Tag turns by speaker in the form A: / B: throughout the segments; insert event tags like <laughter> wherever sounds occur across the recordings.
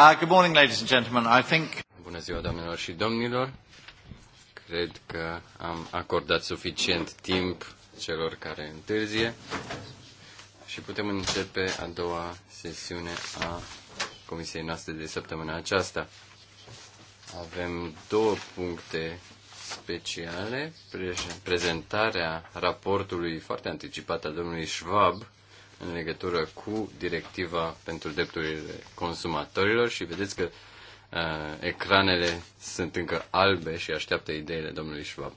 A: Uh, good morning, ladies and gentlemen. I think... Bună ziua, doamnelor și domnilor. Cred că am acordat suficient timp celor care întârzie și putem începe a doua sesiune a comisiei noastre de săptămâna aceasta. Avem două puncte speciale, prezentarea raportului foarte anticipat al domnului Schwab în legătură cu directiva pentru drepturile consumatorilor și vedeți că uh, ecranele sunt încă albe și așteaptă ideile domnului Schwab.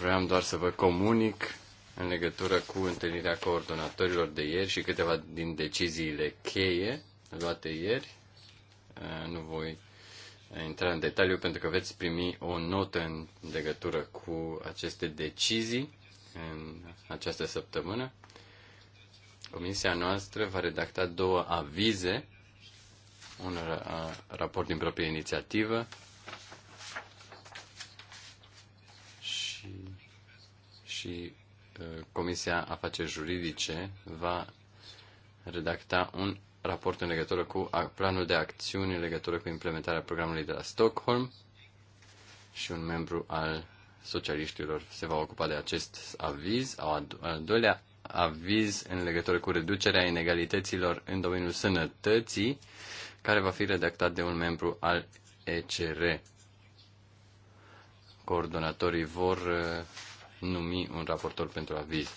A: Vreau doar să vă comunic în legătură cu întâlnirea coordonatorilor de ieri și câteva din deciziile cheie luate ieri. Uh, nu voi uh, intra în detaliu pentru că veți primi o notă în legătură cu aceste decizii în această săptămână. Comisia noastră va redacta două avize, un raport din proprie inițiativă și, și Comisia Afaceri Juridice va redacta un raport în legătură cu planul de acțiuni în legătură cu implementarea programului de la Stockholm și un membru al socialiștilor se va ocupa de acest aviz. Al doilea aviz în legătură cu reducerea inegalităților în domeniul sănătății, care va fi redactat de un membru al ECR. Coordonatorii vor uh, numi un raportor pentru aviz.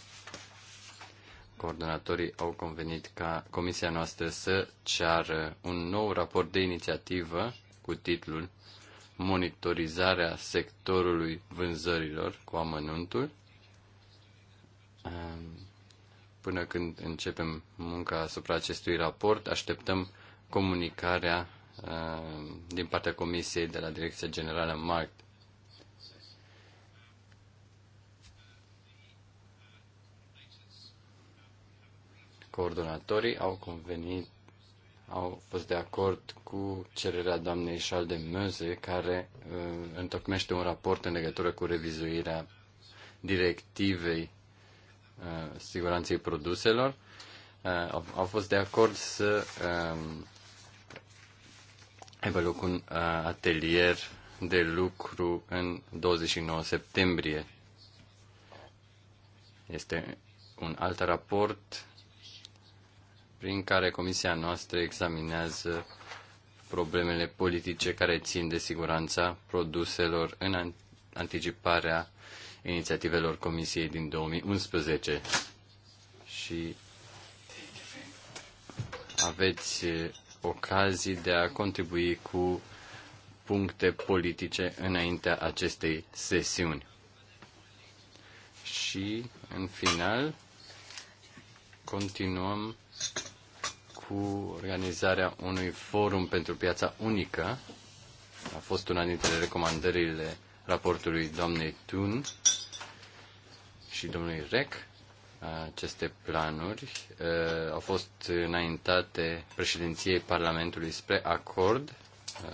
A: Coordonatorii au convenit ca comisia noastră să ceară un nou raport de inițiativă cu titlul Monitorizarea sectorului vânzărilor cu amănuntul Până când începem munca asupra acestui raport, așteptăm comunicarea uh, din partea Comisiei de la Direcția Generală Markt. Coordonatorii au convenit, au fost de acord cu cererea doamnei Șalde Möze, care uh, întocmește un raport în legătură cu revizuirea directivei Uh, siguranței produselor uh, au fost de acord să um, aibă loc un uh, atelier de lucru în 29 septembrie. Este un alt raport prin care comisia noastră examinează problemele politice care țin de siguranța produselor în anticiparea inițiativelor Comisiei din 2011 și aveți ocazii de a contribui cu puncte politice înaintea acestei sesiuni. Și, în final, continuăm cu organizarea unui forum pentru piața unică. A fost una dintre recomandările raportului doamnei Tun și domnului Rec. Aceste planuri uh, au fost înaintate președinției Parlamentului spre acord. Uh,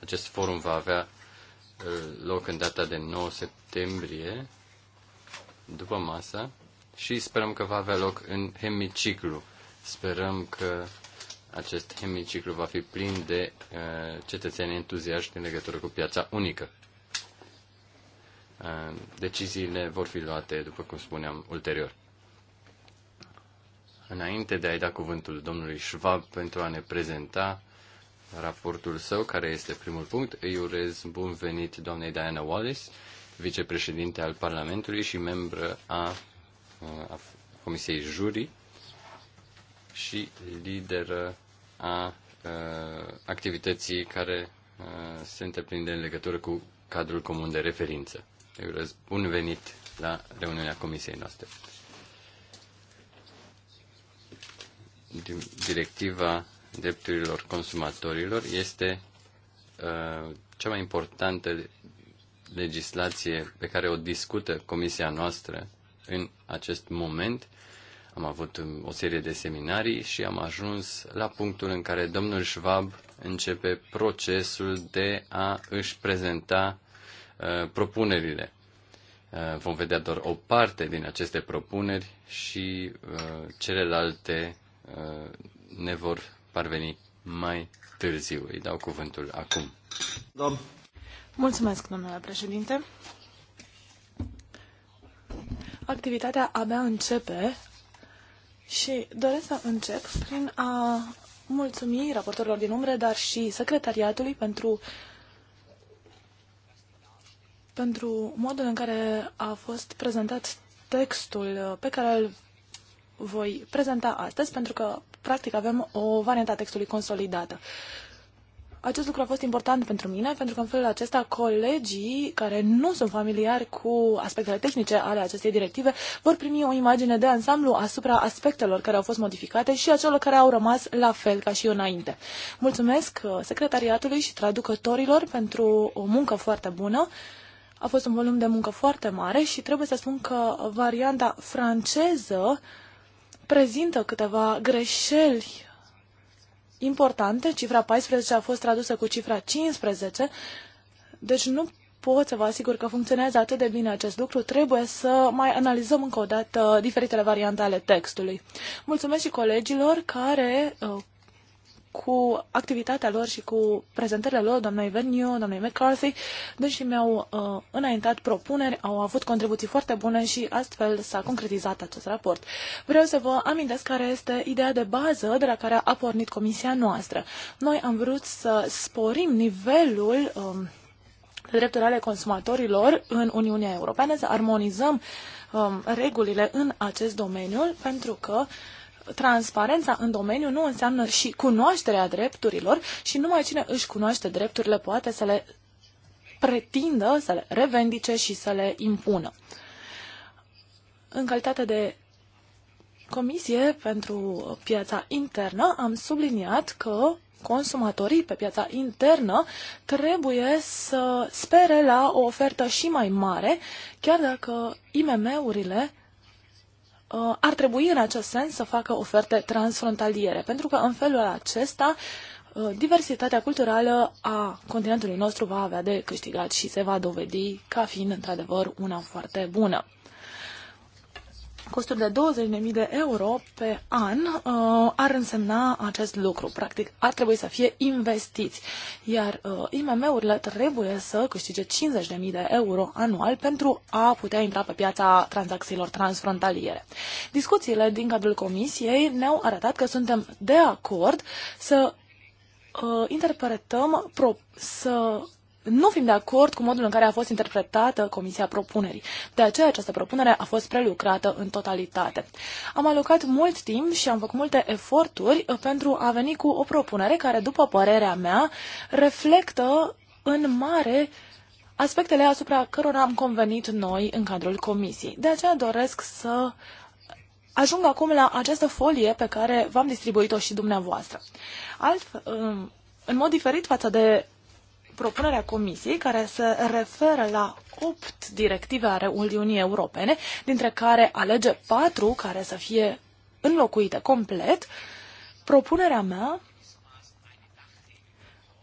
A: acest forum va avea uh, loc în data de 9 septembrie, după masa, și sperăm că va avea loc în hemiciclu. Sperăm că acest hemiciclu va fi plin de uh, cetățeni entuziaști în legătură cu piața unică. Uh, deciziile vor fi luate, după cum spuneam, ulterior. Înainte de a-i da cuvântul domnului Schwab pentru a ne prezenta raportul său, care este primul punct, îi urez bun venit doamnei Diana Wallace, vicepreședinte al Parlamentului și membră a, uh, a Comisiei Juri și lideră a, a uh, activității care a, se întreprinde în legătură cu cadrul comun de referință. Îi urez bun venit la reuniunea comisiei noastre. Directiva drepturilor consumatorilor este uh, cea mai importantă legislație pe care o discută comisia noastră în acest moment. Am avut o serie de seminarii și am ajuns la punctul în care domnul Schwab începe procesul de a își prezenta Uh, propunerile. Uh, vom vedea doar o parte din aceste propuneri și uh, celelalte ne vor parveni mai târziu. Îi dau cuvântul acum. Domn.
B: Mulțumesc, domnule președinte. Activitatea abia începe și doresc să încep prin a mulțumi raportorilor din umbre, dar și secretariatului pentru uh, pentru modul în care a fost prezentat textul uh, pe care îl voi prezenta astăzi, pentru că, practic, avem o variantă a textului consolidată. Acest lucru a fost important pentru mine, pentru că în felul acesta colegii care nu sunt familiari cu aspectele tehnice ale acestei directive vor primi o imagine de ansamblu asupra aspectelor care au fost modificate și a celor care au rămas la fel ca și înainte. Mulțumesc uh, secretariatului și traducătorilor pentru o muncă foarte bună. A fost un volum de muncă foarte mare și trebuie să spun că varianta franceză prezintă câteva greșeli importante. Cifra 14 a fost tradusă cu cifra 15, deci nu pot să vă asigur că funcționează atât de bine acest lucru, trebuie să mai analizăm încă o dată diferitele variante ale textului. Mulțumesc și colegilor care uh, cu activitatea lor și cu prezentările lor, doamnei Verniu, doamnei McCarthy, deși mi-au uh, înaintat propuneri, au avut contribuții foarte bune și astfel s-a concretizat acest raport. Vreau să vă amintesc care este ideea de bază de la care a pornit comisia noastră. Noi am vrut să sporim nivelul um, de drepturi ale consumatorilor în Uniunea Europeană, să armonizăm um, regulile în acest domeniu, pentru că uh, transparența în domeniu nu înseamnă și cunoașterea drepturilor și numai cine își cunoaște drepturile poate să le pretindă, să le revendice și să le impună. În calitate de Comisie pentru piața internă am subliniat că consumatorii pe piața internă trebuie să spere la o ofertă și mai mare, chiar dacă IMM-urile Uh, ar trebui în acest sens să facă oferte transfrontaliere, pentru că în felul acesta uh, diversitatea culturală a continentului nostru va avea de câștigat și se va dovedi ca fiind într-adevăr una foarte bună costuri de 20.000 de euro pe an uh, ar însemna acest lucru. Practic, ar trebui să fie investiți, iar uh, IMM-urile trebuie să câștige 50.000 de euro anual pentru a putea intra pe piața tranzacțiilor transfrontaliere. Discuțiile din cadrul comisiei ne-au arătat că suntem de acord să uh, interpretăm, pro, să nu fim de acord cu modul în care a fost interpretată Comisia Propunerii. De aceea această propunere a fost prelucrată în totalitate. Am alocat mult timp și am făcut multe eforturi uh, pentru a veni cu o propunere care, după părerea mea, reflectă în mare aspectele asupra cărora am convenit noi în cadrul Comisiei. De aceea doresc să ajung acum la această folie pe care v-am distribuit-o și dumneavoastră. Alt, uh, în mod diferit față de propunerea Comisiei care se referă la opt directive ale Uniunii Europene, dintre care alege patru care să fie înlocuite complet, propunerea mea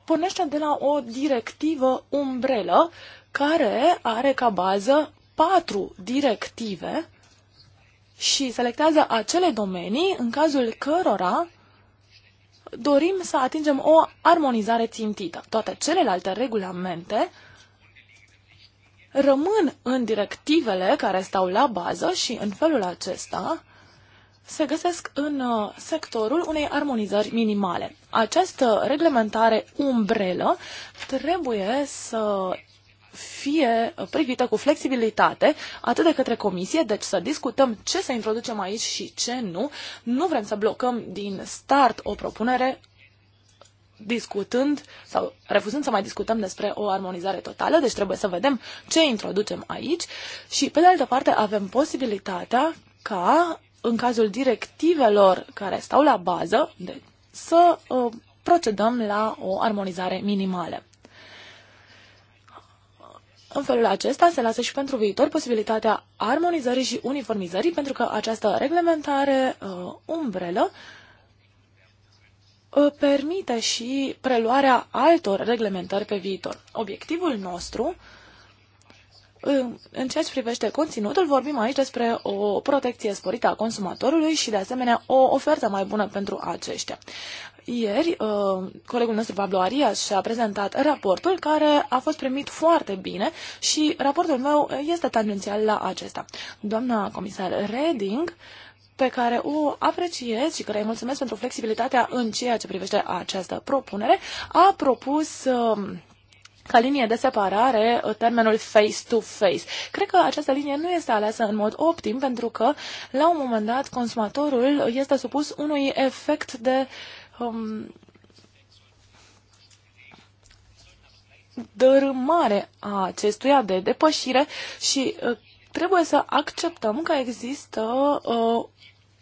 B: pornește de la o directivă umbrelă care are ca bază patru directive și selectează acele domenii în cazul cărora dorim să atingem o armonizare țintită. Toate celelalte regulamente rămân în directivele care stau la bază și în felul acesta se găsesc în uh, sectorul unei armonizări minimale. Această reglementare umbrelă trebuie să fie privită cu flexibilitate atât de către comisie, deci să discutăm ce să introducem aici și ce nu. Nu vrem să blocăm din start o propunere discutând sau refuzând să mai discutăm despre o armonizare totală, deci trebuie să vedem ce introducem aici și, pe de altă parte, avem posibilitatea ca, în cazul directivelor care stau la bază, de, să uh, procedăm la o armonizare minimală. În felul acesta se lasă și pentru viitor posibilitatea armonizării și uniformizării, pentru că această reglementare uh, umbrelă uh, permite și preluarea altor reglementări pe viitor. Obiectivul nostru, uh, în ceea ce privește conținutul, vorbim aici despre o protecție sporită a consumatorului și, de asemenea, o ofertă mai bună pentru aceștia. Ieri, uh, colegul nostru Pablo Arias și-a prezentat raportul care a fost primit foarte bine și raportul meu este tangențial la acesta. Doamna comisar Reding pe care o apreciez și care îi mulțumesc pentru flexibilitatea în ceea ce privește această propunere, a propus um, ca linie de separare uh, termenul face-to-face. -face. Cred că această linie nu este aleasă în mod optim pentru că, la un moment dat, consumatorul este supus unui efect de uh, um, dărâmare a acestuia de depășire și uh, trebuie să acceptăm că există uh,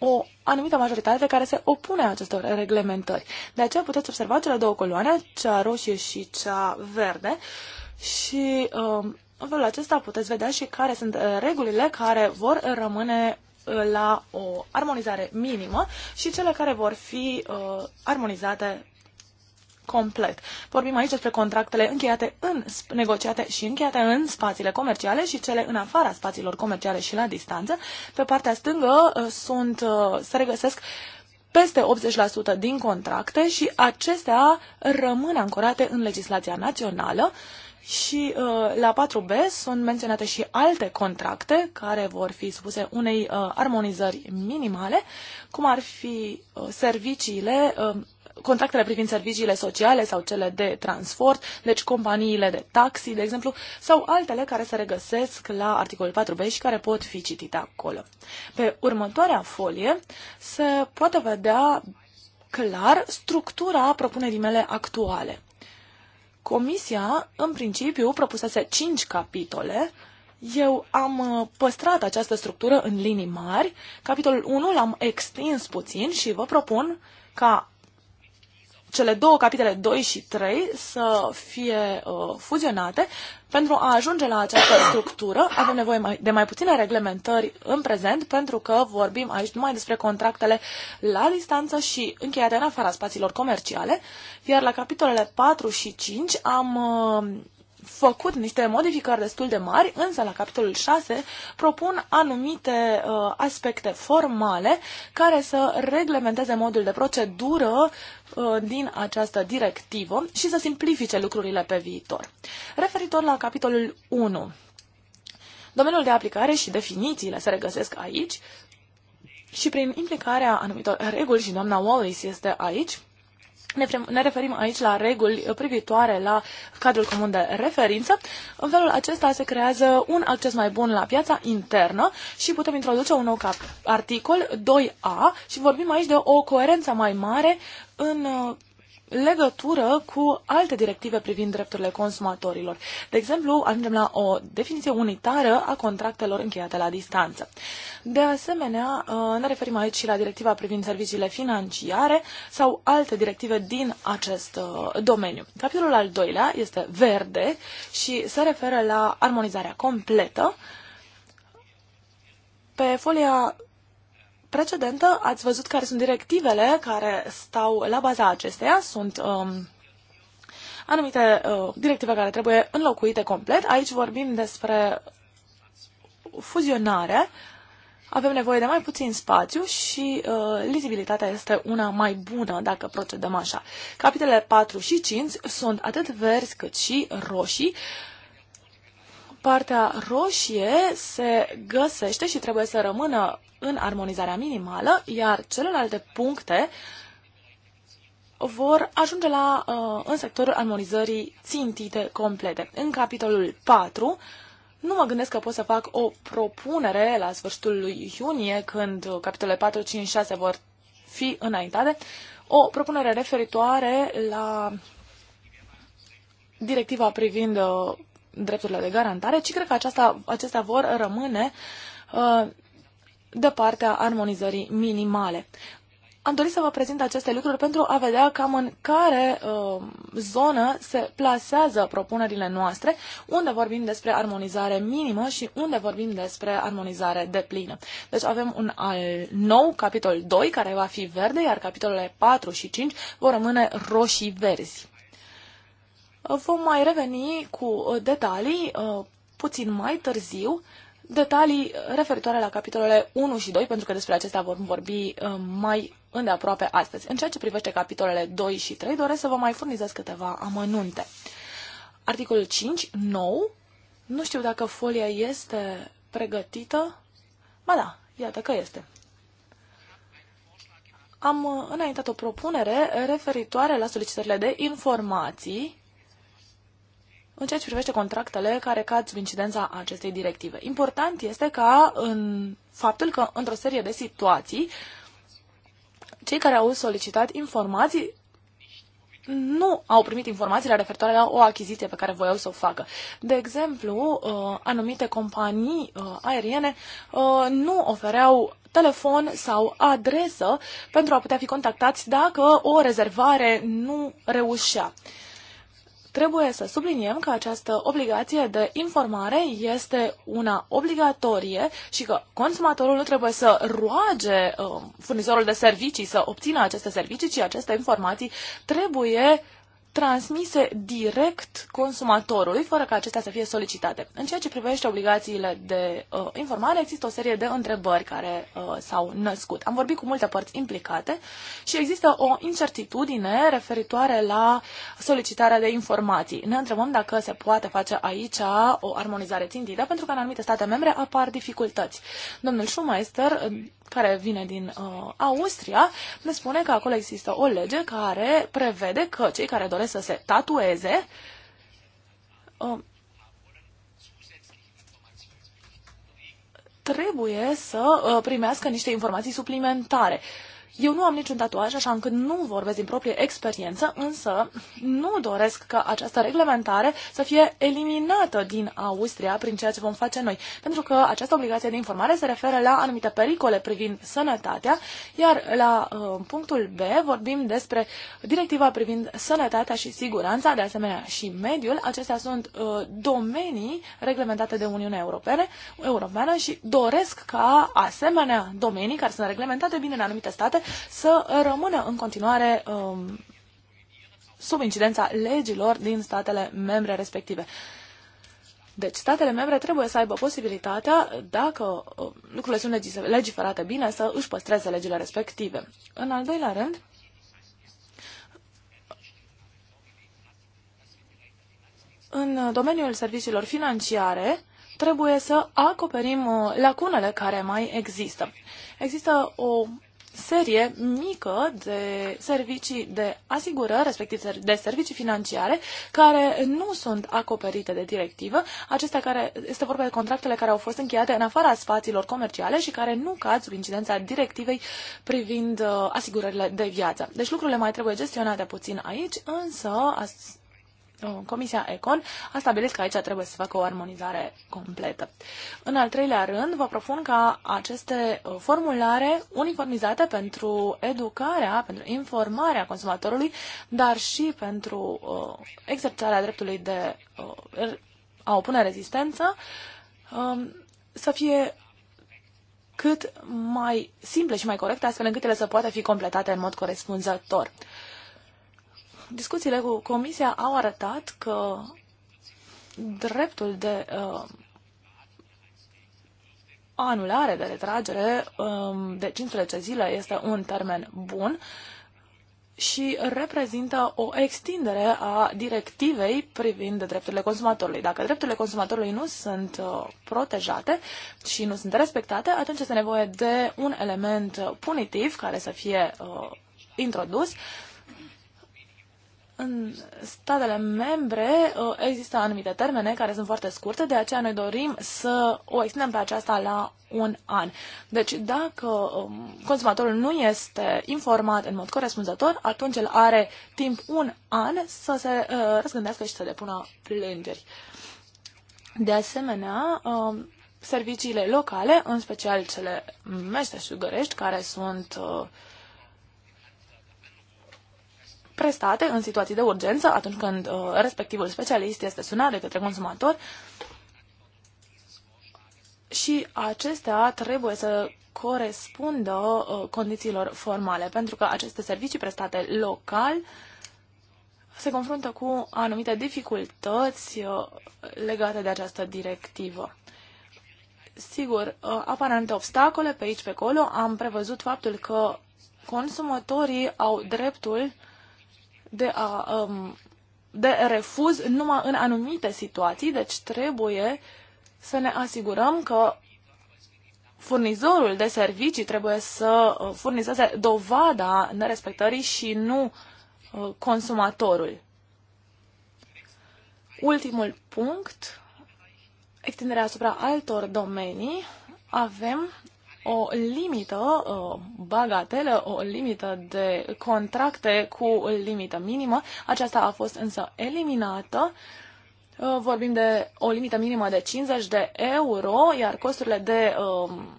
B: o anumită majoritate care se opune acestor reglementări. De aceea puteți observa cele două coloane, cea roșie și cea verde și uh, în felul acesta puteți vedea și care sunt uh, regulile care vor rămâne la o armonizare minimă și cele care vor fi uh, armonizate complet. Vorbim aici despre contractele încheiate în, negociate și încheiate în spațiile comerciale și cele în afara spațiilor comerciale și la distanță. Pe partea stângă uh, sunt, uh, se regăsesc peste 80% din contracte și acestea rămân ancorate în legislația națională. Uh, și uh, la 4B sunt menționate și alte contracte care vor fi supuse unei uh, armonizări minimale, cum ar fi uh, serviciile, uh, contractele privind serviciile sociale sau cele de transport, deci companiile de taxi, de exemplu, sau altele care se regăsesc la articolul 4B și care pot fi citite acolo. Pe următoarea folie se poate vedea clar structura propunerii mele actuale. Comisia, în principiu, propusese cinci capitole. Eu am uh, păstrat această structură în linii mari. Capitolul 1 l-am extins puțin și vă propun ca cele două capitele 2 și 3 să fie uh, fuzionate. Pentru a ajunge la această <coughs> structură avem nevoie mai, de mai puține reglementări în prezent, pentru că vorbim aici numai despre contractele la distanță și încheiate în afara spațiilor comerciale, iar la capitolele 4 și 5 am uh, făcut niște modificări destul de mari, însă la capitolul 6 propun anumite uh, aspecte formale care să reglementeze modul de procedură uh, din această directivă și să simplifice lucrurile pe viitor. Referitor la capitolul 1, domeniul de aplicare și definițiile se regăsesc aici și prin implicarea anumitor reguli și doamna Wallis este aici, ne referim aici la reguli privitoare la cadrul comun de referință. În felul acesta se creează un acces mai bun la piața internă și putem introduce un nou cap, articol 2A și vorbim aici de o coerență mai mare în uh, legătură cu alte directive privind drepturile consumatorilor. De exemplu, ajungem la o definiție unitară a contractelor încheiate la distanță. De asemenea, uh, ne referim aici și la directiva privind serviciile financiare sau alte directive din acest uh, domeniu. Capitolul al doilea este verde și se referă la armonizarea completă. Pe folia precedentă ați văzut care sunt directivele care stau la baza acesteia. Sunt um, anumite uh, directive care trebuie înlocuite complet. Aici vorbim despre fuzionare. Avem nevoie de mai puțin spațiu și uh, lizibilitatea este una mai bună dacă procedăm așa. Capitele 4 și 5 sunt atât verzi cât și roșii. Uh, partea roșie se găsește și trebuie să rămână în armonizarea minimală, iar celelalte puncte vor ajunge la, uh, în sectorul armonizării țintite complete. În capitolul 4, nu mă gândesc că pot să fac o propunere la sfârșitul lui iunie, când capitolele 4, 5, 6 vor fi înaintate, o propunere referitoare la directiva privind uh, drepturile de garantare, ci cred că aceasta, acestea vor rămâne uh, de partea armonizării minimale. Am dorit să vă prezint aceste lucruri pentru a vedea cam în care uh, zonă se plasează propunerile noastre, unde vorbim despre armonizare minimă și unde vorbim despre armonizare deplină. Deci avem un al nou capitol 2 care va fi verde, iar capitolele 4 și 5 vor rămâne roșii-verzi. Vom mai reveni cu uh, detalii uh, puțin mai târziu, detalii referitoare la capitolele 1 și 2, pentru că despre acestea vom vorbi uh, mai îndeaproape astăzi. În ceea ce privește capitolele 2 și 3, doresc să vă mai furnizez câteva amănunte. Articolul 5, nou. Nu știu dacă folia este pregătită. Ba da, iată că este. Am înaintat o propunere referitoare la solicitările de informații în ceea ce privește contractele care cad sub incidența acestei directive. Important este ca în faptul că într-o serie de situații cei care au solicitat informații nu au primit informațiile referitoare la o achiziție pe care voiau să o facă. De exemplu, uh, anumite companii uh, aeriene uh, nu ofereau telefon sau adresă pentru a putea fi contactați dacă o rezervare nu reușea. Trebuie să subliniem că această obligație de informare este una obligatorie și că consumatorul nu trebuie să roage uh, furnizorul de servicii să obțină aceste servicii, ci aceste informații trebuie transmise direct consumatorului, fără ca acestea să fie solicitate. În ceea ce privește obligațiile de uh, informare, există o serie de întrebări care uh, s-au născut. Am vorbit cu multe părți implicate și există o incertitudine referitoare la solicitarea de informații. Ne întrebăm dacă se poate face aici o armonizare țintită, pentru că în anumite state membre apar dificultăți. Domnul Schumacher care vine din uh, Austria, ne spune că acolo există o lege care prevede că cei care doresc să se tatueze uh, trebuie să uh, primească niște informații suplimentare. Uh, eu nu am niciun tatuaj, așa încât nu vorbesc din proprie experiență, însă nu doresc ca această reglementare să fie eliminată din Austria prin ceea ce vom face noi, pentru că această obligație de informare se referă la anumite pericole privind sănătatea, iar la uh, punctul B vorbim despre directiva privind sănătatea și siguranța, de asemenea și mediul. Acestea sunt uh, domenii reglementate de Uniunea Europene, Europeană și doresc ca asemenea domenii care sunt reglementate bine în anumite state să rămână în continuare um, sub incidența legilor din statele membre respective. Deci statele membre trebuie să aibă posibilitatea, dacă um, lucrurile sunt legiferate bine, să își păstreze legile respective. În al doilea rând, în domeniul serviciilor financiare, trebuie să acoperim uh, lacunele care mai există. Există o serie mică de servicii de asigurări, respectiv de servicii financiare, care nu sunt acoperite de directivă. Acestea care, este vorba de contractele care au fost încheiate în afara spațiilor comerciale și care nu cad sub incidența directivei privind uh, asigurările de viață. Deci lucrurile mai trebuie gestionate puțin aici, însă as Comisia Econ a stabilit că aici trebuie să facă o armonizare completă. În al treilea rând, vă propun ca aceste uh, formulare uniformizate pentru educarea, pentru informarea consumatorului, dar și pentru uh, exercitarea dreptului de uh, a opune rezistență, um, uh, să fie cât mai simple și mai corecte, astfel încât ele să poată fi completate în mod corespunzător. Uh, discuțiile cu Comisia au arătat că dreptul de uh, anulare, de retragere um, de 15 zile este un termen bun și reprezintă o extindere a directivei privind drepturile consumatorului. Dacă drepturile consumatorului nu sunt uh, protejate și nu sunt respectate, atunci este nevoie de un element punitiv care să fie uh, introdus în statele membre uh, există anumite termene care sunt foarte scurte, de aceea noi dorim să o extindem pe aceasta la un an. Deci dacă um, consumatorul nu este informat în mod corespunzător, atunci el are timp un an să se uh, răzgândească și să depună plângeri. De asemenea, um, serviciile locale, în special cele meșteșugărești, care sunt uh, prestate în situații de urgență, atunci când uh, respectivul specialist este sunat de către consumator. Și acestea trebuie să corespundă uh, condițiilor formale, pentru că aceste servicii prestate local se confruntă cu anumite dificultăți uh, legate de această directivă sigur, uh, apar anumite obstacole pe aici, pe acolo. Am prevăzut faptul că consumatorii au dreptul de a um, de refuz numai în anumite situații, deci trebuie să ne asigurăm că furnizorul de servicii trebuie să uh, furnizeze dovada nerespectării și nu uh, consumatorul. Ultimul punct, extinderea asupra altor domenii, avem o limită o bagatelă, o limită de contracte cu limită minimă. Aceasta a fost însă eliminată. Uh, vorbim de o limită minimă de 50 de euro, iar costurile de um,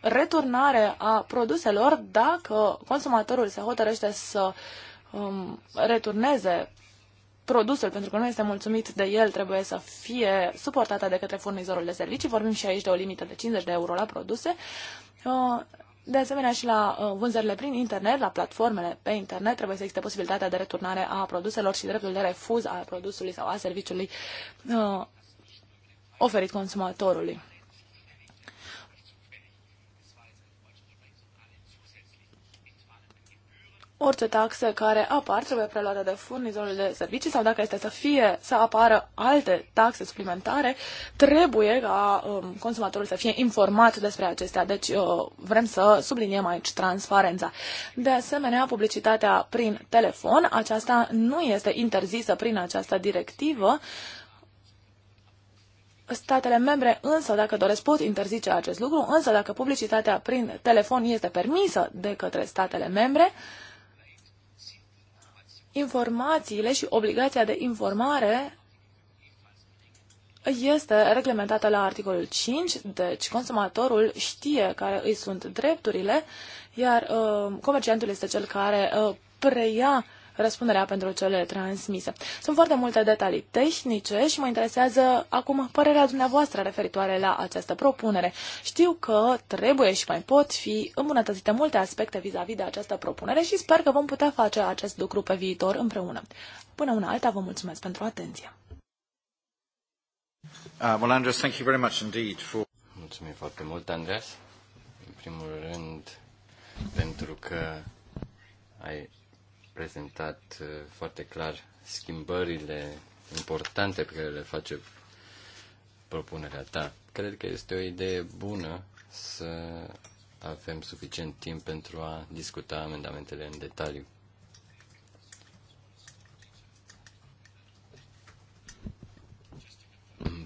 B: returnare a produselor, dacă consumatorul se hotărăște să um, returneze produsul, pentru că nu este mulțumit de el, trebuie să fie suportată de către furnizorul de servicii. Vorbim și aici de o limită de 50 de euro la produse. Uh, de asemenea și la uh, vânzările prin internet, la platformele pe internet, trebuie să existe posibilitatea de returnare a produselor și dreptul de refuz al produsului sau a serviciului uh, oferit consumatorului. orice taxe care apar trebuie preluate de furnizorul de servicii sau dacă este să fie să apară alte taxe suplimentare, trebuie ca um, consumatorul să fie informat despre acestea. Deci uh, vrem să subliniem aici transparența. De asemenea, publicitatea prin telefon, aceasta nu este interzisă prin această directivă. Statele membre însă, dacă doresc, pot interzice acest lucru, însă dacă publicitatea prin telefon este permisă de către statele membre, uh, informațiile și obligația de informare este reglementată la articolul 5, deci consumatorul știe care îi sunt drepturile, iar uh, comerciantul este cel care uh, preia răspunderea pentru cele transmise. Sunt foarte multe detalii tehnice și mă interesează acum părerea dumneavoastră referitoare la această propunere. Știu că trebuie și mai pot fi îmbunătățite multe aspecte vis-a-vis -vis de această propunere și sper că vom putea face acest lucru pe viitor împreună. Până una alta, vă mulțumesc pentru atenție.
A: Uh, well, Andres, thank you very much indeed for... Mulțumim foarte mult, Andreas. În primul rând, pentru că ai prezentat uh, foarte clar schimbările importante pe care le face propunerea ta. Cred că este o idee bună să avem suficient timp pentru a discuta amendamentele în detaliu.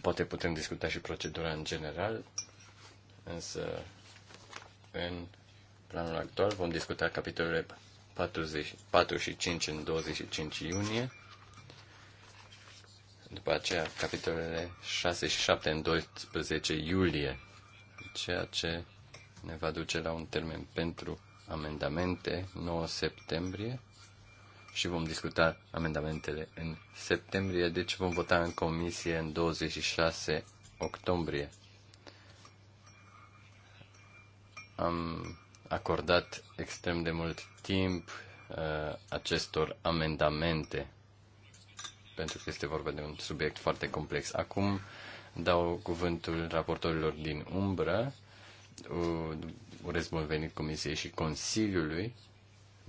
A: Poate putem discuta și procedura în general, însă în planul actual vom discuta capitolul 40, 45 în 25 iunie, după aceea capitolele 6 și 7 în 12 iulie, ceea ce ne va duce la un termen pentru amendamente 9 septembrie și vom discuta amendamentele în septembrie, deci vom vota în comisie în 26 octombrie. Am acordat extrem de mult timp uh, acestor amendamente, pentru că este vorba de un subiect foarte complex. Acum dau cuvântul raportorilor din umbră. Urez bun venit Comisiei și Consiliului.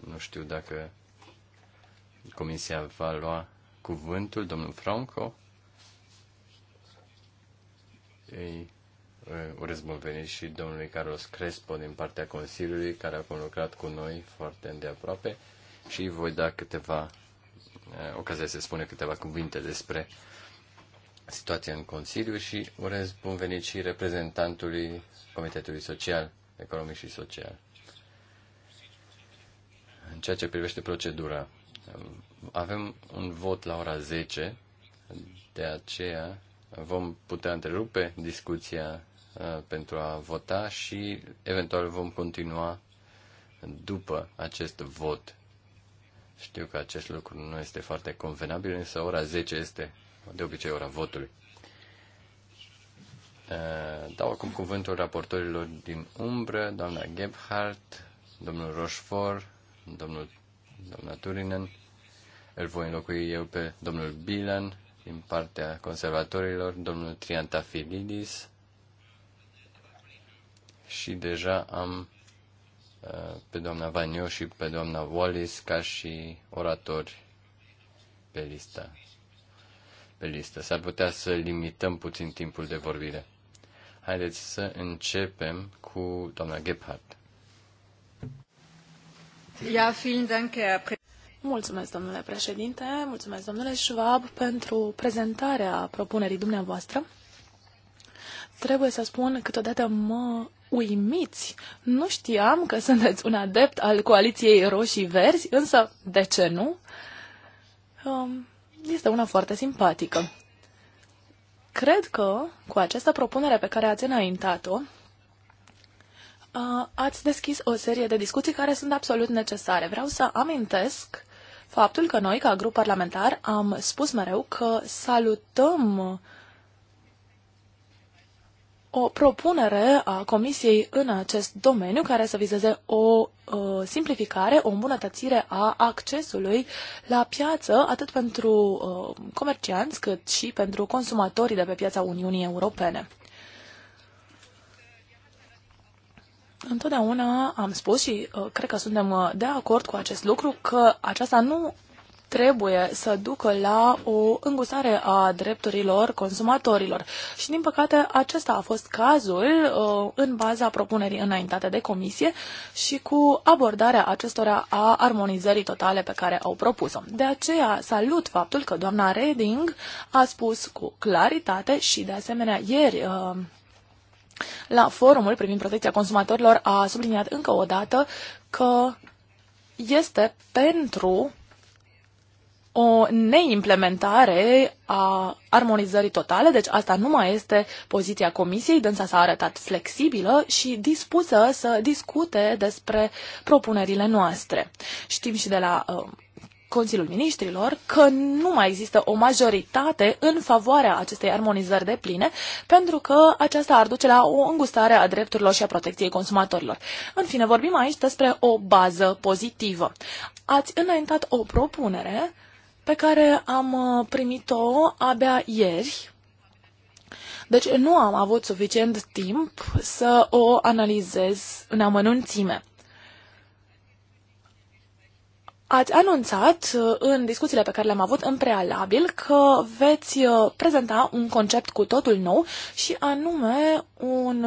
A: Nu știu dacă Comisia va lua cuvântul, domnul Franco. Ei Eh, urez bun venit și domnului Carlos Crespo din partea Consiliului, care a conlucrat cu noi foarte îndeaproape și voi da câteva eh, ocazia să spune câteva cuvinte despre situația în Consiliu și urez bun venit și reprezentantului Comitetului Social, Economic și Social. În ceea ce privește procedura, eh, avem un vot la ora 10, de aceea vom putea întrerupe discuția Uh, pentru a vota și eventual vom continua după acest vot. Știu că acest lucru nu este foarte convenabil, însă ora 10 este de obicei ora votului. Uh, dau acum cuvântul raportorilor din umbră, doamna Gebhardt, domnul Rochefort, domnul, doamna Turinen. Îl voi înlocui eu pe domnul Bilan din partea conservatorilor, domnul Triantafilidis, și deja am uh, pe doamna Vanio și pe doamna Wallis ca și oratori pe listă. Pe listă. S-ar putea să limităm puțin timpul de vorbire. Haideți să începem cu doamna Gebhardt.
B: Ja, vielen Dank, Herr Mulțumesc, domnule președinte, mulțumesc, domnule Schwab, pentru prezentarea propunerii dumneavoastră trebuie să spun, câteodată mă uimiți. Nu știam că sunteți un adept al coaliției roșii-verzi, însă de ce nu? Um, este una foarte simpatică. Cred că cu această propunere pe care ați înaintat-o, uh, ați deschis o serie de discuții care sunt absolut necesare. Vreau să amintesc faptul că noi, ca grup parlamentar, am spus mereu că salutăm o propunere a Comisiei în acest domeniu care să vizeze o uh, simplificare, o îmbunătățire a accesului la piață, atât pentru uh, comercianți cât și pentru consumatorii de pe piața Uniunii Europene. Întotdeauna am spus și uh, cred că suntem uh, de acord cu acest lucru că aceasta nu trebuie să ducă la o îngustare a drepturilor consumatorilor. Și, din păcate, acesta a fost cazul uh, în baza propunerii înaintate de comisie și cu abordarea acestora a armonizării totale pe care au propus-o. De aceea salut faptul că doamna Reding a spus cu claritate și, de asemenea, ieri uh, la forumul privind protecția consumatorilor a subliniat încă o dată că este pentru o neimplementare a armonizării totale, deci asta nu mai este poziția Comisiei, dânsa s-a arătat flexibilă și dispusă să discute despre propunerile noastre. Știm și de la uh, Consiliul Ministrilor că nu mai există o majoritate în favoarea acestei armonizări de pline, pentru că aceasta ar duce la o îngustare a drepturilor și a protecției consumatorilor. În fine, vorbim aici despre o bază pozitivă. Ați înaintat o propunere pe care am uh, primit-o abia ieri. Deci nu am avut suficient timp să o analizez în amănunțime. Ați anunțat uh, în discuțiile pe care le-am avut în prealabil că veți uh, prezenta un concept cu totul nou și anume un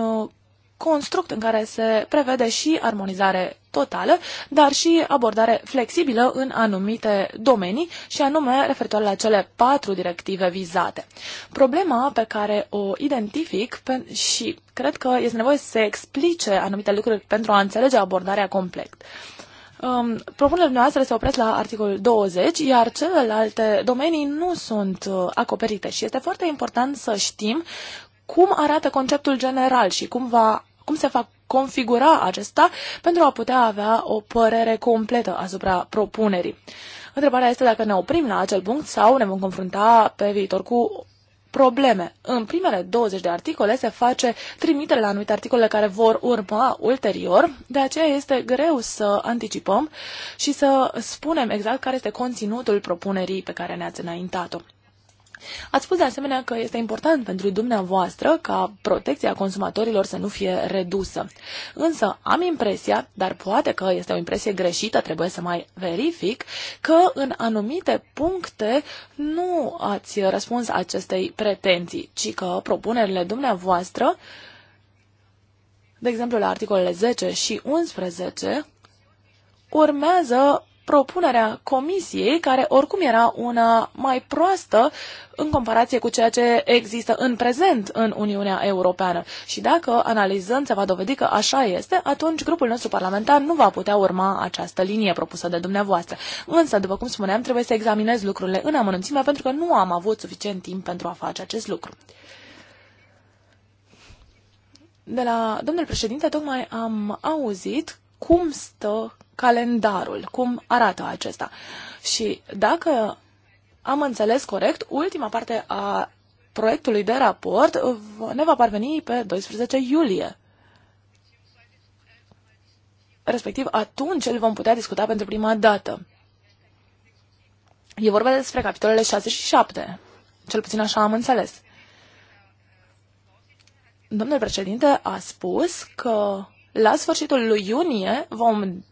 B: construct în care se prevede și armonizare totală, dar și abordare flexibilă în anumite domenii și anume referitoare la cele patru directive vizate. Problema pe care o identific și cred că este nevoie să se explice anumite lucruri pentru a înțelege abordarea complet. Um, propunerile noastre se opresc la articolul 20, iar celelalte domenii nu sunt uh, acoperite și este foarte important să știm cum arată conceptul general și cum va cum se va configura acesta pentru a putea avea o părere completă asupra propunerii. Întrebarea este dacă ne oprim la acel punct sau ne vom confrunta pe viitor cu probleme. În primele 20 de articole se face trimitere la anumite articole care vor urma ulterior, de aceea este greu să anticipăm și să spunem exact care este conținutul propunerii pe care ne-ați înaintat-o. Ați spus de asemenea că este important pentru dumneavoastră ca protecția consumatorilor să nu fie redusă. Însă am impresia, dar poate că este o impresie greșită, trebuie să mai verific, că în anumite puncte nu ați răspuns acestei pretenții, ci că propunerile dumneavoastră de exemplu, la articolele 10 și 11, urmează propunerea comisiei, care oricum era una mai proastă în comparație cu ceea ce există în prezent în Uniunea Europeană. Și dacă analizând se va dovedi că așa este, atunci grupul nostru parlamentar nu va putea urma această linie propusă de dumneavoastră. Însă, după cum spuneam, trebuie să examinez lucrurile în amănunțime pentru că nu am avut suficient timp pentru a face acest lucru. De la domnul președinte tocmai am auzit cum stă calendarul, cum arată acesta. Și dacă am înțeles corect, ultima parte a proiectului de raport ne va parveni pe 12 iulie. Respectiv, atunci îl vom putea discuta pentru prima dată. E vorba despre capitolele 6 și 7. Cel puțin așa am înțeles. Domnul președinte a spus că la sfârșitul lui iunie vom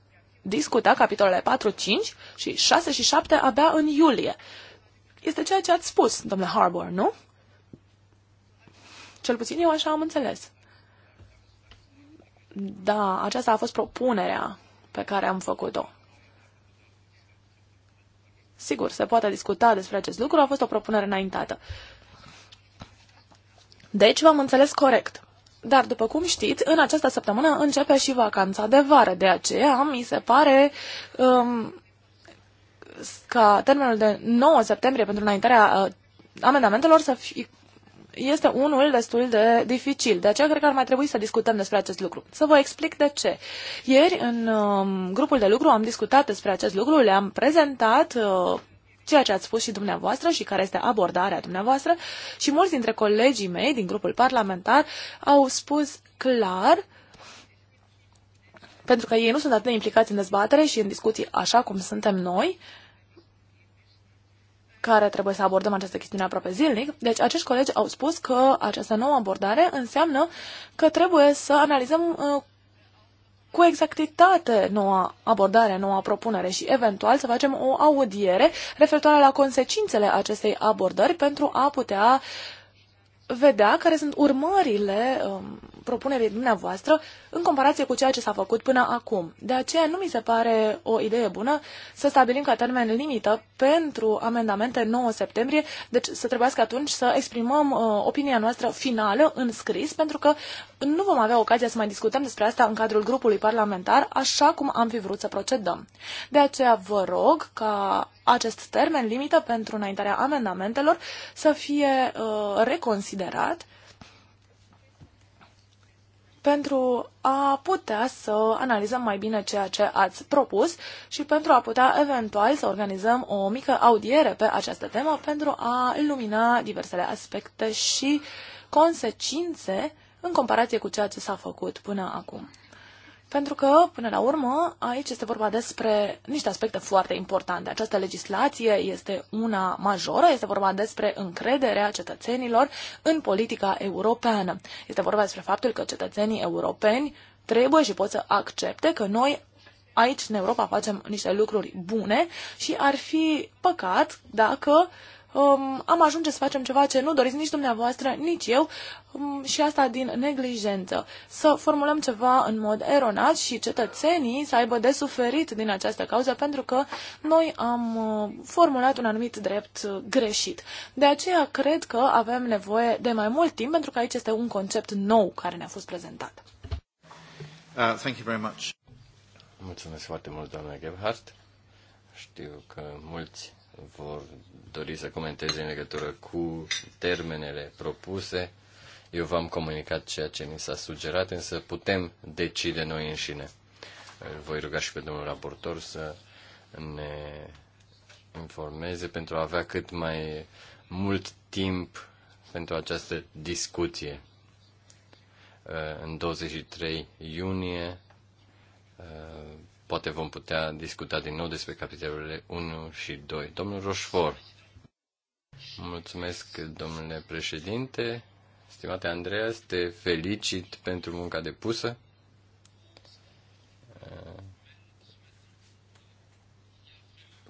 B: discuta capitolele 4, 5 și 6 și 7 abia în iulie. Este ceea ce ați spus, domnule Harbour, nu? Cel puțin eu așa am înțeles. Da, aceasta a fost propunerea pe care am făcut-o. Sigur, se poate discuta despre acest lucru, a fost o propunere înaintată. Deci v-am înțeles corect. Dar, după cum știți, în această săptămână începe și vacanța de vară. De aceea, mi se pare um, ca termenul de 9 septembrie pentru înaintarea uh, amendamentelor să fie este unul destul de dificil. De aceea cred că ar mai trebui să discutăm despre acest lucru. Să vă explic de ce. Ieri în um, grupul de lucru am discutat despre acest lucru, le-am prezentat uh, ceea ce ați spus și dumneavoastră și care este abordarea dumneavoastră și mulți dintre colegii mei din grupul parlamentar au spus clar pentru că ei nu sunt atât de implicați în dezbatere și în discuții așa cum suntem noi, care trebuie să abordăm această chestiune aproape zilnic. Deci acești colegi au spus că această nouă abordare înseamnă că trebuie să analizăm uh, cu exactitate noua abordare, noua propunere și eventual să facem o audiere referitoare la consecințele acestei abordări pentru a putea vedea care sunt urmările um, propunerii dumneavoastră în comparație cu ceea ce s-a făcut până acum. De aceea nu mi se pare o idee bună să stabilim ca termen limită pentru amendamente 9 septembrie, deci să trebuiască atunci să exprimăm uh, opinia noastră finală în scris, pentru că nu vom avea ocazia să mai discutăm despre asta în cadrul grupului parlamentar, așa cum am fi vrut să procedăm. De aceea vă rog ca acest termen limită pentru înaintarea amendamentelor să fie uh, reconsiderat pentru a putea să analizăm mai bine ceea ce ați propus și pentru a putea eventual să organizăm o mică audiere pe această temă pentru a lumina diversele aspecte și consecințe în comparație cu ceea ce s-a făcut până acum. Pentru că, până la urmă, aici este vorba despre niște aspecte foarte importante. Această legislație este una majoră, este vorba despre încrederea cetățenilor în politica europeană. Este vorba despre faptul că cetățenii europeni trebuie și pot să accepte că noi aici, în Europa, facem niște lucruri bune și ar fi păcat dacă uh, um, am ajunge să facem ceva ce nu doriți nici dumneavoastră, nici eu um, și asta din neglijență. Să formulăm ceva în mod eronat și cetățenii să aibă de suferit din această cauză pentru că noi am uh, formulat un anumit drept uh, greșit. De aceea cred că avem nevoie de mai mult timp pentru că aici este un concept nou care ne-a fost prezentat. Uh,
A: thank you very much. Mulțumesc foarte mult, doamna Gebhardt. Știu că mulți vor dori să comenteze în legătură cu termenele propuse. Eu v-am comunicat ceea ce mi s-a sugerat, însă putem decide noi înșine. Îl voi ruga și pe domnul raportor să ne informeze pentru a avea cât mai mult timp pentru această discuție. În 23 iunie Poate vom putea discuta din nou despre capitolele 1 și 2. Domnul Roșfor. Mulțumesc, domnule președinte. Stimate Andreea, te felicit pentru munca depusă.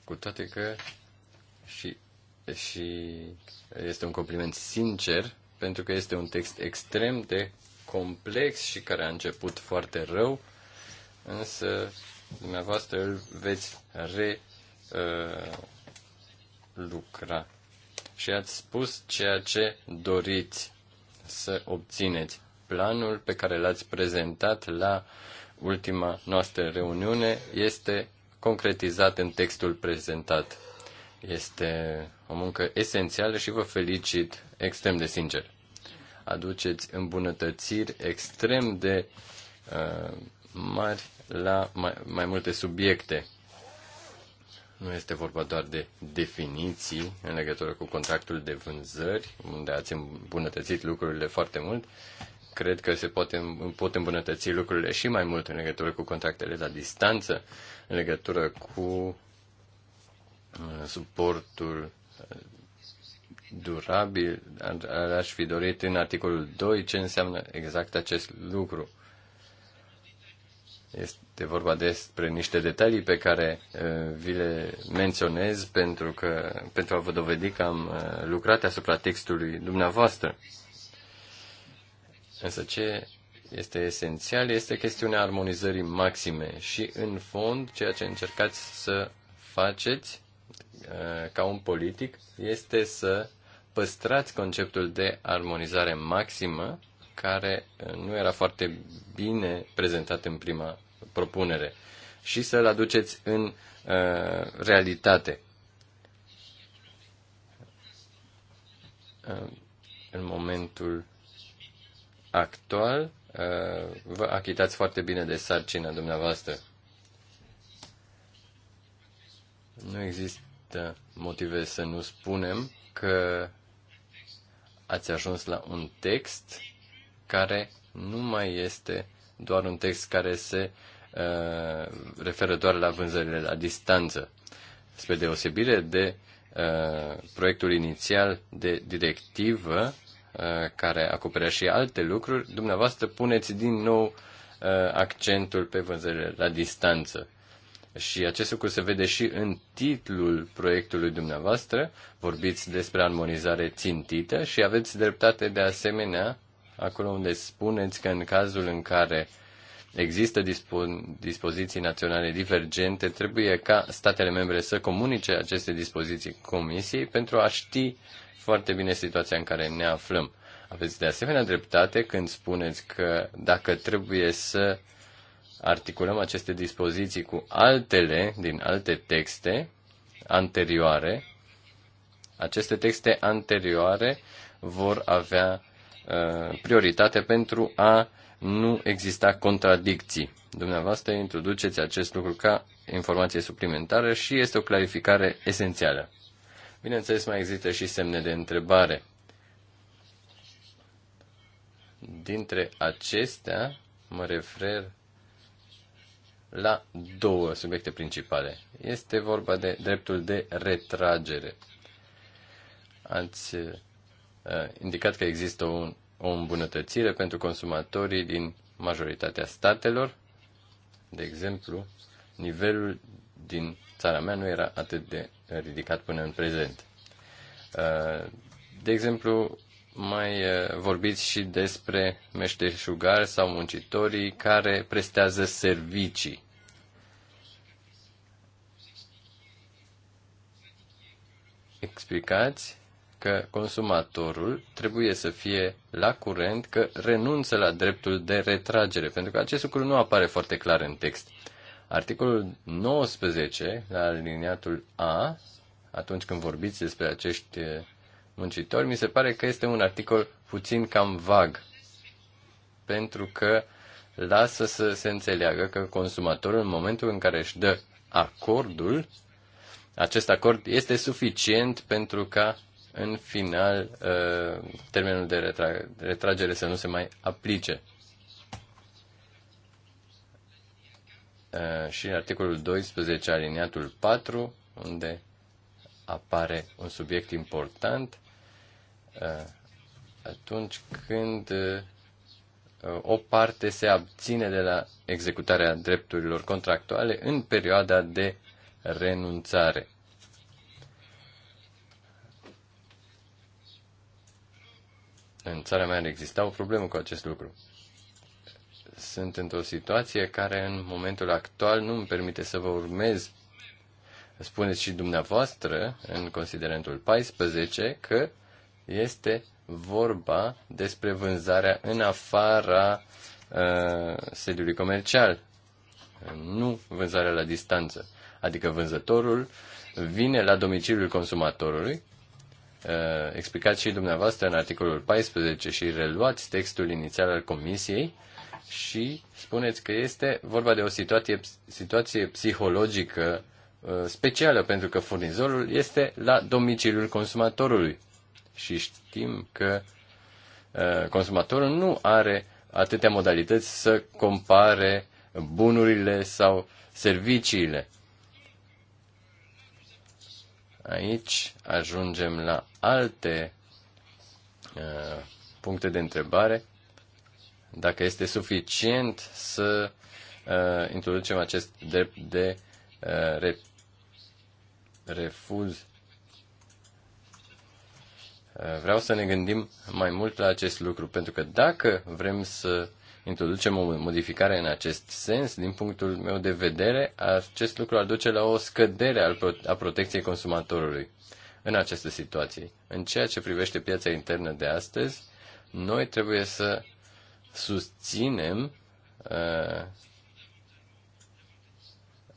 A: Cu toate că și, și este un compliment sincer, pentru că este un text extrem de complex și care a început foarte rău, însă dumneavoastră îl veți relucra. Uh, și ați spus ceea ce doriți să obțineți. Planul pe care l-ați prezentat la ultima noastră reuniune este concretizat în textul prezentat. Este o muncă esențială și vă felicit extrem de sincer. Aduceți îmbunătățiri extrem de uh, mari la mai, mai multe subiecte. Nu este vorba doar de definiții în legătură cu contractul de vânzări, unde ați îmbunătățit lucrurile foarte mult. Cred că se poate, pot îmbunătăți lucrurile și mai mult în legătură cu contractele la distanță, în legătură cu uh, suportul uh, durabil. Aș fi dorit în articolul 2 ce înseamnă exact acest lucru. Este vorba despre niște detalii pe care uh, vi le menționez pentru, că, pentru a vă dovedi că am uh, lucrat asupra textului dumneavoastră. Însă ce este esențial este chestiunea armonizării maxime și, în fond, ceea ce încercați să faceți uh, ca un politic este să păstrați conceptul de armonizare maximă care uh, nu era foarte bine prezentat în prima propunere și să-l aduceți în uh, realitate. Uh, în momentul actual, uh, vă achitați foarte bine de sarcina dumneavoastră. Nu există motive să nu spunem că ați ajuns la un text care nu mai este doar un text care se uh, referă doar la vânzările la distanță. Spre deosebire de uh, proiectul inițial de directivă, uh, care acoperea și alte lucruri, dumneavoastră puneți din nou uh, accentul pe vânzările la distanță. Și acest lucru se vede și în titlul proiectului dumneavoastră. Vorbiți despre armonizare țintită și aveți dreptate de asemenea acolo unde spuneți că în cazul în care există dispo- dispoziții naționale divergente, trebuie ca statele membre să comunice aceste dispoziții comisiei pentru a ști foarte bine situația în care ne aflăm. Aveți de asemenea dreptate când spuneți că dacă trebuie să articulăm aceste dispoziții cu altele din alte texte anterioare, aceste texte anterioare vor avea Uh, prioritate pentru a nu exista contradicții. Dumneavoastră introduceți acest lucru ca informație suplimentară și este o clarificare esențială. Bineînțeles, mai există și semne de întrebare. Dintre acestea, mă refer la două subiecte principale. Este vorba de dreptul de retragere. Ați indicat că există o, o îmbunătățire pentru consumatorii din majoritatea statelor. De exemplu, nivelul din țara mea nu era atât de ridicat până în prezent. De exemplu, mai vorbiți și despre meșteșugari sau muncitorii care prestează servicii. Explicați că consumatorul trebuie să fie la curent că renunță la dreptul de retragere, pentru că acest lucru nu apare foarte clar în text. Articolul 19, la aliniatul A, atunci când vorbiți despre acești eh, muncitori, mi se pare că este un articol puțin cam vag, pentru că lasă să se înțeleagă că consumatorul, în momentul în care își dă acordul, acest acord este suficient pentru ca în final uh, termenul de retragere să nu se mai aplice. Uh, și articolul 12, aliniatul 4, unde apare un subiect important uh, atunci când o parte se abține de la executarea drepturilor contractuale în perioada de renunțare. În țara mea exista o problemă cu acest lucru. Sunt într-o situație care în momentul actual nu îmi permite să vă urmez. Spuneți și dumneavoastră, în considerentul 14, că este vorba despre vânzarea în afara uh, sediului comercial, nu vânzarea la distanță. Adică vânzătorul vine la domiciliul consumatorului Uh, explicați și dumneavoastră în articolul 14 și reluați textul inițial al Comisiei și spuneți că este vorba de o situație, situație psihologică uh, specială pentru că furnizorul este la domiciliul consumatorului și știm că uh, consumatorul nu are atâtea modalități să compare bunurile sau serviciile. Aici ajungem la alte uh, puncte de întrebare. Dacă este suficient să uh, introducem acest drept de uh, re, refuz. Uh, vreau să ne gândim mai mult la acest lucru, pentru că dacă vrem să introducem o modificare în acest sens, din punctul meu de vedere, acest lucru ar duce la o scădere a protecției consumatorului în aceste situații. În ceea ce privește piața internă de astăzi, noi trebuie să susținem uh,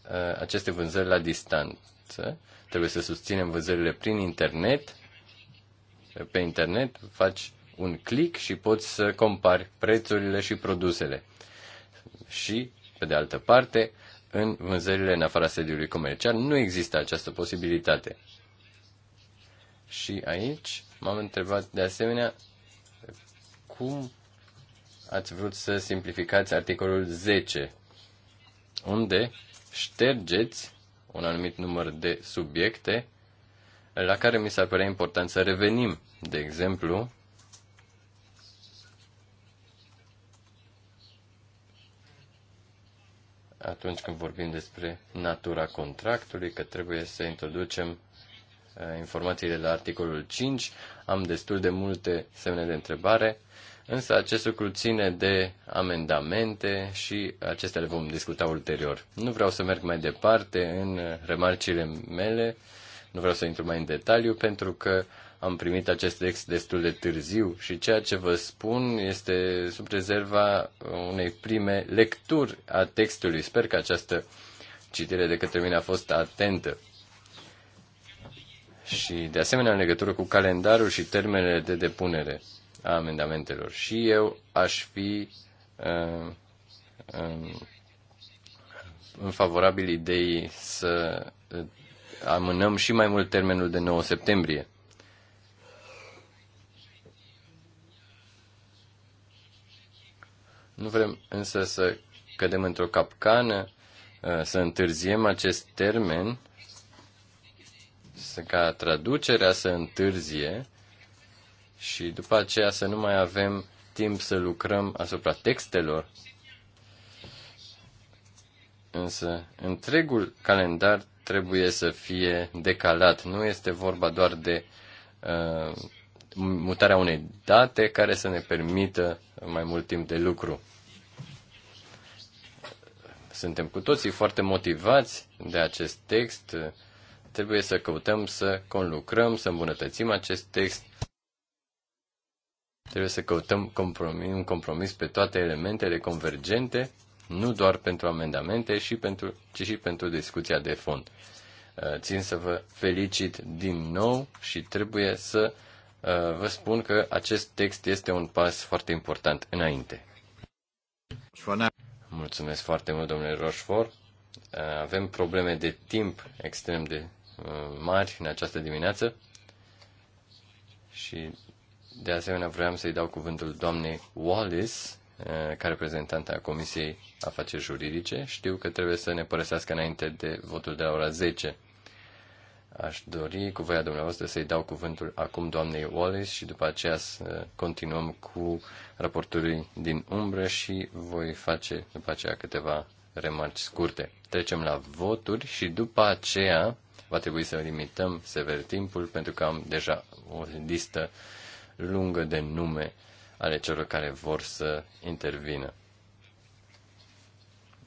A: uh, aceste vânzări la distanță. Trebuie să susținem vânzările prin internet. Pe internet faci un click și poți să compari prețurile și produsele. Și, pe de altă parte, în vânzările în afara sediului comercial nu există această posibilitate. Și aici m-am întrebat de asemenea cum ați vrut să simplificați articolul 10, unde ștergeți un anumit număr de subiecte la care mi s-ar părea important să revenim. De exemplu, atunci când vorbim despre natura contractului, că trebuie să introducem uh, informațiile la articolul 5. Am destul de multe semne de întrebare, însă acest lucru ține de amendamente și acestea le vom discuta ulterior. Nu vreau să merg mai departe în remarcile mele, nu vreau să intru mai în detaliu, pentru că am primit acest text destul de târziu și ceea ce vă spun este sub rezerva unei prime lecturi a textului. Sper că această citire de către mine a fost atentă. Și, de asemenea, în legătură cu calendarul și termenele de depunere a amendamentelor. Și eu aș fi uh, um, în favorabil ideii să amânăm și mai mult termenul de 9 septembrie. Nu vrem însă să cădem într-o capcană, uh, să întârziem acest termen, să ca traducerea să întârzie și după aceea să nu mai avem timp să lucrăm asupra textelor. Însă, întregul calendar trebuie să fie decalat. Nu este vorba doar de uh, mutarea unei date care să ne permită mai mult timp de lucru. Suntem cu toții foarte motivați de acest text. Trebuie să căutăm să conlucrăm, să îmbunătățim acest text. Trebuie să căutăm compromis, un compromis pe toate elementele convergente, nu doar pentru amendamente, și pentru, ci și pentru discuția de fond. Țin să vă felicit din nou și trebuie să Uh, vă spun că acest text este un pas foarte important înainte. Mulțumesc foarte mult, domnule Rochefort. Uh, avem probleme de timp extrem de uh, mari în această dimineață și de asemenea vreau să-i dau cuvântul doamnei Wallace, ca reprezentantă a Comisiei Afaceri Juridice. Știu că trebuie să ne părăsească înainte de votul de la ora 10. Aș dori, cu voia dumneavoastră, să-i dau cuvântul acum doamnei Wallace și după aceea să continuăm cu raporturii din umbră și voi face după aceea câteva remarci scurte. Trecem la voturi și după aceea va trebui să limităm sever timpul pentru că am deja o listă lungă de nume ale celor care vor să intervină.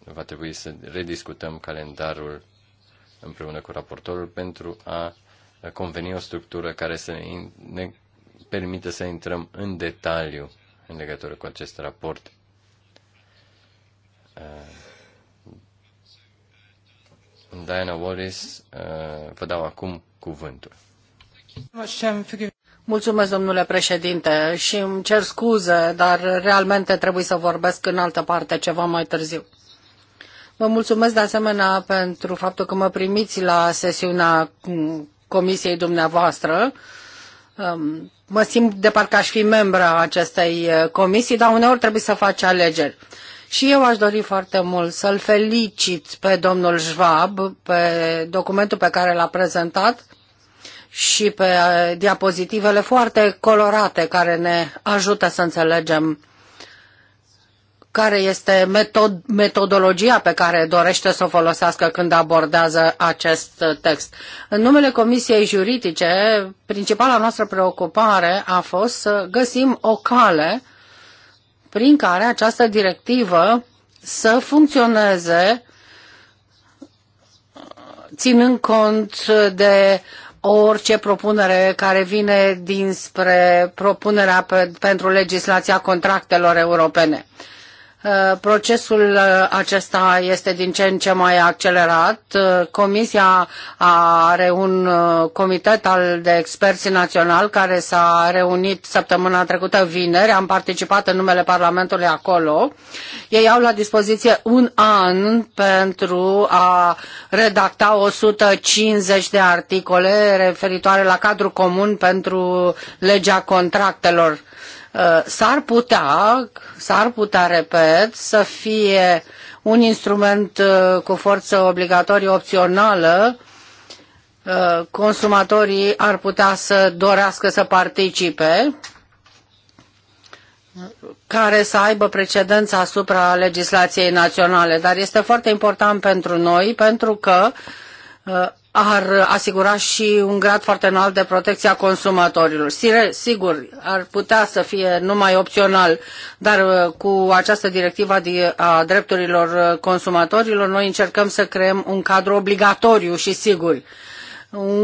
A: Va trebui să rediscutăm calendarul împreună cu raportorul pentru a conveni o structură care să ne permită să intrăm în detaliu în legătură cu acest raport. Uh, Diana Wallis, uh, vă dau acum cuvântul.
C: Mulțumesc, domnule președinte, și îmi cer scuze, dar realmente trebuie să vorbesc în altă parte ceva mai târziu. Vă mulțumesc de asemenea pentru faptul că mă primiți la sesiunea comisiei dumneavoastră. Um, mă simt de parcă aș fi membra acestei uh, comisii, dar uneori trebuie să faci alegeri. Și eu aș dori foarte mult să-l felicit pe domnul Schwab pe documentul pe care l-a prezentat și pe uh, diapozitivele foarte colorate care ne ajută să înțelegem care este metod, metodologia pe care dorește să o folosească când abordează acest text. În numele Comisiei Juridice, principala noastră preocupare a fost să găsim o cale prin care această directivă să funcționeze ținând cont de orice propunere care vine dinspre propunerea pe, pentru legislația contractelor europene. Uh, procesul uh, acesta este din ce în ce mai accelerat. Uh, comisia are un comitet al de experți național care s-a reunit săptămâna trecută vineri. Am participat în numele Parlamentului acolo. Ei au la dispoziție un an pentru a redacta 150 de articole referitoare la cadru comun pentru legea contractelor Uh, s-ar putea, s-ar putea, repet, să fie un instrument uh, cu forță obligatorie opțională, uh, consumatorii ar putea să dorească să participe, care să aibă precedența asupra legislației naționale. Dar este foarte important pentru noi, pentru că ar asigura și un grad foarte înalt de protecție a consumatorilor. Sigur, ar putea să fie numai opțional, dar uh, cu această directivă a drepturilor uh, consumatorilor, noi încercăm să creăm un cadru obligatoriu și sigur.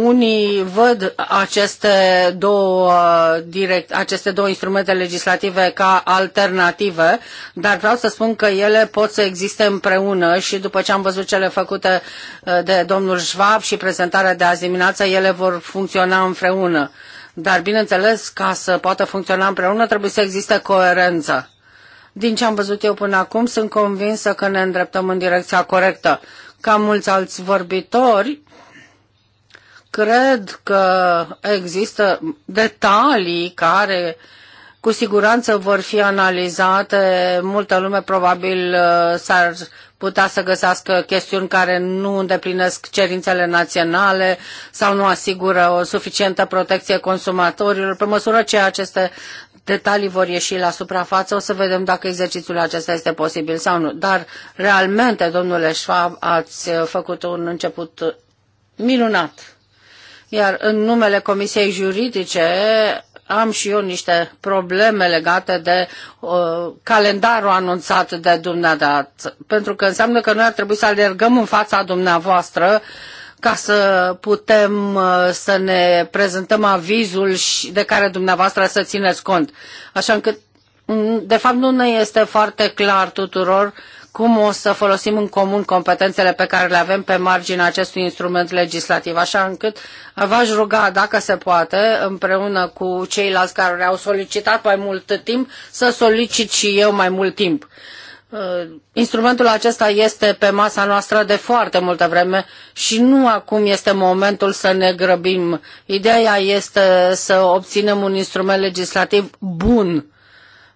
C: Unii văd aceste două, uh, direct, aceste două instrumente legislative ca alternative, dar vreau să spun că ele pot să existe împreună și după ce am văzut cele făcute uh, de domnul Schwab și prezentarea de azi dimineață, ele vor funcționa împreună. Dar, bineînțeles, ca să poată funcționa împreună, trebuie să existe coerență. Din ce am văzut eu până acum, sunt convinsă că ne îndreptăm în direcția corectă. Ca mulți alți vorbitori, Cred că există detalii care cu siguranță vor fi analizate. Multă lume probabil uh, s-ar putea să găsească chestiuni care nu îndeplinesc cerințele naționale sau nu asigură o suficientă protecție consumatorilor. Pe măsură ce aceste detalii vor ieși la suprafață, o să vedem dacă exercițiul acesta este posibil sau nu. Dar, realmente, domnule Schwab, ați făcut un început minunat. Iar în numele Comisiei Juridice am și eu niște probleme legate de uh, calendarul anunțat de dumneavoastră, pentru că înseamnă că noi ar trebui să alergăm în fața dumneavoastră ca să putem uh, să ne prezentăm avizul și de care dumneavoastră să țineți cont. Așa încât, mm, de fapt, nu ne este foarte clar tuturor uh, cum o să folosim în comun competențele pe care le avem pe marginea acestui instrument legislativ, așa încât v-aș ruga, dacă se poate, împreună cu ceilalți care au solicitat mai mult timp, să solicit și eu mai mult timp. Uh, instrumentul acesta este pe masa noastră de foarte multă vreme și nu acum este momentul să ne grăbim. Ideea este să obținem un instrument legislativ bun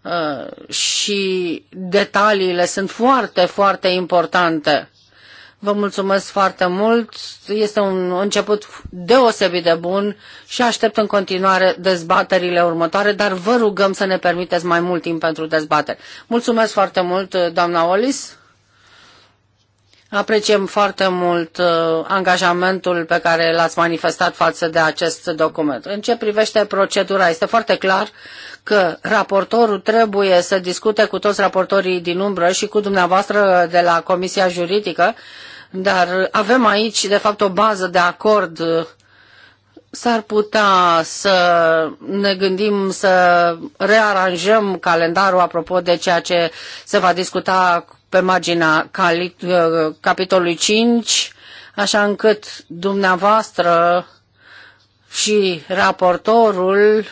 C: Uh, și detaliile sunt foarte, foarte importante. Vă mulțumesc foarte mult. Este un început deosebit de bun și aștept în continuare dezbaterile următoare, dar vă rugăm să ne permiteți mai mult timp pentru dezbatere. Mulțumesc foarte mult, doamna Olis. Apreciem foarte mult uh, angajamentul pe care l-ați manifestat față de acest document. În ce privește procedura, este foarte clar că raportorul trebuie să discute cu toți raportorii din umbră și cu dumneavoastră de la Comisia Juridică, dar avem aici, de fapt, o bază de acord s-ar putea să ne gândim să rearanjăm calendarul apropo de ceea ce se va discuta pe marginea uh, capitolului 5, așa încât dumneavoastră și raportorul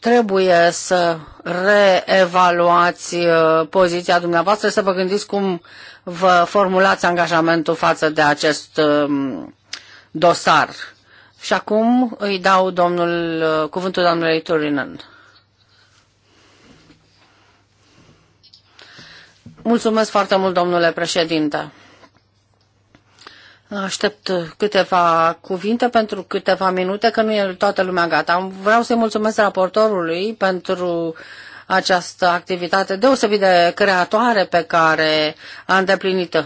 C: trebuie să reevaluați uh, poziția dumneavoastră, să vă gândiți cum vă formulați angajamentul față de acest um, dosar. Și acum îi dau domnul, uh, cuvântul domnului Turinen. Mulțumesc foarte mult, domnule președinte. Aștept câteva cuvinte pentru câteva minute, că nu e toată lumea gata. Vreau să-i mulțumesc raportorului pentru această activitate deosebit de creatoare pe care a îndeplinit-o.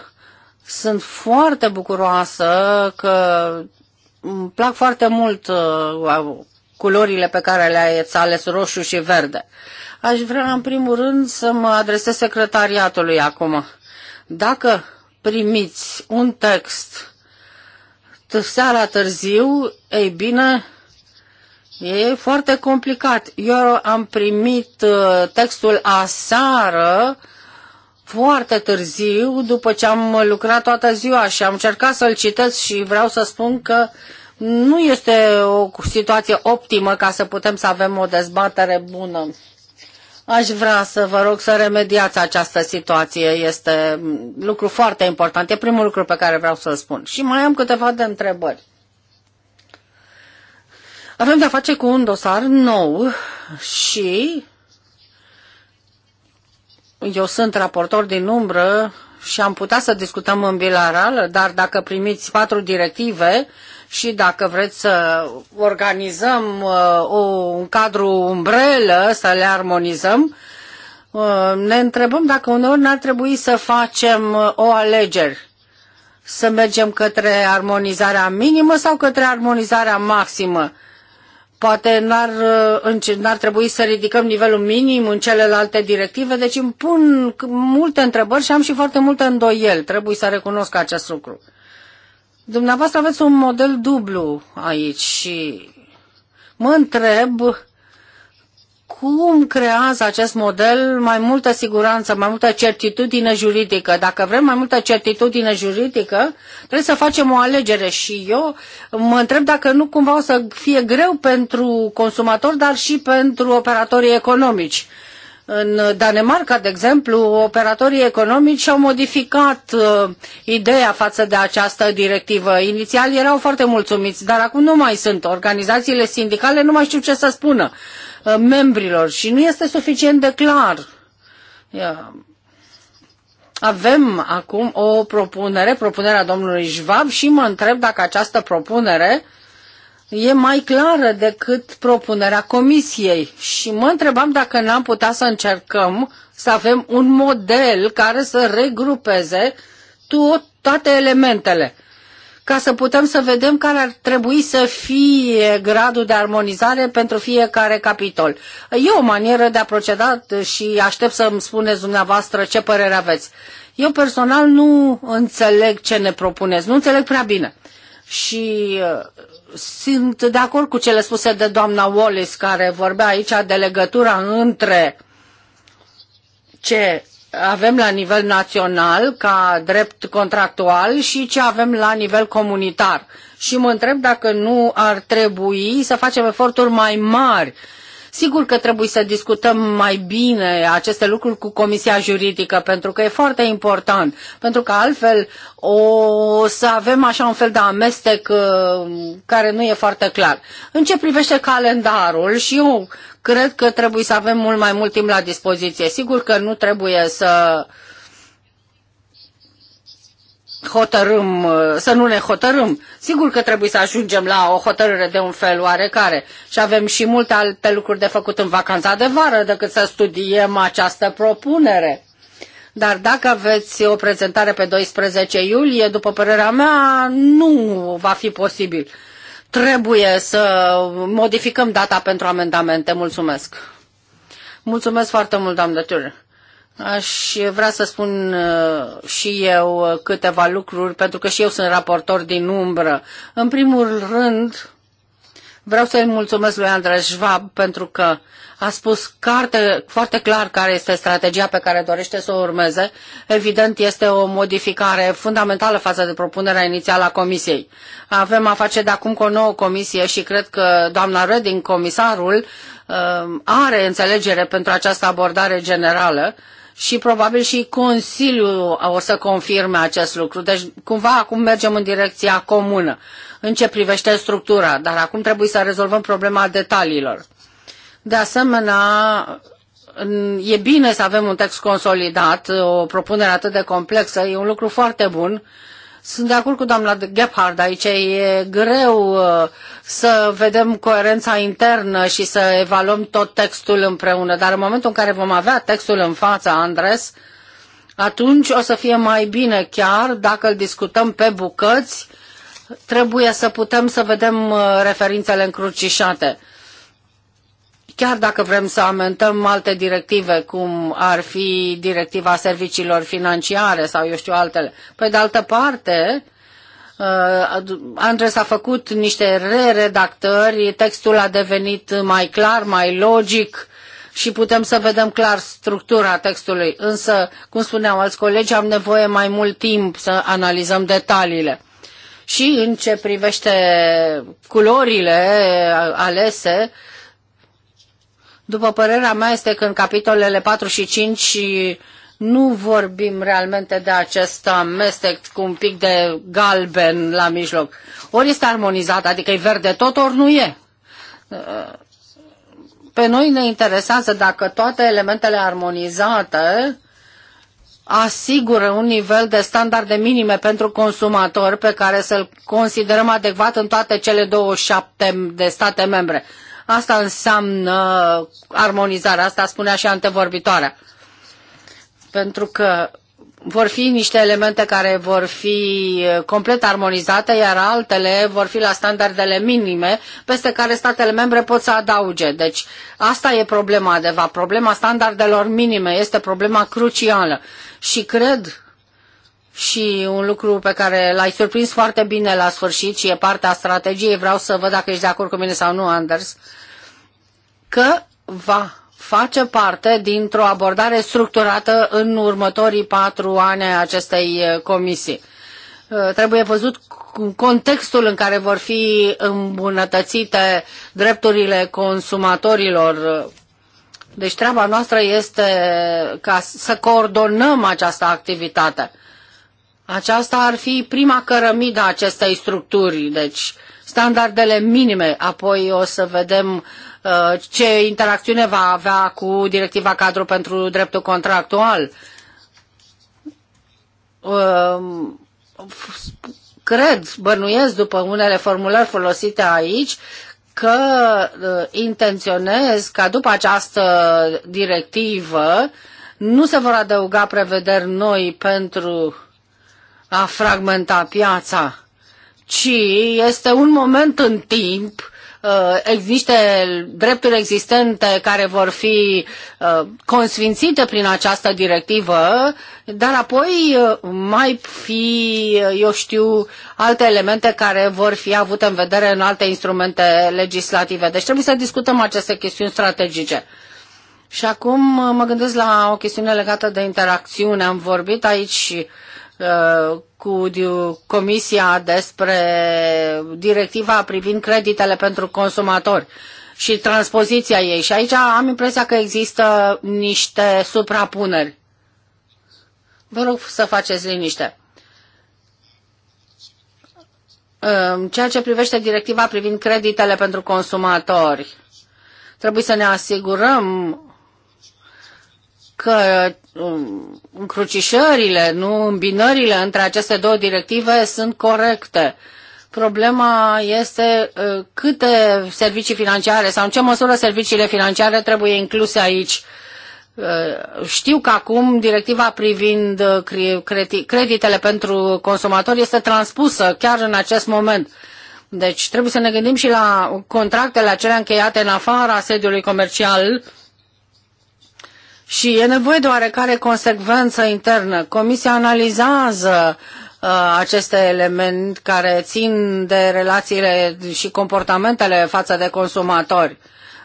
C: Sunt foarte bucuroasă că îmi plac foarte mult uh, culorile pe care le-ați ales, roșu și verde. Aș vrea, în primul rând, să mă adresez secretariatului acum. Dacă primiți un text seara târziu, ei bine, e foarte complicat. Eu am primit uh, textul aseară, foarte târziu, după ce am lucrat toată ziua și am încercat să-l citesc și vreau să spun că uh, nu este o situație optimă ca să putem să avem o dezbatere bună. Aș vrea să vă rog să remediați această situație. Este lucru foarte important. E primul lucru pe care vreau să-l spun. Și mai am câteva de întrebări. Avem de-a face cu un dosar nou și eu sunt raportor din umbră și am putea să discutăm în bilateral, dar dacă primiți patru directive, și dacă vreți să organizăm uh, o, un cadru umbrelă, să le armonizăm, uh, ne întrebăm dacă uneori n-ar trebui să facem uh, o alegeri. Să mergem către armonizarea minimă sau către armonizarea maximă. Poate n-ar, n-ar trebui să ridicăm nivelul minim în celelalte directive, deci îmi pun multe întrebări și am și foarte multe îndoieli. Trebuie să recunosc acest lucru. Dumneavoastră aveți un model dublu aici și mă întreb cum creează acest model mai multă siguranță, mai multă certitudine juridică. Dacă vrem mai multă certitudine juridică, trebuie să facem o alegere și eu mă întreb dacă nu cumva o să fie greu pentru consumator, dar și pentru operatorii economici. În Danemarca, de exemplu, operatorii economici au modificat uh, ideea față de această directivă. Inițial erau foarte mulțumiți, dar acum nu mai sunt. Organizațiile sindicale nu mai știu ce să spună uh, membrilor și nu este suficient de clar. Yeah. Avem acum o propunere, propunerea domnului Schwab și mă întreb dacă această propunere uh, e mai clară decât propunerea comisiei și mă întrebam dacă n-am putea să încercăm să avem un model care să regrupeze tot, toate elementele ca să putem să vedem care ar trebui să fie gradul de armonizare pentru fiecare capitol. E o manieră de a proceda și aștept să îmi spuneți dumneavoastră ce părere aveți. Eu personal nu înțeleg ce ne propuneți, nu înțeleg prea bine. Și sunt de acord cu cele spuse de doamna Wallis, care vorbea aici de legătura între ce avem la nivel național ca drept contractual și ce avem la nivel comunitar. Și mă întreb dacă nu ar trebui să facem eforturi mai mari Sigur că trebuie să discutăm mai bine aceste lucruri cu Comisia Juridică, pentru că e foarte important, pentru că altfel o să avem așa un fel de amestec uh, care nu e foarte clar. În ce privește calendarul și eu cred că trebuie să avem mult mai mult timp la dispoziție. Sigur că nu trebuie să uh, hotărâm, uh, să nu ne hotărâm. Sigur că trebuie să ajungem la o hotărâre de un fel oarecare și avem și multe alte lucruri de făcut în vacanța de vară decât să studiem această propunere. Dar dacă aveți o prezentare pe 12 iulie, după părerea mea, nu va fi posibil. Trebuie să modificăm data pentru amendamente. Mulțumesc. Mulțumesc foarte mult, doamnă Ture. Aș vrea să spun uh, și eu uh, câteva lucruri, pentru că și eu sunt raportor din umbră. În primul rând, vreau să-i mulțumesc lui Andrei Schwab pentru că a spus carte, foarte clar care este strategia pe care dorește să o urmeze. Evident, este o modificare fundamentală față de propunerea inițială a Comisiei. Avem a face de acum cu o nouă comisie și cred că doamna Reding, comisarul, uh, are înțelegere pentru această abordare generală și probabil și Consiliul o să confirme acest lucru. Deci cumva acum mergem în direcția comună în ce privește structura, dar acum trebuie să rezolvăm problema detaliilor. De asemenea, e bine să avem un text consolidat, o propunere atât de complexă, e un lucru foarte bun sunt de acord cu doamna Gephard aici e greu uh, să vedem coerența internă și să evaluăm tot textul împreună, dar în momentul în care vom avea textul în fața, Andres, atunci o să fie mai bine chiar dacă îl discutăm pe bucăți, trebuie să putem să vedem uh, referințele încrucișate chiar dacă vrem să amendăm alte directive, cum ar fi directiva serviciilor financiare sau eu știu altele, pe de altă parte, uh, Andres a făcut niște re-redactări, textul a devenit mai clar, mai logic și putem să vedem clar structura textului. Însă, cum spuneau alți colegi, am nevoie mai mult timp să analizăm detaliile. Și în ce privește culorile alese, după părerea mea este că în capitolele 4 și 5 nu vorbim realmente de acest amestec cu un pic de galben la mijloc. Ori este armonizat, adică e verde tot, ori nu e. Pe noi ne interesează dacă toate elementele armonizate asigură un nivel de standarde minime pentru consumator pe care să-l considerăm adecvat în toate cele 27 de state membre. Asta înseamnă armonizarea, asta spunea și antevorbitoarea. Pentru că vor fi niște elemente care vor fi eh, complet armonizate, iar altele vor fi la standardele minime peste care statele membre pot să adauge. Deci asta e problema adevărat. Problema standardelor minime este problema crucială. Și cred și un lucru pe care l-ai surprins foarte bine la sfârșit și e partea strategiei, vreau să văd dacă ești de acord cu mine sau nu, Anders, uh, că va face parte dintr-o abordare structurată în următorii patru ani a acestei uh, comisii. Uh, trebuie văzut contextul în care vor fi îmbunătățite drepturile consumatorilor. Deci treaba noastră este ca să coordonăm această activitate. Aceasta ar fi prima cărămidă a acestei structuri, deci standardele minime, apoi o să vedem uh, Uh, ce interacțiune va avea cu directiva cadru pentru dreptul contractual. Um, cred, bănuiesc după unele formulări folosite aici, că uh, intenționez ca după această directivă nu se vor adăuga prevederi noi pentru a fragmenta piața, ci este un moment în timp Uh, niște drepturi existente care vor fi uh, consfințite prin această directivă, dar apoi uh, mai fi, eu știu, alte elemente care vor fi avute în vedere în alte instrumente legislative. Deci trebuie să discutăm aceste chestiuni strategice. Și acum mă gândesc la o chestiune legată de interacțiune. Am vorbit aici uh, Uh, cu Comisia despre directiva privind creditele pentru consumatori și transpoziția ei. Și aici am impresia că există niște suprapuneri. Vă rog să faceți liniște. Uh, ceea ce privește directiva privind creditele pentru consumatori, trebuie să ne asigurăm că Um, încrucișările, nu îmbinările între aceste două directive sunt corecte. Problema este uh, câte servicii financiare sau în ce măsură serviciile financiare trebuie incluse aici. Uh, știu că acum directiva privind uh, creditele pentru consumatori este transpusă chiar în acest moment. Deci trebuie să ne gândim și la contractele acelea încheiate în afara sediului comercial și e nevoie de oarecare consecvență internă. Comisia analizează uh, aceste elemente care țin de relațiile și comportamentele față de consumatori.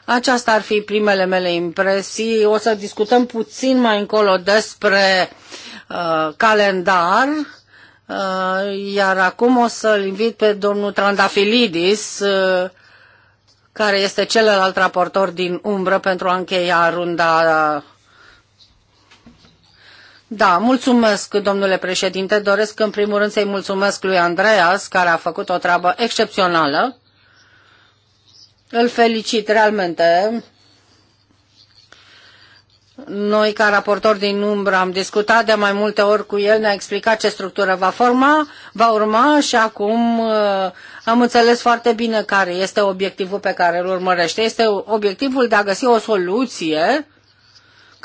C: Aceasta ar fi primele mele impresii. O să discutăm puțin mai încolo despre uh, calendar, uh, iar acum o să-l invit pe domnul Trandafilidis, uh, care este celălalt raportor din umbră pentru a încheia runda da, mulțumesc, domnule președinte. Doresc în primul rând să-i mulțumesc lui Andreas, care a făcut o treabă excepțională. Îl felicit realmente. Noi, ca raportor din umbră, am discutat de mai multe ori cu el, ne-a explicat ce structură va forma, va urma și acum uh, am înțeles foarte bine care este obiectivul pe care îl urmărește. Este obiectivul de a găsi o soluție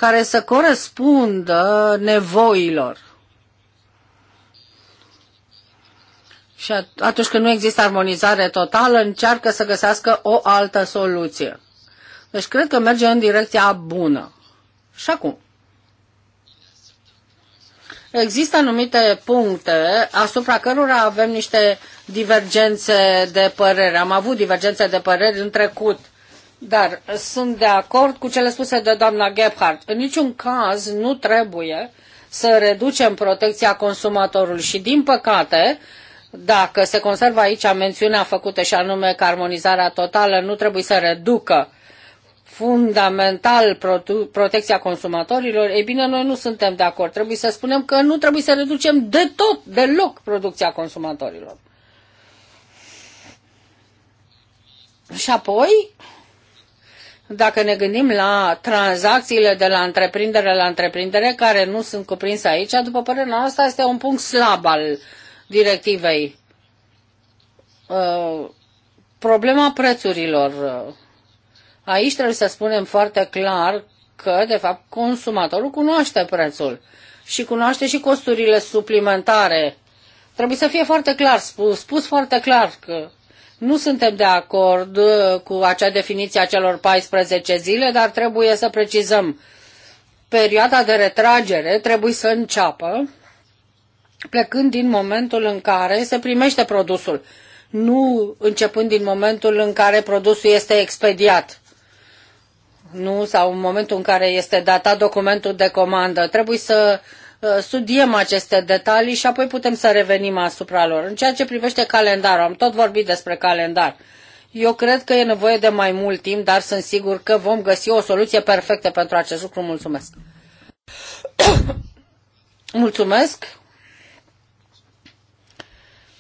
C: care să corespundă nevoilor. Și atunci când nu există armonizare totală, încearcă să găsească o altă soluție. Deci cred că merge în direcția bună. Și acum. Există anumite puncte asupra cărora avem niște divergențe de părere. Am avut divergențe de păreri în trecut. Dar sunt de acord cu cele spuse de doamna Gebhardt. În niciun caz nu trebuie să reducem protecția consumatorului și, din păcate, dacă se conservă aici mențiunea făcută și anume că armonizarea totală nu trebuie să reducă fundamental protecția consumatorilor, ei bine, noi nu suntem de acord. Trebuie să spunem că nu trebuie să reducem de tot, deloc, producția consumatorilor. Și apoi, dacă ne gândim la tranzacțiile de la întreprindere la întreprindere care nu sunt cuprinse aici, după părerea noastră, este un punct slab al directivei. Uh, problema prețurilor. Aici trebuie să spunem foarte clar că, de fapt, consumatorul cunoaște prețul și cunoaște și costurile suplimentare. Trebuie să fie foarte clar, spus, spus foarte clar că nu suntem de acord uh, cu acea definiție a celor 14 zile, dar trebuie să precizăm. Perioada de retragere trebuie să înceapă plecând din momentul în care se primește produsul, nu începând din momentul în care produsul este expediat nu, sau în momentul în care este datat documentul de comandă. Trebuie să Uh, studiem aceste detalii și apoi putem să revenim asupra lor. În ceea ce privește calendarul, am tot vorbit despre calendar. Eu cred că e nevoie de mai mult timp, dar sunt sigur că vom găsi o soluție perfectă pentru acest lucru. Mulțumesc! <coughs> Mulțumesc!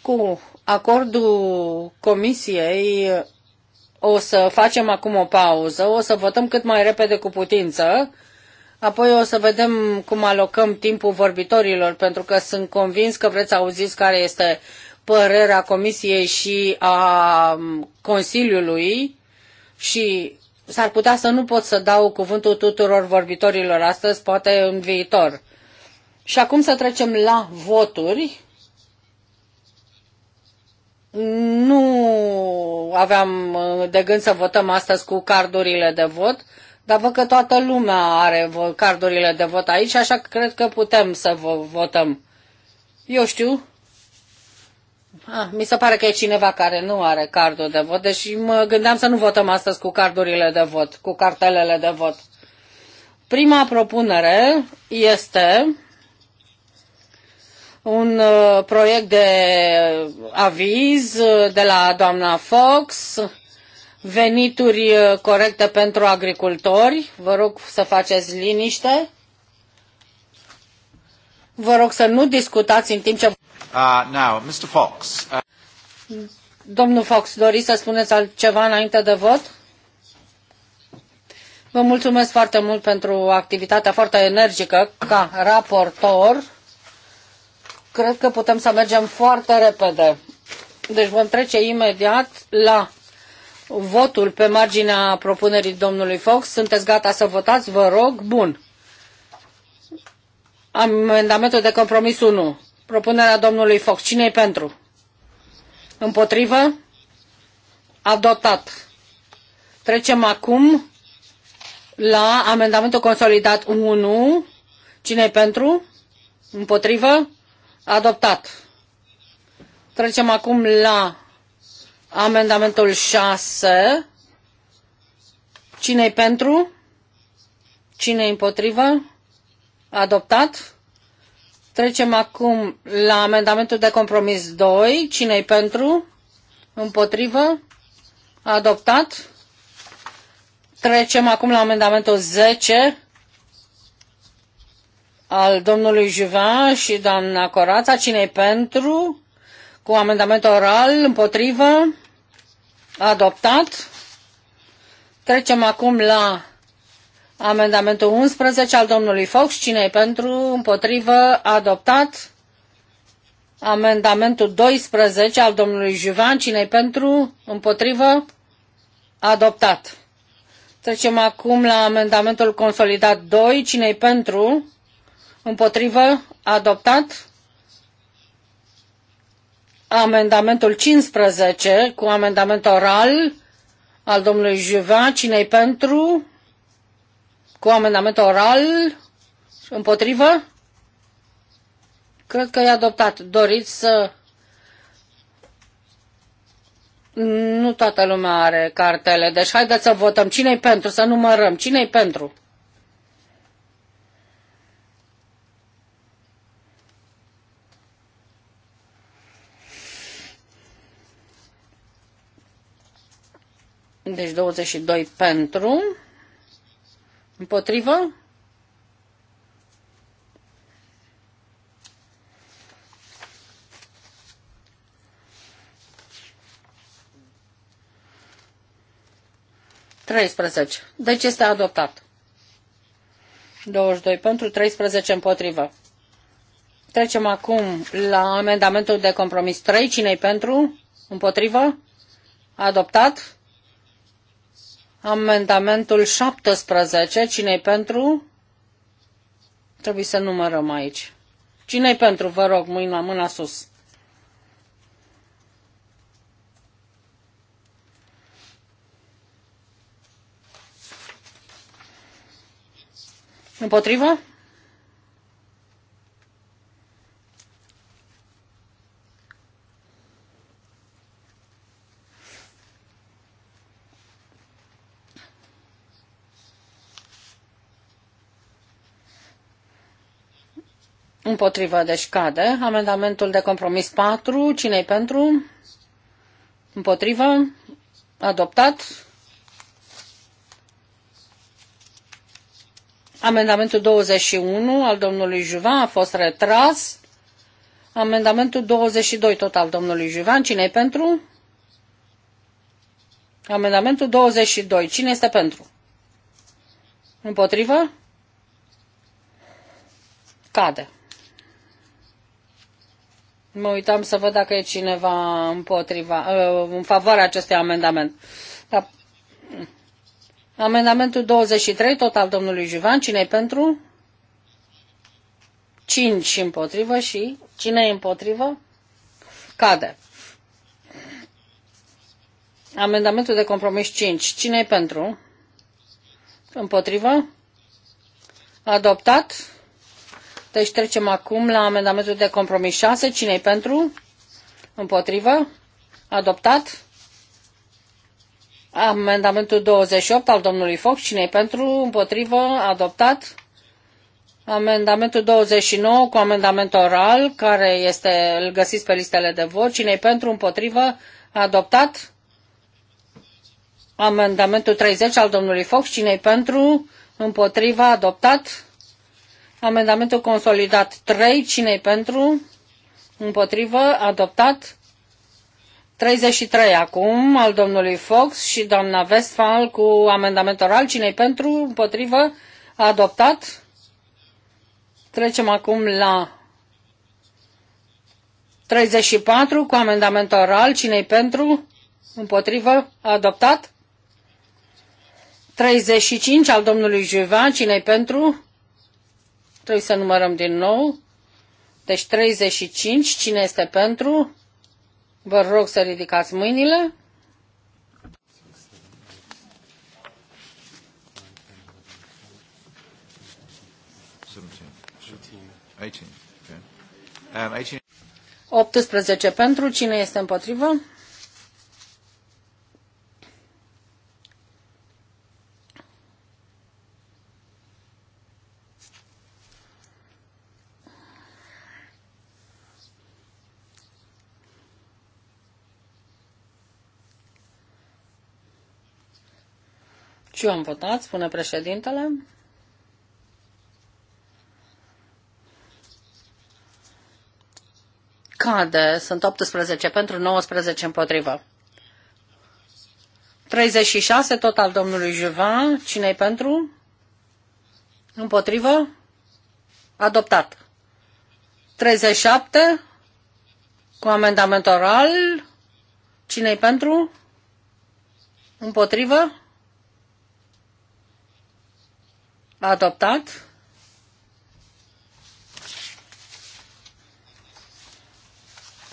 C: Cu acordul comisiei o să facem acum o pauză, o să votăm cât mai repede cu putință Apoi o să vedem cum alocăm timpul vorbitorilor, pentru că sunt convins că vreți să auziți care este părerea Comisiei și a Consiliului și s-ar putea să nu pot să dau cuvântul tuturor vorbitorilor astăzi, poate în viitor. Și acum să trecem la voturi. Nu aveam de gând să votăm astăzi cu cardurile de vot, dar văd că toată lumea are cardurile de vot aici, așa că cred că putem să votăm. Eu știu. Ah, mi se pare că e cineva care nu are cardul de vot, deci mă gândeam să nu votăm astăzi cu cardurile de vot, cu cartelele de vot. Prima propunere este un uh, proiect de uh, aviz uh, de la doamna Fox venituri uh, corecte pentru agricultori. Vă rog să faceți liniște. Vă rog să nu discutați în timp ce... Uh, now, Mr. Fox, uh... Domnul Fox, doriți să spuneți ceva înainte de vot? Vă mulțumesc foarte mult pentru activitatea foarte energică ca raportor. Cred că putem să mergem foarte repede. Deci vom trece imediat la votul pe marginea propunerii domnului Fox. Sunteți gata să votați? Vă rog. Bun. Amendamentul de compromis 1. Propunerea domnului Fox. cine e pentru? Împotrivă? Adoptat. Trecem acum la amendamentul consolidat 1. cine e pentru? Împotrivă? Adoptat. Trecem acum la Amendamentul 6. Cine-i pentru? Cine împotrivă? Adoptat. Trecem acum la amendamentul de compromis 2. Cine-i pentru? Împotrivă? Adoptat. Trecem acum la amendamentul 10 al domnului Juvan și doamna Corața. Cine-i pentru? cu amendament oral împotrivă adoptat. Trecem acum la amendamentul 11 al domnului Fox. Cine e pentru? Împotrivă adoptat. Amendamentul 12 al domnului Juvan. Cine e pentru? Împotrivă adoptat. Trecem acum la amendamentul consolidat 2. Cine e pentru? Împotrivă adoptat amendamentul 15 cu amendament oral al domnului Juva. cine pentru? Cu amendament oral? Împotrivă? Cred că e adoptat. Doriți să... Nu toată lumea are cartele, deci haideți să votăm. cine e pentru? Să numărăm. cine e pentru? Deci 22 pentru. Împotrivă. Deci este adoptat. 22 pentru, 13 împotrivă. Trecem acum la amendamentul de compromis 3. cine pentru? Împotrivă? Adoptat? Amendamentul 17, cine-i pentru? Trebuie să numărăm aici. Cine-i pentru, vă rog, mâna, mâna sus. Împotrivă? Împotrivă, deci cade. Amendamentul de compromis 4. cine e pentru? Împotrivă. Adoptat. Amendamentul 21 al domnului Juvan a fost retras. Amendamentul 22 tot al domnului Juvan. cine e pentru? Amendamentul 22. Cine este pentru? Împotrivă? Cade. Mă uitam să văd dacă e cineva împotriva, uh, în favoarea acestui amendament. Da. Amendamentul 23, tot al domnului Juvan, cine e pentru? 5 împotrivă și cine e împotrivă? Cade. Amendamentul de compromis 5. Cine e pentru? Împotrivă? Adoptat? Deci trecem acum la amendamentul de compromis 6. cine pentru? Împotrivă? Adoptat? Amendamentul 28 al domnului Foc. cine pentru? Împotrivă? Adoptat? Amendamentul 29 cu amendament oral, care este, îl găsiți pe listele de vot. cine pentru? Împotrivă? Adoptat? Amendamentul 30 al domnului Foc. cine pentru? Împotriva? Adoptat? Amendamentul consolidat 3, cine pentru? Împotrivă, adoptat. 33 acum, al domnului Fox și doamna Westphal cu amendament oral. cine pentru? Împotrivă, adoptat. Trecem acum la 34 cu amendament oral. cine pentru? Împotrivă, adoptat. 35 al domnului Juvan. cine pentru? Trebuie să numărăm din nou. Deci 35. Cine este pentru? Vă rog să ridicați mâinile. Okay. 18 um, pentru, cine este împotrivă? Și deci eu am votat, spune președintele. Cade, sunt 18 pentru 19 împotrivă. 36, tot al domnului Juva, cine e pentru? Împotrivă? Adoptat. 37, cu amendament oral. cine e pentru? Împotrivă? Adoptat.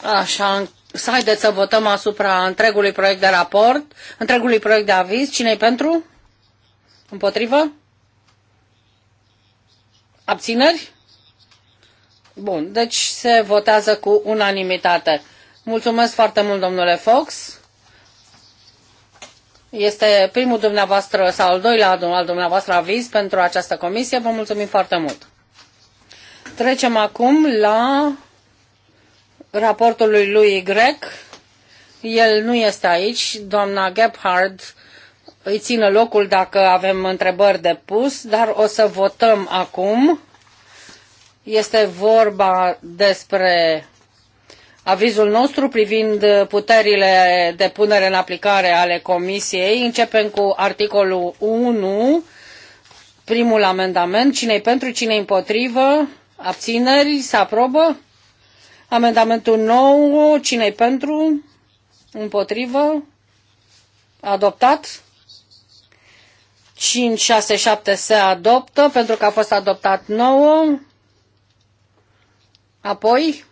C: Așa, să haideți să votăm asupra întregului proiect de raport, întregului proiect de aviz. cine pentru? Împotrivă? Abțineri? Bun, deci se votează cu unanimitate. Mulțumesc foarte mult, domnule Fox. Este primul dumneavoastră sau al doilea al dumneavoastră aviz pentru această comisie. Vă mulțumim foarte mult. Trecem acum la raportul lui lui Grec. El nu este aici. Doamna Gebhard îi țină locul dacă avem întrebări de pus, dar o să votăm acum. Este vorba despre avizul nostru privind puterile de punere în aplicare ale Comisiei. Începem cu articolul 1, primul amendament. Cine-i pentru, cine-i împotrivă? Abțineri? Se aprobă? Amendamentul 9, cine-i pentru? Împotrivă? Adoptat? 5, 6, 7 se adoptă pentru că a fost adoptat 9. Apoi,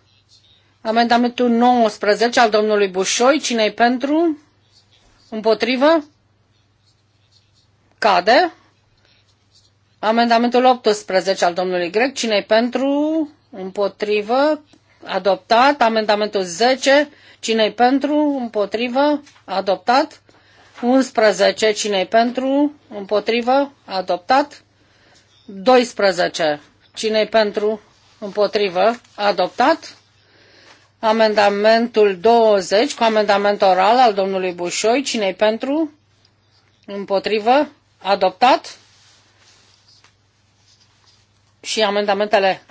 C: Amendamentul 19 al domnului Bușoi. Cine-i pentru? Împotrivă? Cade. Amendamentul 18 al domnului Grec. Cine-i pentru? Împotrivă? Adoptat. Amendamentul 10. Cine-i pentru? Împotrivă? Adoptat. 11. Cine-i pentru? Împotrivă? Adoptat. 12. Cine-i pentru? Împotrivă? Adoptat. Amendamentul 20 cu amendament oral al domnului Bușoi. cine pentru? Împotrivă? Adoptat? Și amendamentele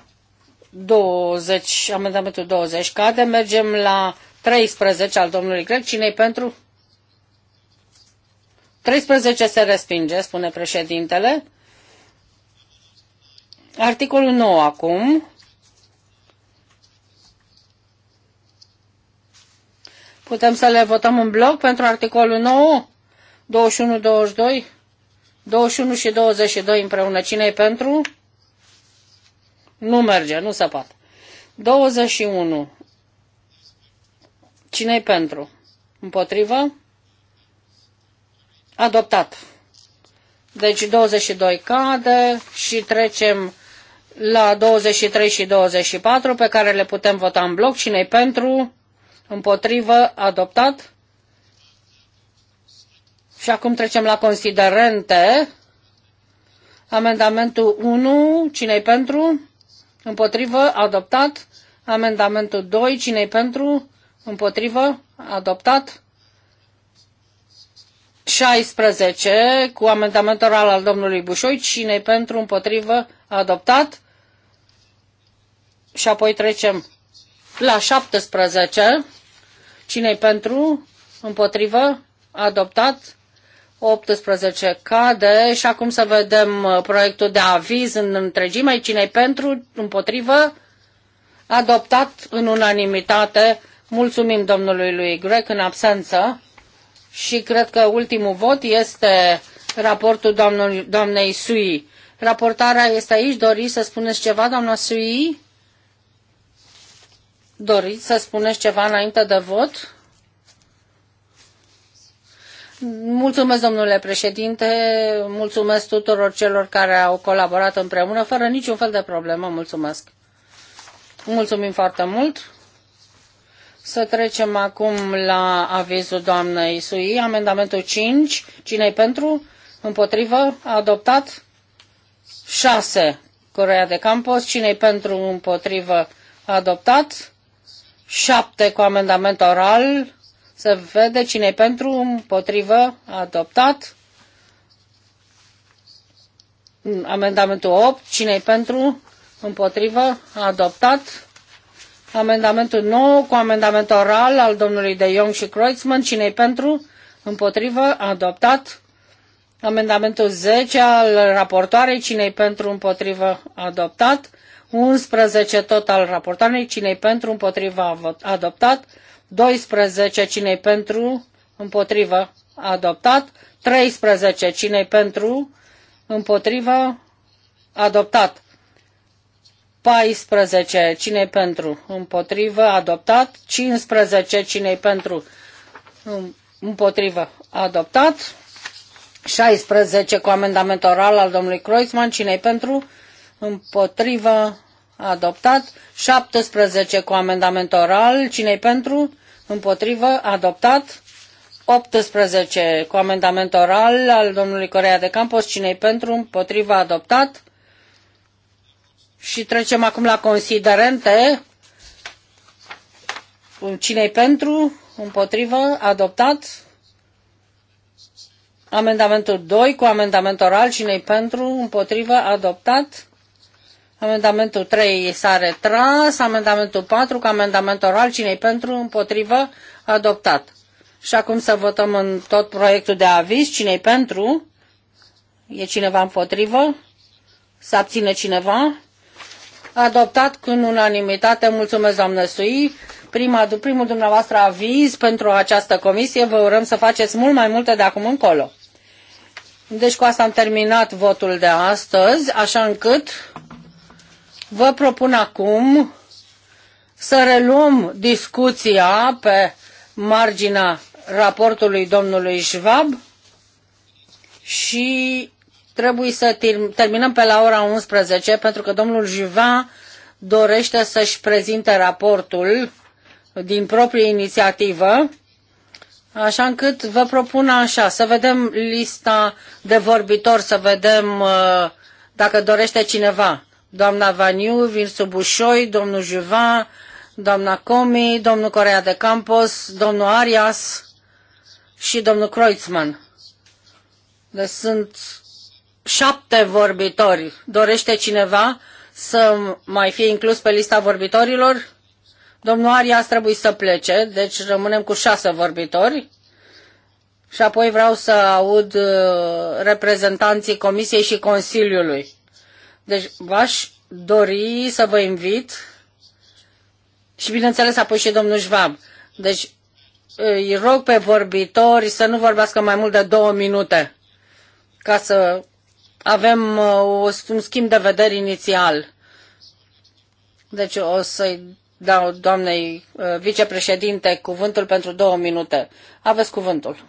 C: 20, amendamentul 20 cade. Mergem la 13 al domnului Grec. cine pentru? 13 se respinge, spune președintele. Articolul 9 acum. Putem să le votăm în bloc pentru articolul 9, 21, 22, 21 și 22 împreună. Cine e pentru? Nu merge, nu se poate. 21. Cine e pentru? Împotrivă? Adoptat. Deci 22 cade și trecem la 23 și 24 pe care le putem vota în bloc. cine e pentru? împotrivă, adoptat. Și acum trecem la considerente. Amendamentul 1, cine-i pentru? Împotrivă, adoptat. Amendamentul 2, cine-i pentru? Împotrivă, adoptat. 16, cu amendamentul oral al domnului Bușoi, cine-i pentru? Împotrivă, adoptat. Și apoi trecem la 17, cine pentru? Împotrivă? Adoptat? 18 cade și acum să vedem uh, proiectul de aviz în întregime. cine pentru? Împotrivă? Adoptat în unanimitate. Mulțumim domnului lui Grec în absență și cred că ultimul vot este raportul doamnei Sui. Raportarea este aici. Doriți să spuneți ceva, doamna Sui? Doriți să spuneți ceva înainte de vot? Mulțumesc, domnule președinte, mulțumesc tuturor celor care au colaborat împreună, fără niciun fel de problemă, mulțumesc. Mulțumim foarte mult. Să trecem acum la avizul doamnei Sui, amendamentul 5. Cine-i pentru? Împotrivă? Adoptat? 6. Corea de Campos. Cine-i pentru? Împotrivă? Adoptat? 7 cu amendament oral. Se vede cine e pentru, împotrivă, adoptat. Amendamentul 8, cine e pentru, împotrivă, adoptat. Amendamentul 9 cu amendament oral al domnului De Jong și Kreutzmann, cine e pentru, împotrivă, adoptat. Amendamentul 10 al raportoarei, cine e pentru, împotrivă, adoptat. 11 tot al raportanei, cine pentru, împotriva, adoptat. 12, cine pentru, împotriva, adoptat. 13, cine pentru, împotriva, adoptat. 14, cine pentru, împotriva adoptat. 15, cine pentru, împotriva adoptat. 16, cu amendament oral al domnului Kreuzmann, cine pentru, adoptat, adoptat. 17 cu amendament oral. Cine-i pentru? Împotrivă, adoptat. 18 cu amendament oral al domnului Corea de Campos. Cine-i pentru? Împotrivă, adoptat. Și trecem acum la considerente. Cine-i pentru? Împotrivă, adoptat. Amendamentul 2 cu amendament oral. Cine-i pentru? Împotrivă, adoptat. Amendamentul 3 s-a retras, amendamentul 4 ca amendament oral, cine pentru, împotrivă, adoptat. Și acum să votăm în tot proiectul de aviz, cine pentru, e cineva împotrivă, să abține cineva, adoptat cu unanimitate, mulțumesc doamnă Sui, prima, primul dumneavoastră aviz pentru această comisie, vă urăm să faceți mult mai multe de acum încolo. Deci cu asta am terminat votul de astăzi, așa încât Vă propun acum să reluăm discuția pe marginea raportului domnului Schwab și trebuie să terminăm pe la ora 11 pentru că domnul Juvin dorește să-și prezinte raportul din proprie inițiativă, așa încât vă propun așa, să vedem lista de vorbitori, să vedem uh, dacă dorește cineva doamna Vaniu, Vilsu Bușoi, domnul Juvan, doamna Comi, domnul Corea de Campos, domnul Arias și domnul Kreutzmann. Deci sunt șapte vorbitori. Dorește cineva să mai fie inclus pe lista vorbitorilor? Domnul Arias trebuie să plece, deci rămânem cu șase vorbitori. Și apoi vreau să aud uh, reprezentanții Comisiei și Consiliului. Deci v-aș dori să vă invit și bineînțeles apoi și domnul Schwab. Deci îi rog pe vorbitori să nu vorbească mai mult de două minute ca să avem uh, un schimb de vedere inițial. Deci o să-i dau doamnei uh, vicepreședinte cuvântul pentru două minute. Aveți cuvântul.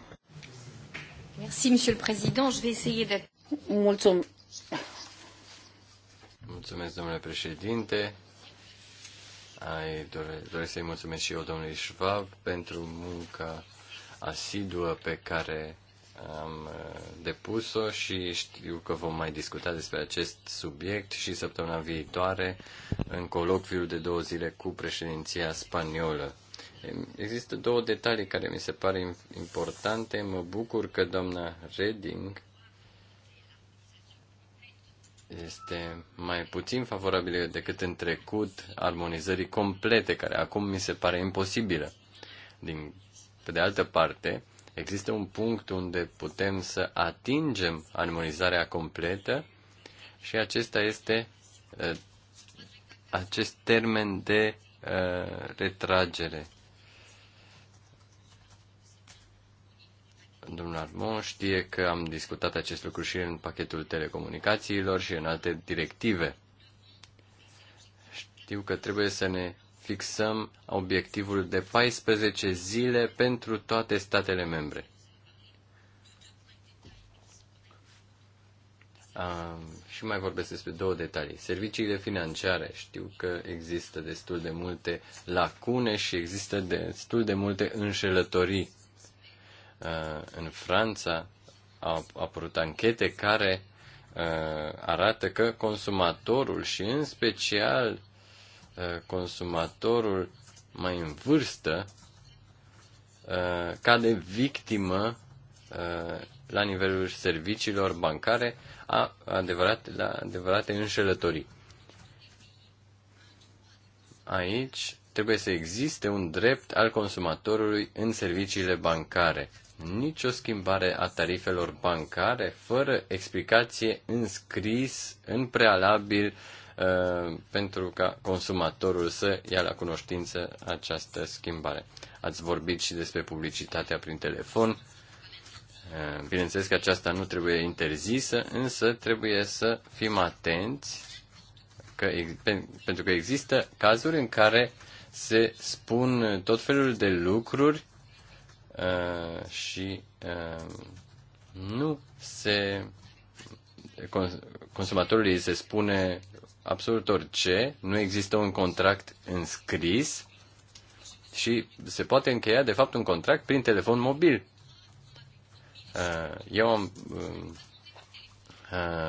D: Merci, monsieur le président. Je vais
C: essayer Mulțumesc.
A: Mulțumesc, domnule președinte. Ai, dore, doresc să-i mulțumesc și eu domnului Schwab pentru munca asiduă pe care am uh, depus-o și știu că vom mai discuta despre acest subiect și săptămâna viitoare în colocviul de două zile cu președinția spaniolă. Există două detalii care mi se pare importante. Mă bucur că doamna Reding este mai puțin favorabilă decât în trecut armonizării complete, care acum mi se pare imposibilă. Din, pe de altă parte, există un punct unde putem să atingem armonizarea completă și acesta este eh, acest termen de eh, retragere Domnul Armon știe că am discutat acest lucru și în pachetul telecomunicațiilor și în alte directive. Știu că trebuie să ne fixăm obiectivul de 14 zile pentru toate statele membre. Um, și mai vorbesc despre două detalii. Serviciile financiare. Știu că există destul de multe lacune și există destul de multe înșelătorii Uh, în Franța au apărut anchete care uh, arată că consumatorul și în special uh, consumatorul mai în vârstă cade victimă la nivelul serviciilor bancare a adevărate, la adevărate înșelătorii. Aici trebuie să existe un drept al consumatorului în serviciile bancare nicio schimbare a tarifelor bancare fără explicație înscris în prealabil, uh, pentru ca consumatorul să ia la cunoștință această schimbare. Ați vorbit și despre publicitatea prin telefon. Uh, bineînțeles că aceasta nu trebuie interzisă, însă trebuie să fim atenți că, pentru că există cazuri în care se spun tot felul de lucruri Uh, și uh, nu se consumatorului se spune absolut orice, nu există un contract înscris și se poate încheia de fapt un contract prin telefon mobil. Uh, eu am uh,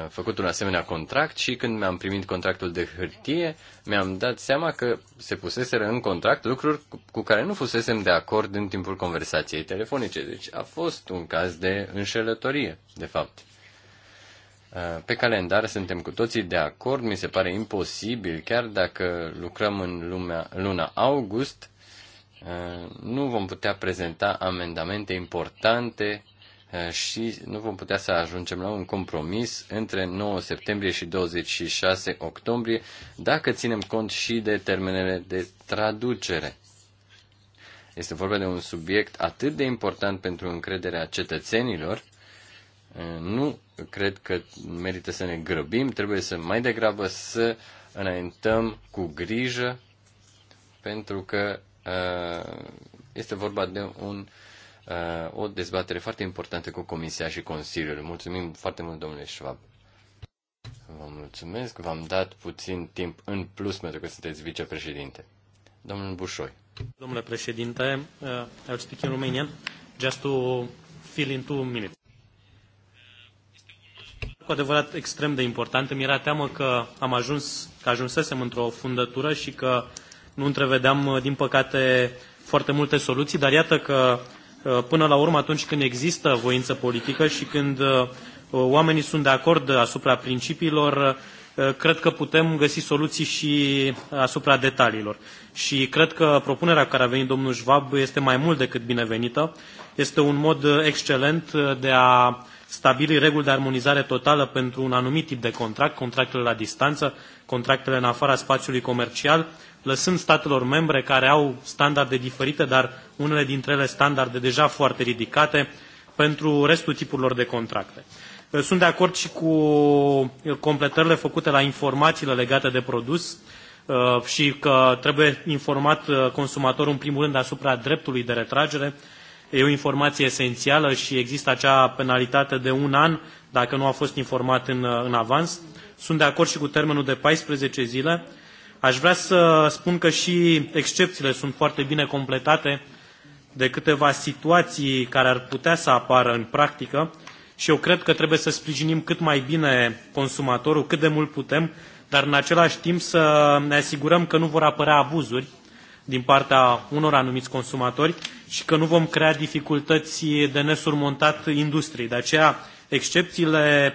A: făcut un asemenea contract și când mi-am primit contractul de hârtie, mi-am dat seama că se puseseră în contract lucruri cu care nu fusesem de acord în timpul conversației telefonice. Deci a fost un caz de înșelătorie, de fapt. Pe calendar suntem cu toții de acord, mi se pare imposibil, chiar dacă lucrăm în lumea, luna august, nu vom putea prezenta amendamente importante Eh, și nu vom putea să ajungem la un compromis între 9 septembrie și 26 octombrie, dacă ținem cont și de termenele de traducere. Este vorba de un subiect atât de important pentru încrederea cetățenilor, eh, nu cred că merită să ne grăbim, trebuie să mai degrabă să înaintăm cu grijă, pentru că eh, este vorba de un uh, Uh, o dezbatere foarte importantă cu Comisia și Consiliul. Mulțumim foarte mult, domnule Schwab. Vă mulțumesc. V-am dat puțin timp în plus pentru că sunteți vicepreședinte. Domnul Bușoi.
D: Domnule președinte, uh, I'll speak in Romanian. Just to fill in two minutes. Cu adevărat extrem de important. Mi era teamă că am ajuns, că ajunsesem într-o fundătură și că nu întrevedeam, uh, din păcate, foarte multe soluții, dar iată că Uh, până la urmă atunci când există voință politică și când uh, uh, oamenii sunt de acord asupra principiilor, cred că putem găsi soluții și asupra detaliilor. Și cred că propunerea care a venit domnul Schwab este mai mult decât binevenită. Este un mod excelent de a stabili reguli de armonizare totală pentru un anumit tip de contract, contractele la distanță, contractele în afara spațiului comercial, lăsând statelor membre care au standarde diferite, dar unele dintre ele standarde deja foarte ridicate, pentru restul tipurilor de contracte. Sunt de acord și cu completările făcute la informațiile legate de produs uh, și că trebuie informat uh, consumatorul în primul rând asupra dreptului de retragere. E o informație esențială și există acea penalitate de un an dacă nu a fost informat în, uh, în avans. Sunt de acord și cu termenul de 14 zile Aș vrea să spun că și excepțiile sunt foarte bine completate de câteva situații care ar putea să apară în practică și eu cred că trebuie să sprijinim cât mai bine consumatorul, cât de mult putem, dar în același timp să ne asigurăm că nu vor apărea abuzuri din partea unor anumiți consumatori și că nu vom crea dificultăți de nesurmontat industriei. De aceea, excepțiile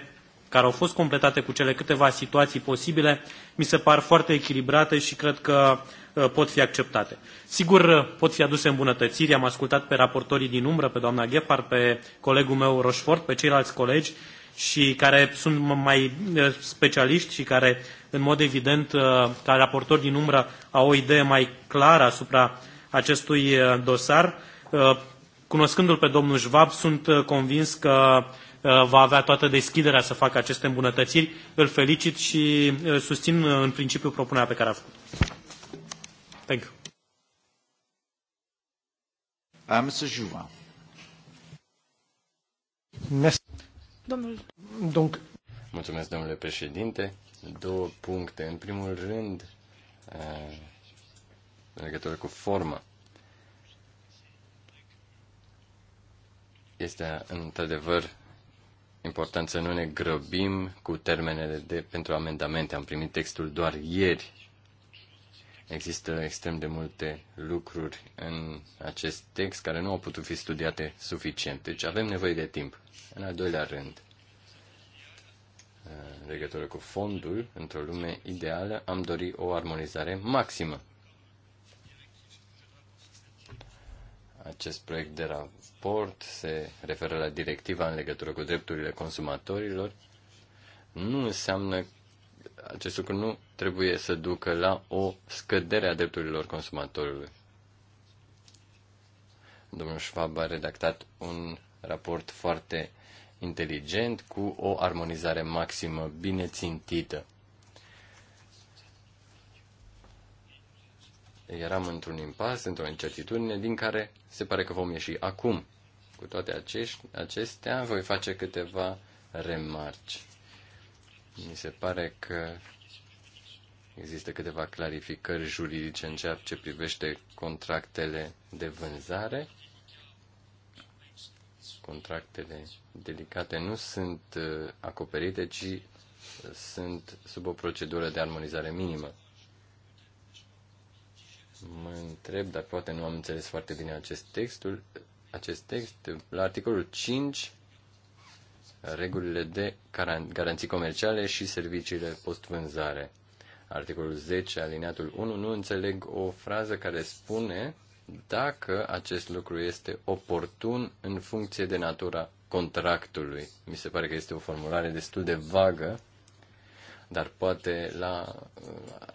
D: care au fost completate cu cele câteva situații posibile, mi se par foarte echilibrate și cred că uh, pot fi acceptate. Sigur, uh, pot fi aduse îmbunătățiri. Am ascultat pe raportorii din umbră, pe doamna Ghepar, pe colegul meu Roșfort, pe ceilalți colegi și care sunt mai uh, specialiști și care, în mod evident, ca raportori din umbră, au o idee mai clară asupra acestui dosar. Cunoscându-l pe domnul Schwab, sunt convins că uh, Uh, va avea toată deschiderea să facă aceste îmbunătățiri. Îl felicit și uh, susțin uh, în principiu propunerea pe care a făcut. Thank you.
A: Uh, Mr. Mulțumesc, domnule președinte. Două puncte. În primul rând, în legătură cu forma. Este într-adevăr important să nu ne grăbim cu termenele de, pentru amendamente. Am primit textul doar ieri. Există extrem de multe lucruri în acest text care nu au putut fi studiate suficient. Deci avem nevoie de timp. În al doilea rând, în legătură cu fondul, într-o lume ideală, am dori o armonizare maximă. Acest proiect de raport se referă la directiva în legătură cu drepturile consumatorilor, nu înseamnă acest lucru nu trebuie să ducă la o scădere a drepturilor consumatorului. Domnul Schwab a redactat un raport foarte inteligent cu o armonizare maximă bine țintită. eram într-un impas, într-o incertitudine din care se pare că vom ieși acum. Cu toate acești, acestea, voi face câteva remarci. Mi se pare că există câteva clarificări juridice în ceea ce privește contractele de vânzare. Contractele delicate nu sunt uh, acoperite, ci uh, sunt sub o procedură de armonizare minimă mă întreb dacă poate nu am înțeles foarte bine acest textul, acest text. La articolul 5, regulile de garanții comerciale și serviciile post-vânzare. Articolul 10, alineatul 1, nu înțeleg o frază care spune dacă acest lucru este oportun în funcție de natura contractului. Mi se pare că este o formulare destul de vagă, dar poate la,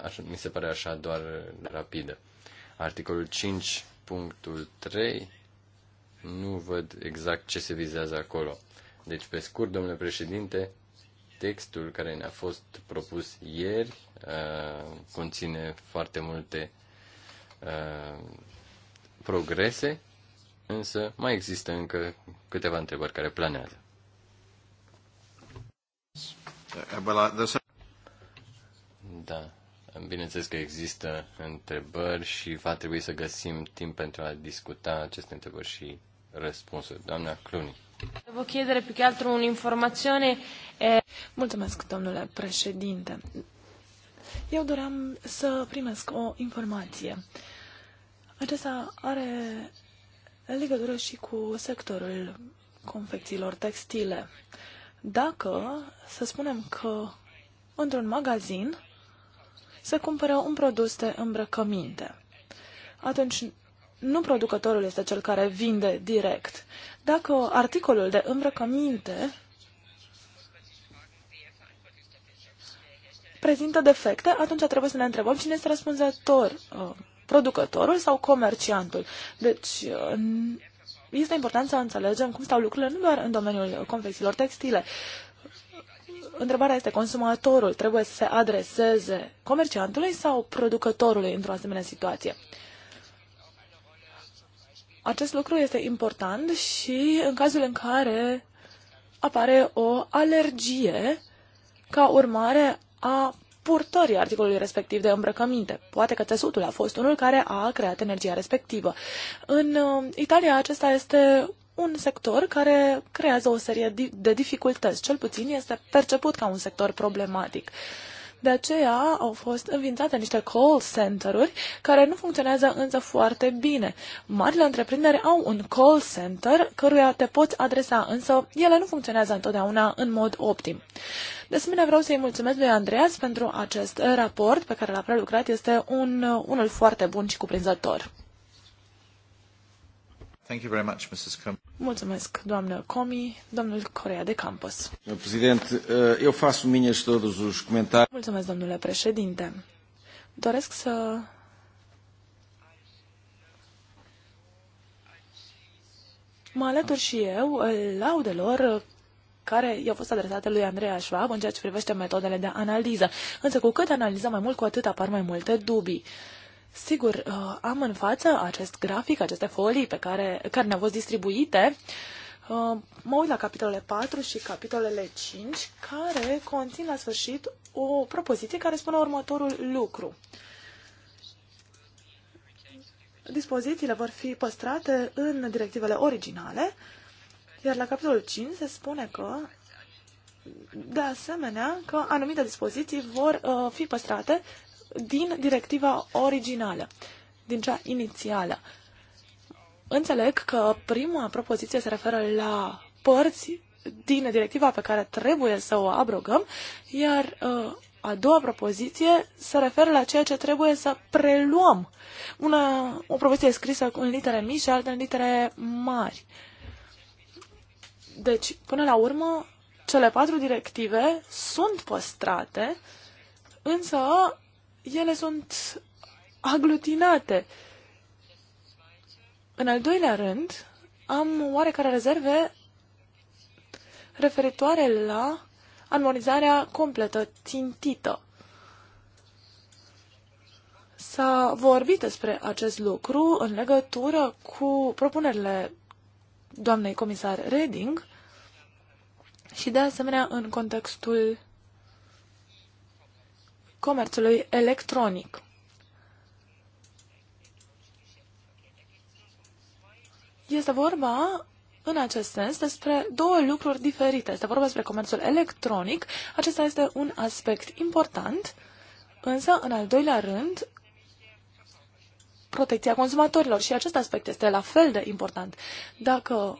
A: așa, mi se pare așa doar rapidă. Articolul 5, punctul 3, nu văd exact ce se vizează acolo. Deci, pe scurt, domnule președinte, textul care ne-a fost propus ieri uh, conține foarte multe uh, progrese, însă mai există încă câteva întrebări care planează. Uh, da. Bineînțeles că există întrebări și va trebui să găsim timp pentru a discuta aceste întrebări și răspunsuri. Doamna Cluni.
B: Vă chiedere pe che altro un'informazione. Eh. Mulțumesc, domnule președinte. Eu doream să primesc o informație. Acesta are legătură și cu sectorul confecțiilor textile. Dacă, să spunem că într-un magazin să cumpere un produs de îmbrăcăminte. Atunci nu producătorul este cel care vinde direct. Dacă articolul de îmbrăcăminte prezintă defecte, atunci trebuie să ne întrebăm cine este răspunzător, uh, producătorul sau comerciantul. Deci, uh, este important să înțelegem cum stau lucrurile nu doar în domeniul confecțiilor textile, întrebarea este consumatorul trebuie să se adreseze comerciantului sau producătorului într-o asemenea situație. Acest lucru este important și în cazul în care apare o alergie ca urmare a purtării articolului respectiv de îmbrăcăminte. Poate că țesutul a fost unul care a creat energia respectivă. În uh, Italia acesta este un sector care creează o serie de dificultăți. Cel puțin este perceput ca un sector problematic. De aceea au fost înființate niște call center-uri care nu funcționează însă foarte bine. Marile întreprinderi au un call center căruia te poți adresa, însă ele nu funcționează întotdeauna în mod optim. De asemenea, vreau să-i mulțumesc lui Andreas pentru acest raport pe care l-a prelucrat. Este un, unul foarte bun și cuprinzător.
A: Thank you very much, Mrs. Com
B: Mulțumesc, doamnă Comi, domnul Corea de Campos.
A: Președinte, eh, eu fac minhas todos os comentários.
B: Mulțumesc, domnule președinte. Doresc să Mă alătur și eu laudelor care i-au fost adresate lui Andreea Schwab în ceea ce privește metodele de analiză. Însă cu cât analizăm mai mult, cu atât apar mai multe dubii. Uh, Sigur, uh, am în față acest grafic, aceste folii pe care, care ne-au fost distribuite. Uh, mă uit la capitolele 4 și capitolele 5, care conțin la sfârșit o propoziție care spune următorul lucru. Dispozițiile vor fi păstrate în directivele originale, iar la capitolul 5 se spune că de asemenea că anumite dispoziții vor uh, fi păstrate din directiva originală, din cea inițială. Înțeleg că prima propoziție se referă la părți din directiva pe care trebuie să o abrogăm, iar uh, a doua propoziție se referă la ceea ce trebuie să preluăm. Una, o propoziție scrisă în litere mici și alta în litere mari. Deci, până la urmă, cele patru directive sunt păstrate, însă ele sunt aglutinate. În al doilea rând, am oarecare rezerve referitoare la armonizarea completă țintită. S-a vorbit despre acest lucru în legătură cu propunerile doamnei comisar Reding și, de asemenea, în contextul comerțului electronic. Este vorba în acest sens despre două lucruri diferite. Este vorba despre comerțul electronic, acesta este un aspect important, însă, în al doilea rând, protecția consumatorilor și acest aspect este la fel de important. Dacă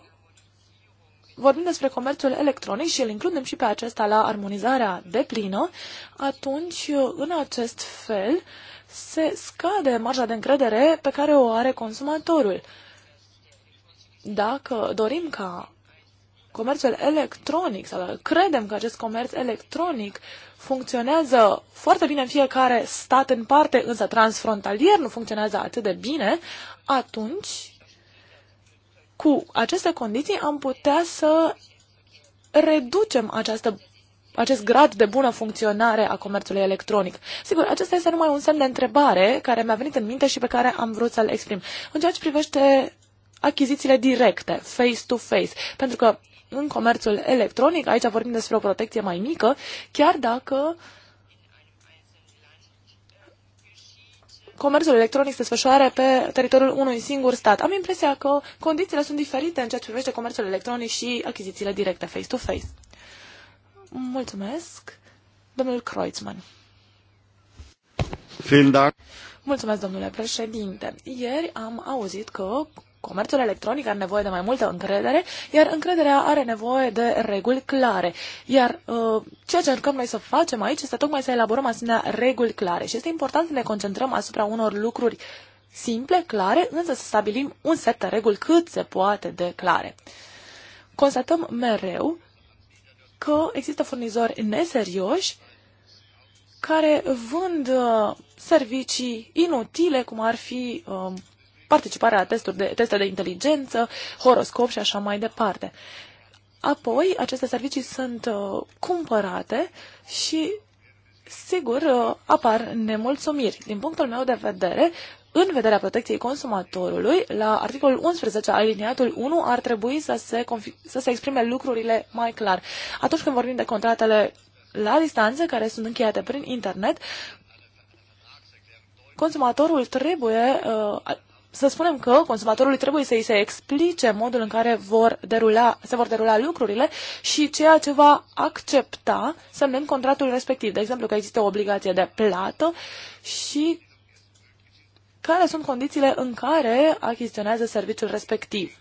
B: vorbim despre comerțul electronic și îl includem și pe acesta la armonizarea deplină, atunci, în acest fel, se scade marja de încredere pe care o are consumatorul. Dacă dorim ca comerțul electronic sau credem că acest comerț electronic funcționează foarte bine în fiecare stat în parte, însă transfrontalier nu funcționează atât de bine, atunci cu aceste condiții am putea să reducem această acest grad de bună funcționare a comerțului electronic. Sigur, acesta este numai un semn de întrebare care mi-a venit în minte și pe care am vrut să-l exprim. În ceea ce privește achizițiile directe, face-to-face, -face, pentru că în comerțul electronic, aici vorbim despre o protecție mai mică, chiar dacă uh, comerțul electronic se desfășoare pe teritoriul unui singur stat. Am impresia că condițiile sunt diferite în ceea ce privește comerțul electronic și achizițiile directe face-to-face. -face. Mulțumesc, domnul Kreutzmann. Mulțumesc, domnule președinte. Ieri am auzit că Comerțul electronic are nevoie de mai multă încredere, iar încrederea are nevoie de reguli clare. Iar uh, ceea ce încercăm noi să facem aici este tocmai să elaborăm asemenea reguli clare și este important să ne concentrăm asupra unor lucruri simple, clare, însă să stabilim un set de reguli cât se poate de clare. Constatăm mereu că există furnizori neserioși care vând uh, servicii inutile, cum ar fi uh, participarea la testuri de, teste de inteligență, horoscop și așa mai departe. Apoi, aceste servicii sunt uh, cumpărate și, sigur, uh, apar nemulțumiri. Din punctul meu de vedere, în vederea protecției consumatorului, la articolul 11, aliniatul 1, ar trebui să se, să se exprime lucrurile mai clar. Atunci când vorbim de contratele la distanță, care sunt încheiate prin internet, consumatorul trebuie uh, să spunem că consumatorului trebuie să i se explice modul în care vor derula, se vor derula lucrurile și ceea ce va accepta semnând contractul respectiv. De exemplu, că există o obligație de plată și care sunt condițiile în care achiziționează serviciul respectiv.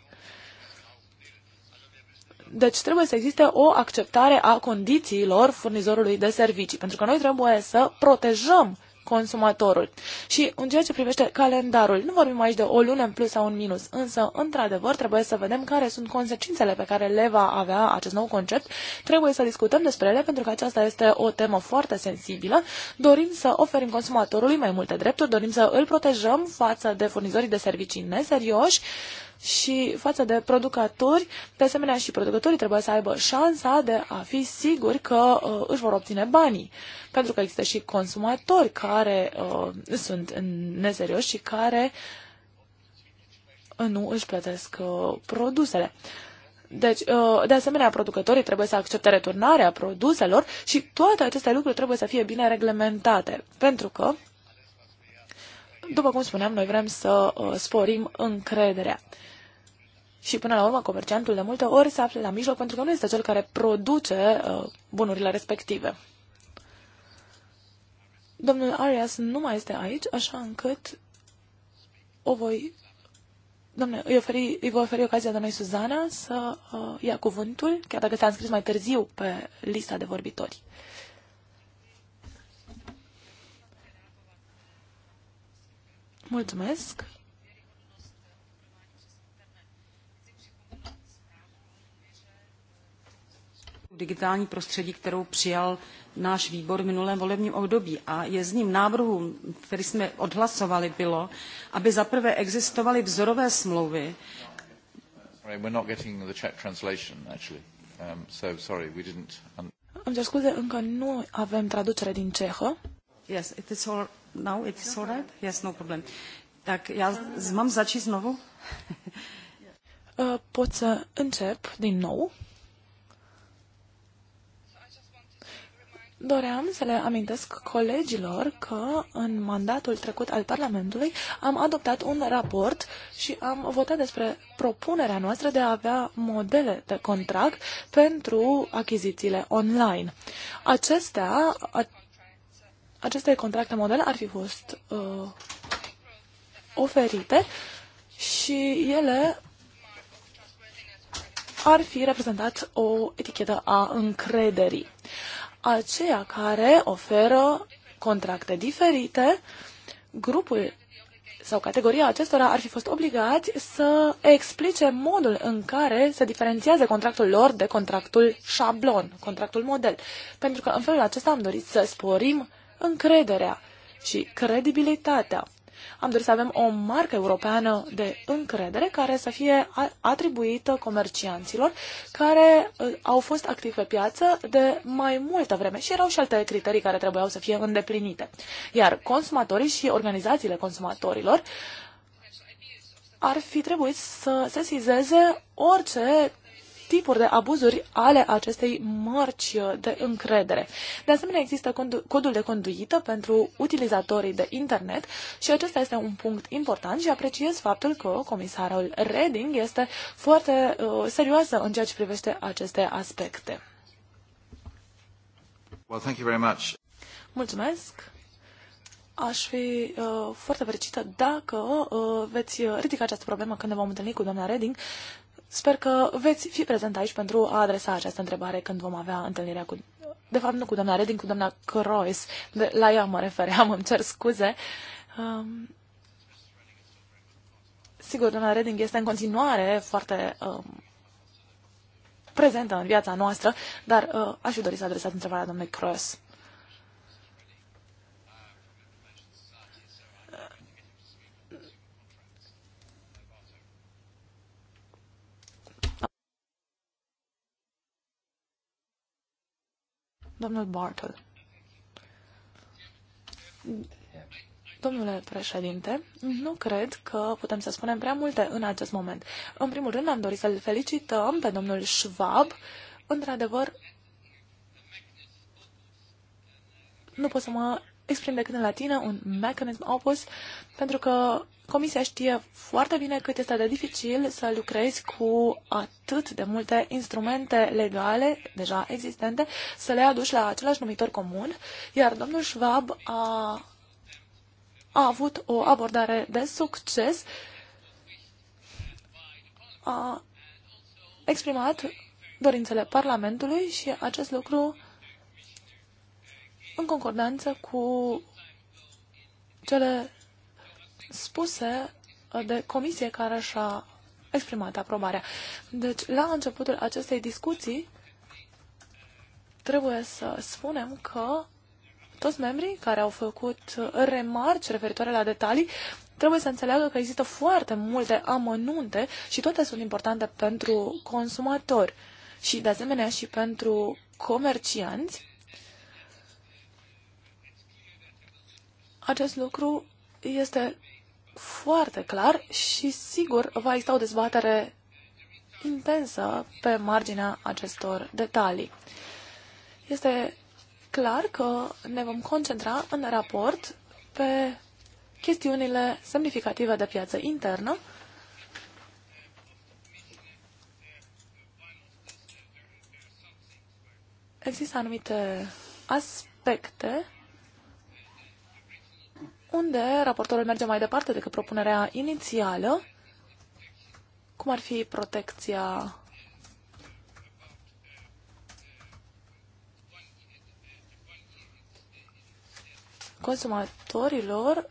B: Deci trebuie să existe o acceptare a condițiilor furnizorului de servicii, pentru că noi trebuie să protejăm consumatorul. Și în ceea ce privește calendarul, nu vorbim aici de o lună în plus sau în minus, însă, într-adevăr, trebuie să vedem care sunt consecințele pe care le va avea acest nou concept. Trebuie să discutăm despre ele, pentru că aceasta este o temă foarte sensibilă. Dorim să oferim consumatorului mai multe drepturi, dorim să îl protejăm față de furnizorii de servicii neserioși, și față de producători. De asemenea, și producătorii trebuie să aibă șansa de a fi siguri că uh, își vor obține banii. Pentru că există și consumatori care uh, sunt neserioși și care nu își plătesc uh, produsele. Deci, uh, de asemenea, producătorii trebuie să accepte returnarea produselor și toate aceste lucruri trebuie să fie bine reglementate, pentru că după cum spuneam, noi vrem să uh, sporim încrederea. Și până la urmă, comerciantul de multe ori se află la mijloc pentru că nu este cel care produce uh, bunurile respective. Domnul Arias nu mai este aici, așa încât o voi... Domnule, îi, oferi, îi voi oferi ocazia doamnei Suzana să uh, ia cuvântul, chiar dacă s-a înscris mai târziu pe lista de vorbitori. Mulțumesc. digitální prostředí, kterou
C: přijal náš výbor v minulém volebním období. A ním návrhu, který jsme odhlasovali, bylo, aby zaprvé existovaly vzorové smlouvy.
A: Am
B: um, cer încă nu avem traducere din cehă. Yes, it is all now it's all right? Yes, no problem. Tak, ja mam zacis znowu? <laughs> Pot să încep din nou. Doream să le amintesc colegilor că în mandatul trecut al Parlamentului am adoptat un raport și am votat despre propunerea noastră de a avea modele de contract pentru achizițiile online. Acestea aceste contracte model ar fi fost uh, oferite și ele ar fi reprezentat o etichetă a încrederii. Aceia care oferă contracte diferite, grupul sau categoria acestora ar fi fost obligați să explice modul în care se diferențiază contractul lor de contractul șablon, contractul model. Pentru că în felul acesta am dorit să sporim încrederea și credibilitatea. Am dorit să avem o marcă europeană de încredere care să fie atribuită comercianților care uh, au fost activi pe piață de mai multă vreme și erau și alte criterii care trebuiau să fie îndeplinite. Iar consumatorii și organizațiile consumatorilor ar fi trebuit să sesizeze orice tipuri de abuzuri ale acestei mărci de încredere. De asemenea, există codul de conduită pentru utilizatorii de internet și acesta este un punct important și apreciez faptul că comisarul Reding este foarte uh, serioasă în ceea ce privește aceste aspecte.
A: Well, thank you very much.
B: Mulțumesc! Aș fi uh, foarte fericită dacă uh, veți ridica această problemă când ne vom întâlni cu doamna Reding Sper că veți fi prezent aici pentru a adresa această întrebare când vom avea întâlnirea cu... De fapt, nu cu doamna Redding, cu doamna Crois. De... La ea mă refeream, <laughs> îmi cer scuze. Um... Sigur, doamna Redding este în continuare foarte um, prezentă în viața noastră, dar uh, aș fi dorit să adresați întrebarea doamnei Crois. Domnul Bartle. Domnule președinte, nu cred că putem să spunem prea multe în acest moment. În primul rând, am dorit să-l felicităm pe domnul Schwab. Într-adevăr, nu pot să mă exprim decât în latină un mechanism opus, pentru că Comisia știe foarte bine cât este de dificil să lucrezi cu atât de multe instrumente legale deja existente, să le aduci la același numitor comun, iar domnul Schwab a, a avut o abordare de succes, a exprimat dorințele Parlamentului și acest lucru în concordanță cu cele spuse uh, de comisie care și-a exprimat aprobarea. Deci, la începutul acestei discuții, trebuie să spunem că toți membrii care au făcut uh, remarci referitoare la detalii trebuie să înțeleagă că există foarte multe amănunte și toate sunt importante pentru consumatori și, de asemenea, și pentru comercianți. Acest lucru este foarte clar și sigur va exista o dezbatere intensă pe marginea acestor detalii. Este clar că ne vom concentra în raport pe chestiunile semnificative de piață internă, Există anumite aspecte unde raportorul merge mai departe decât propunerea inițială, cum ar fi protecția consumatorilor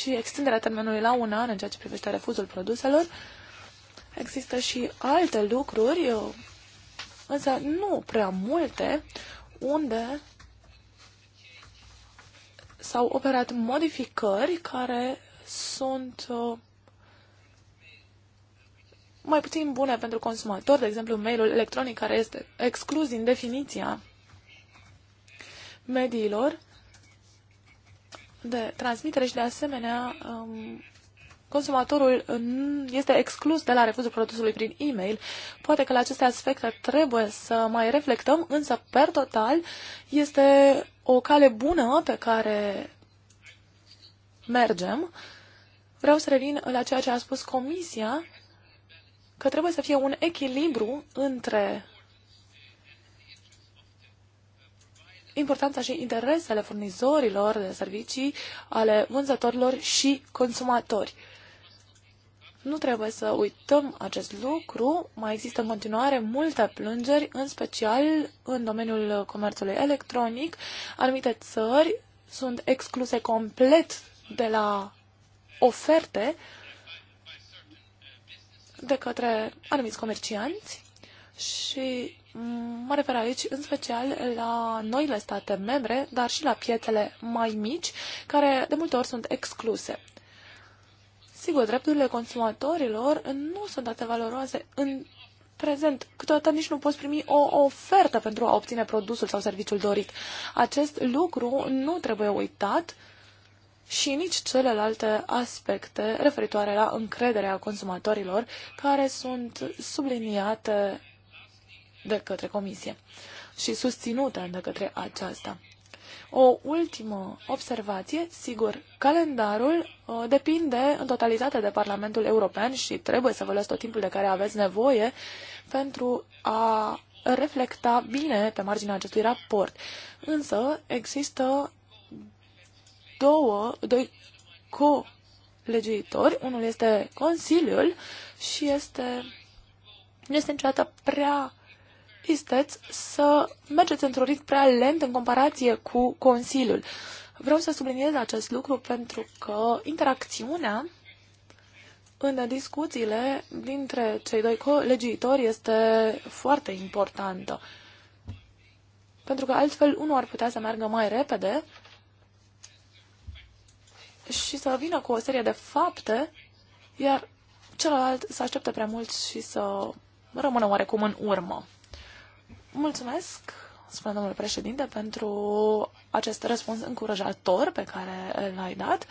B: și extinderea termenului la un an în ceea ce privește refuzul produselor. Există și alte lucruri, însă nu prea multe, unde s-au operat modificări care sunt uh, mai puțin bune pentru consumator, de exemplu mailul electronic care este exclus din definiția mediilor de transmitere și de asemenea um, consumatorul este exclus de la refuzul produsului prin e-mail. Poate că la aceste aspecte trebuie să mai reflectăm, însă per total este o cale bună pe care mergem. Vreau să revin la ceea ce a spus Comisia, că trebuie să fie un echilibru între importanța și interesele furnizorilor de servicii, ale vânzătorilor și consumatorilor. Nu trebuie să uităm acest lucru. Mai există în continuare multe plângeri, în special în domeniul comerțului electronic. Anumite țări sunt excluse complet de la oferte de către anumiți comercianți și mă refer aici în special la noile state membre, dar și la piețele mai mici, care de multe ori sunt excluse. Sigur, drepturile consumatorilor nu sunt atât valoroase în prezent. Câteodată nici nu poți primi o ofertă pentru a obține produsul sau serviciul dorit. Acest lucru nu trebuie uitat și nici celelalte aspecte referitoare la încrederea consumatorilor care sunt subliniate de către comisie și susținute de către aceasta. O ultimă observație, sigur, calendarul uh, depinde în totalitate de Parlamentul European și trebuie să vă luați tot timpul de care aveți nevoie pentru a reflecta bine pe marginea acestui raport. Însă există două, doi co unul este Consiliul și este, nu este niciodată prea isteți să mergeți într-un ritm prea lent în comparație cu Consiliul. Vreau să subliniez acest lucru pentru că interacțiunea în discuțiile dintre cei doi legiuitori este foarte importantă. Pentru că altfel unul ar putea să meargă mai repede și să vină cu o serie de fapte, iar celălalt să aștepte prea mult și să rămână oarecum în urmă. Mulțumesc, spune domnul președinte, pentru acest răspuns încurajator pe care l-ai dat.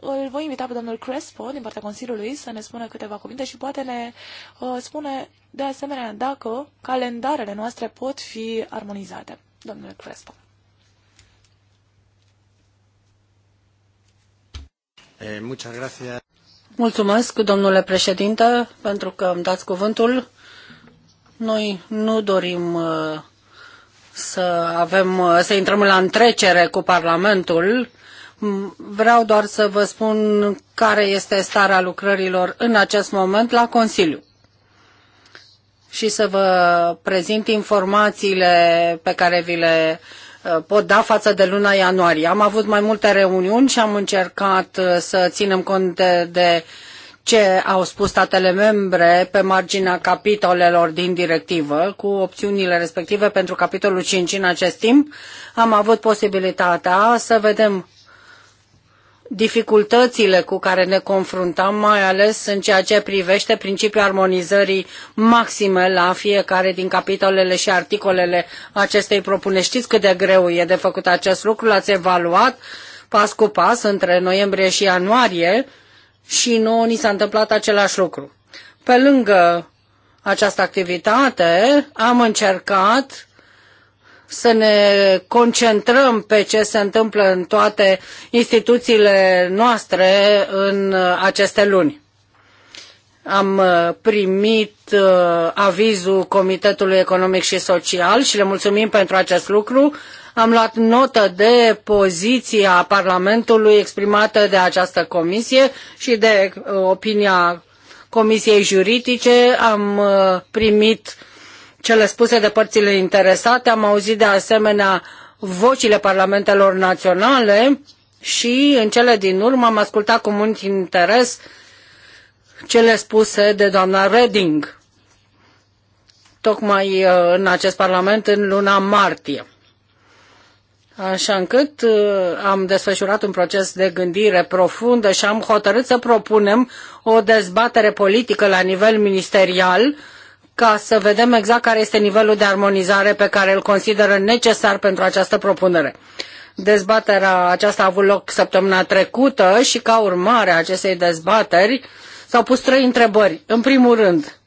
B: îl voi invita pe domnul Crespo din partea Consiliului să ne spună câteva cuvinte și poate ne spune de asemenea dacă calendarele noastre pot fi armonizate. Domnule Crespo.
D: Eh,
C: Mulțumesc, domnule președinte, pentru că îmi dați cuvântul. Noi nu dorim uh, să avem, uh, să intrăm la întrecere cu Parlamentul. Vreau doar să vă spun care este starea lucrărilor în acest moment la Consiliu și să vă prezint informațiile pe care vi le uh, pot da față de luna ianuarie. Am avut mai multe reuniuni și am încercat să ținem cont de, de uh, ce au spus statele membre pe marginea capitolelor din directivă cu opțiunile respective pentru capitolul 5. În acest timp am avut posibilitatea să vedem dificultățile cu care ne confruntăm, mai ales în ceea ce privește principiul armonizării maxime la fiecare din capitolele și articolele acestei propuneri. Știți cât de greu e de făcut acest lucru, l-ați evaluat pas cu pas între noiembrie și ianuarie și nouă ni s-a întâmplat același lucru. Pe lângă această activitate am încercat să ne concentrăm pe ce se întâmplă în toate instituțiile noastre în aceste luni. Am uh, primit uh, avizul Comitetului Economic și Social și le mulțumim pentru acest lucru. Am luat notă de poziția Parlamentului exprimată de această comisie și de uh, opinia Comisiei Juridice. Am uh, primit cele spuse de părțile interesate, am auzit de asemenea vocile parlamentelor naționale și în cele din urmă am ascultat cu mult interes cele spuse de doamna Reding tocmai uh, în acest parlament în luna martie așa încât uh, am desfășurat un proces de gândire profundă și am hotărât să propunem o dezbatere politică la nivel ministerial ca să vedem exact care este nivelul de armonizare pe care îl consideră necesar pentru această propunere. Dezbaterea aceasta a avut loc săptămâna trecută și ca urmare a acestei dezbateri s-au pus trei întrebări. În primul rând,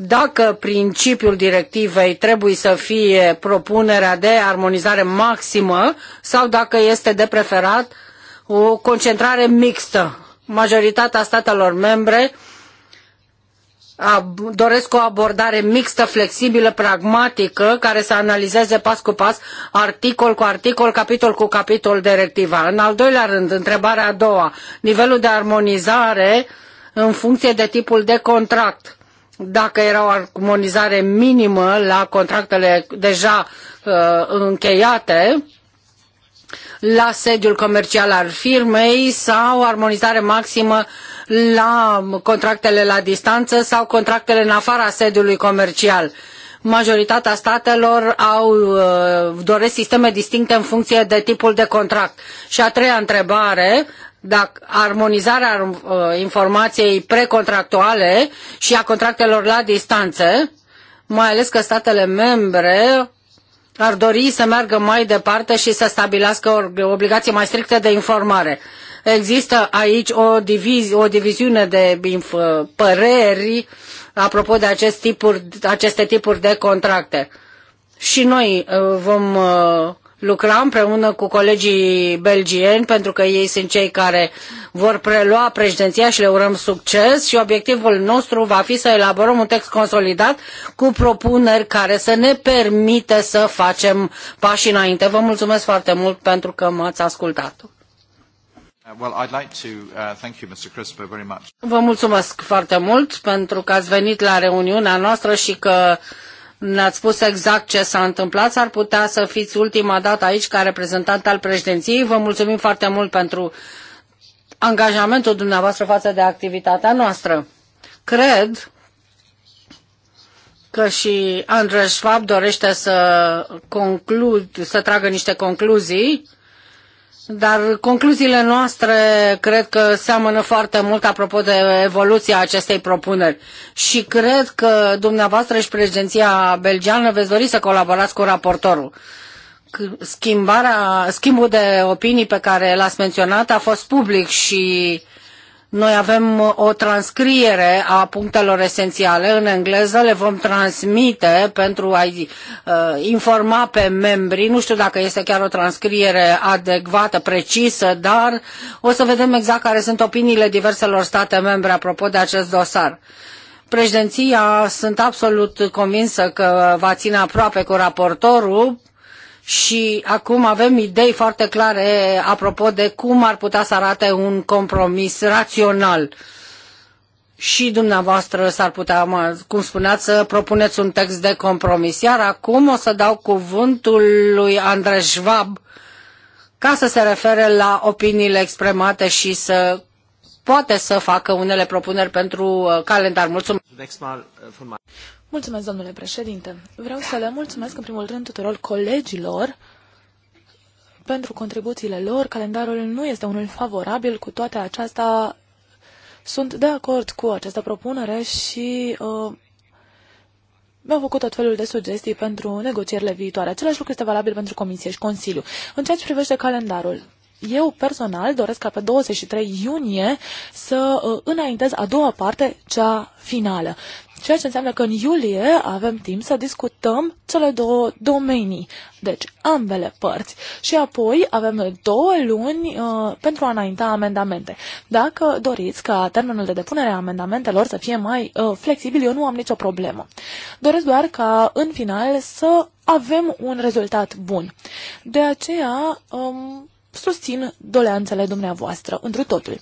C: dacă principiul directivei trebuie să fie propunerea de armonizare maximă sau dacă este de preferat o concentrare mixtă. Majoritatea statelor membre doresc o abordare mixtă, flexibilă, pragmatică, care să analizeze pas cu pas, articol cu articol, capitol cu capitol directiva. În al doilea rând, întrebarea a doua, nivelul de armonizare în funcție de tipul de contract dacă era o armonizare minimă la contractele deja uh, încheiate, la sediul comercial al firmei sau armonizare maximă la contractele la distanță sau contractele în afara sediului comercial. Majoritatea statelor au, uh, doresc sisteme distincte în funcție de tipul de contract. Și a treia întrebare, dacă armonizarea uh, informației precontractuale și a contractelor la distanță, mai ales că statele membre ar dori să meargă mai departe și să stabilească o obligație mai stricte de informare. Există aici o, divizi, o diviziune de uh, păreri apropo de acest tipuri, aceste tipuri de contracte. Și noi uh, vom lucra împreună cu colegii belgieni, pentru că ei sunt cei care vor prelua președinția și le urăm succes și obiectivul nostru va fi să elaborăm un text consolidat cu propuneri care să ne permită să facem pași înainte. Vă mulțumesc foarte mult pentru că m-ați ascultat. Vă mulțumesc foarte mult pentru că ați venit la reuniunea noastră și că ne-ați spus exact ce s-a întâmplat. S-ar putea să fiți ultima dată aici ca reprezentant al președinției. Vă mulțumim foarte mult pentru angajamentul dumneavoastră față de activitatea noastră. Cred că și Andrei Schwab dorește să conclud, să tragă niște concluzii. Dar concluziile noastre cred că seamănă foarte mult apropo de evoluția acestei propuneri și cred că dumneavoastră și prezenția belgeană veți dori să colaborați cu raportorul. Schimbarea, schimbul de opinii pe care l-ați menționat a fost public și uh, noi avem uh, o transcriere a punctelor esențiale în engleză, le vom transmite pentru a uh, informa pe membrii. Nu știu dacă este chiar o transcriere adecvată, precisă, dar o să vedem exact care sunt opiniile diverselor state membre apropo de acest dosar. Președinția sunt absolut convinsă că va ține aproape cu raportorul și acum avem idei foarte clare eh, apropo de cum ar putea să arate un compromis rațional. Și dumneavoastră s-ar putea, cum spuneați, să propuneți un text de compromis. Iar acum o să dau cuvântul lui Andrei Schwab ca să se refere la opiniile exprimate și să poate să facă unele propuneri pentru eh, calendar. Mulțumesc!
B: Mulțumesc, domnule președinte. Vreau să le mulțumesc în primul rând tuturor colegilor pentru contribuțiile lor. Calendarul nu este unul favorabil, cu toate acestea, sunt de acord cu această propunere și uh, mi-au făcut tot felul de sugestii pentru negocierile viitoare. Același lucru este valabil pentru Comisie și Consiliu. În ceea ce privește calendarul, eu personal doresc ca pe 23 iunie să uh, înaintez a doua parte, cea finală. Ceea ce înseamnă că în iulie avem timp să discutăm cele două domenii, deci ambele părți. Și apoi avem două luni uh, pentru a înainta amendamente. Dacă doriți ca termenul de depunere a amendamentelor să fie mai uh, flexibil, eu nu am nicio problemă. Doresc doar ca în final să avem un rezultat bun. De aceea, um, susțin doleanțele dumneavoastră întru totul.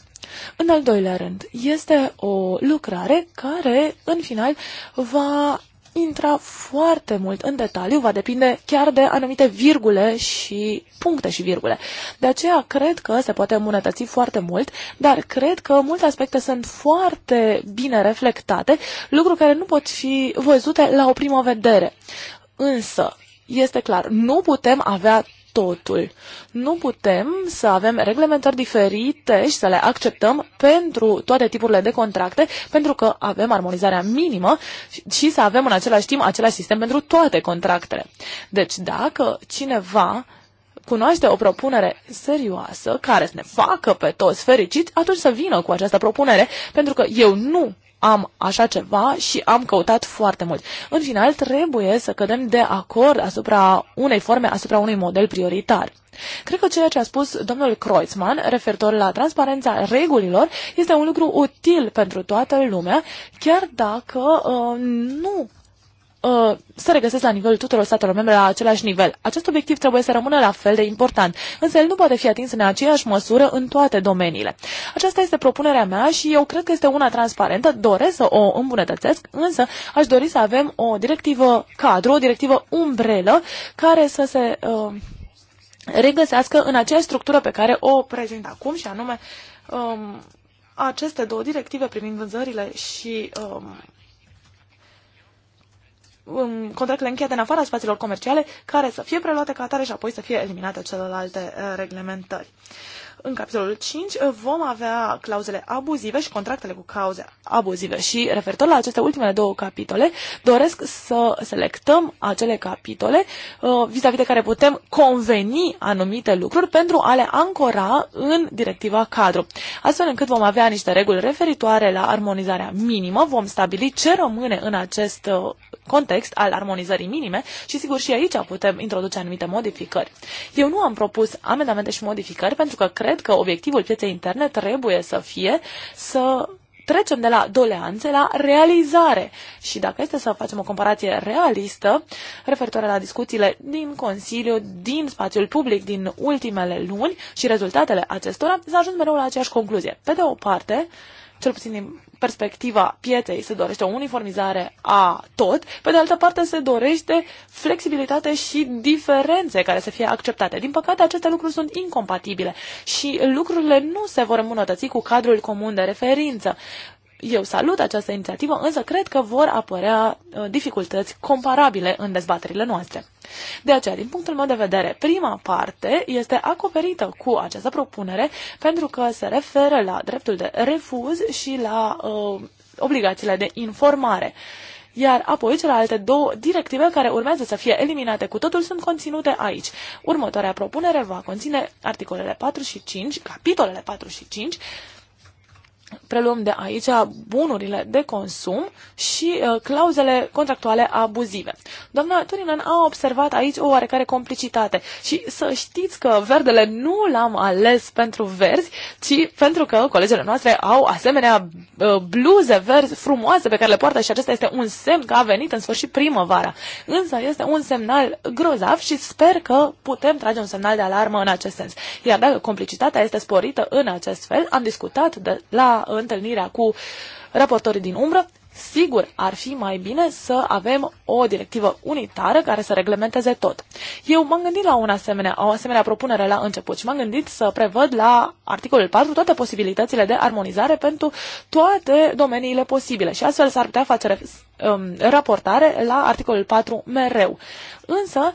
B: În al doilea rând, este o lucrare care, în final, va intra foarte mult în detaliu, va depinde chiar de anumite virgule și puncte și virgule. De aceea cred că se poate îmbunătăți foarte mult, dar cred că multe aspecte sunt foarte bine reflectate, lucruri care nu pot fi văzute la o primă vedere. Însă, este clar, nu putem avea totul. Nu putem să avem reglementări diferite și să le acceptăm pentru toate tipurile de contracte, pentru că avem armonizarea minimă și să avem în același timp același sistem pentru toate contractele. Deci dacă cineva cunoaște o propunere serioasă care să ne facă pe toți fericiți, atunci să vină cu această propunere, pentru că eu nu am așa ceva și am căutat foarte mult. În final, trebuie să cădem de acord asupra unei forme, asupra unui model prioritar. Cred că ceea ce a spus domnul Kreuzmann, referitor la transparența regulilor este un lucru util pentru toată lumea, chiar dacă uh, nu Uh, să se regăsesc la nivelul tuturor statelor membre la același nivel. Acest obiectiv trebuie să rămână la fel de important, însă el nu poate fi atins în aceeași măsură în toate domeniile. Aceasta este propunerea mea și eu cred că este una transparentă, doresc să o îmbunătățesc, însă aș dori să avem o directivă cadru, o directivă umbrelă, care să se uh, regăsească în aceeași structură pe care o prezint acum și anume um, aceste două directive privind vânzările și um, contractele încheiate în afara spațiilor comerciale, care să fie preluate ca atare și apoi să fie eliminate celelalte uh, reglementări. În capitolul 5 uh, vom avea clauzele abuzive și contractele cu cauze abuzive și referitor la aceste ultimele două capitole, doresc să selectăm acele capitole uh, vis-a-vis -vis de care putem conveni anumite lucruri pentru a le ancora în directiva cadru. Astfel încât vom avea niște reguli referitoare la armonizarea minimă, vom stabili ce rămâne în acest uh, context al armonizării minime și sigur și aici putem introduce anumite modificări. Eu nu am propus amendamente și modificări pentru că cred cred că obiectivul pieței interne trebuie să fie să trecem de la doleanțe la realizare. Și dacă este să facem o comparație realistă, referitoare la discuțiile din Consiliu, din spațiul public, din ultimele luni și rezultatele acestora, s-a ajuns mereu la aceeași concluzie. Pe de o parte, cel puțin din perspectiva pieței se dorește o uniformizare a tot, pe de altă parte se dorește flexibilitate și diferențe care să fie acceptate. Din păcate, aceste lucruri sunt incompatibile și lucrurile nu se vor îmbunătăți cu cadrul comun de referință. Eu salut această inițiativă, însă cred că vor apărea uh, dificultăți comparabile în dezbaterile noastre. De aceea, din punctul meu de vedere, prima parte este acoperită cu această propunere pentru că se referă la dreptul de refuz și la uh, obligațiile de informare. Iar apoi celelalte două directive care urmează să fie eliminate cu totul sunt conținute aici. Următoarea propunere va conține articolele 4 și 5, capitolele 4 și 5, preluăm de aici bunurile de consum și uh, clauzele contractuale abuzive. Doamna Turinan a observat aici o oarecare complicitate și să știți că verdele nu l-am ales pentru verzi, ci pentru că colegele noastre au asemenea uh, bluze verzi frumoase pe care le poartă și acesta este un semn că a venit în sfârșit primăvara. Însă este un semnal grozav și sper că putem trage un semnal de alarmă în acest sens. Iar dacă complicitatea este sporită în acest fel, am discutat de, la uh, întâlnirea cu raportorii din umbră, sigur ar fi mai bine să avem o directivă unitară care să reglementeze tot. Eu m-am gândit la un asemenea, o asemenea propunere la început și m-am gândit să prevăd la articolul 4 toate posibilitățile de armonizare pentru toate domeniile posibile și astfel s-ar putea face um, raportare la articolul 4 mereu. Însă,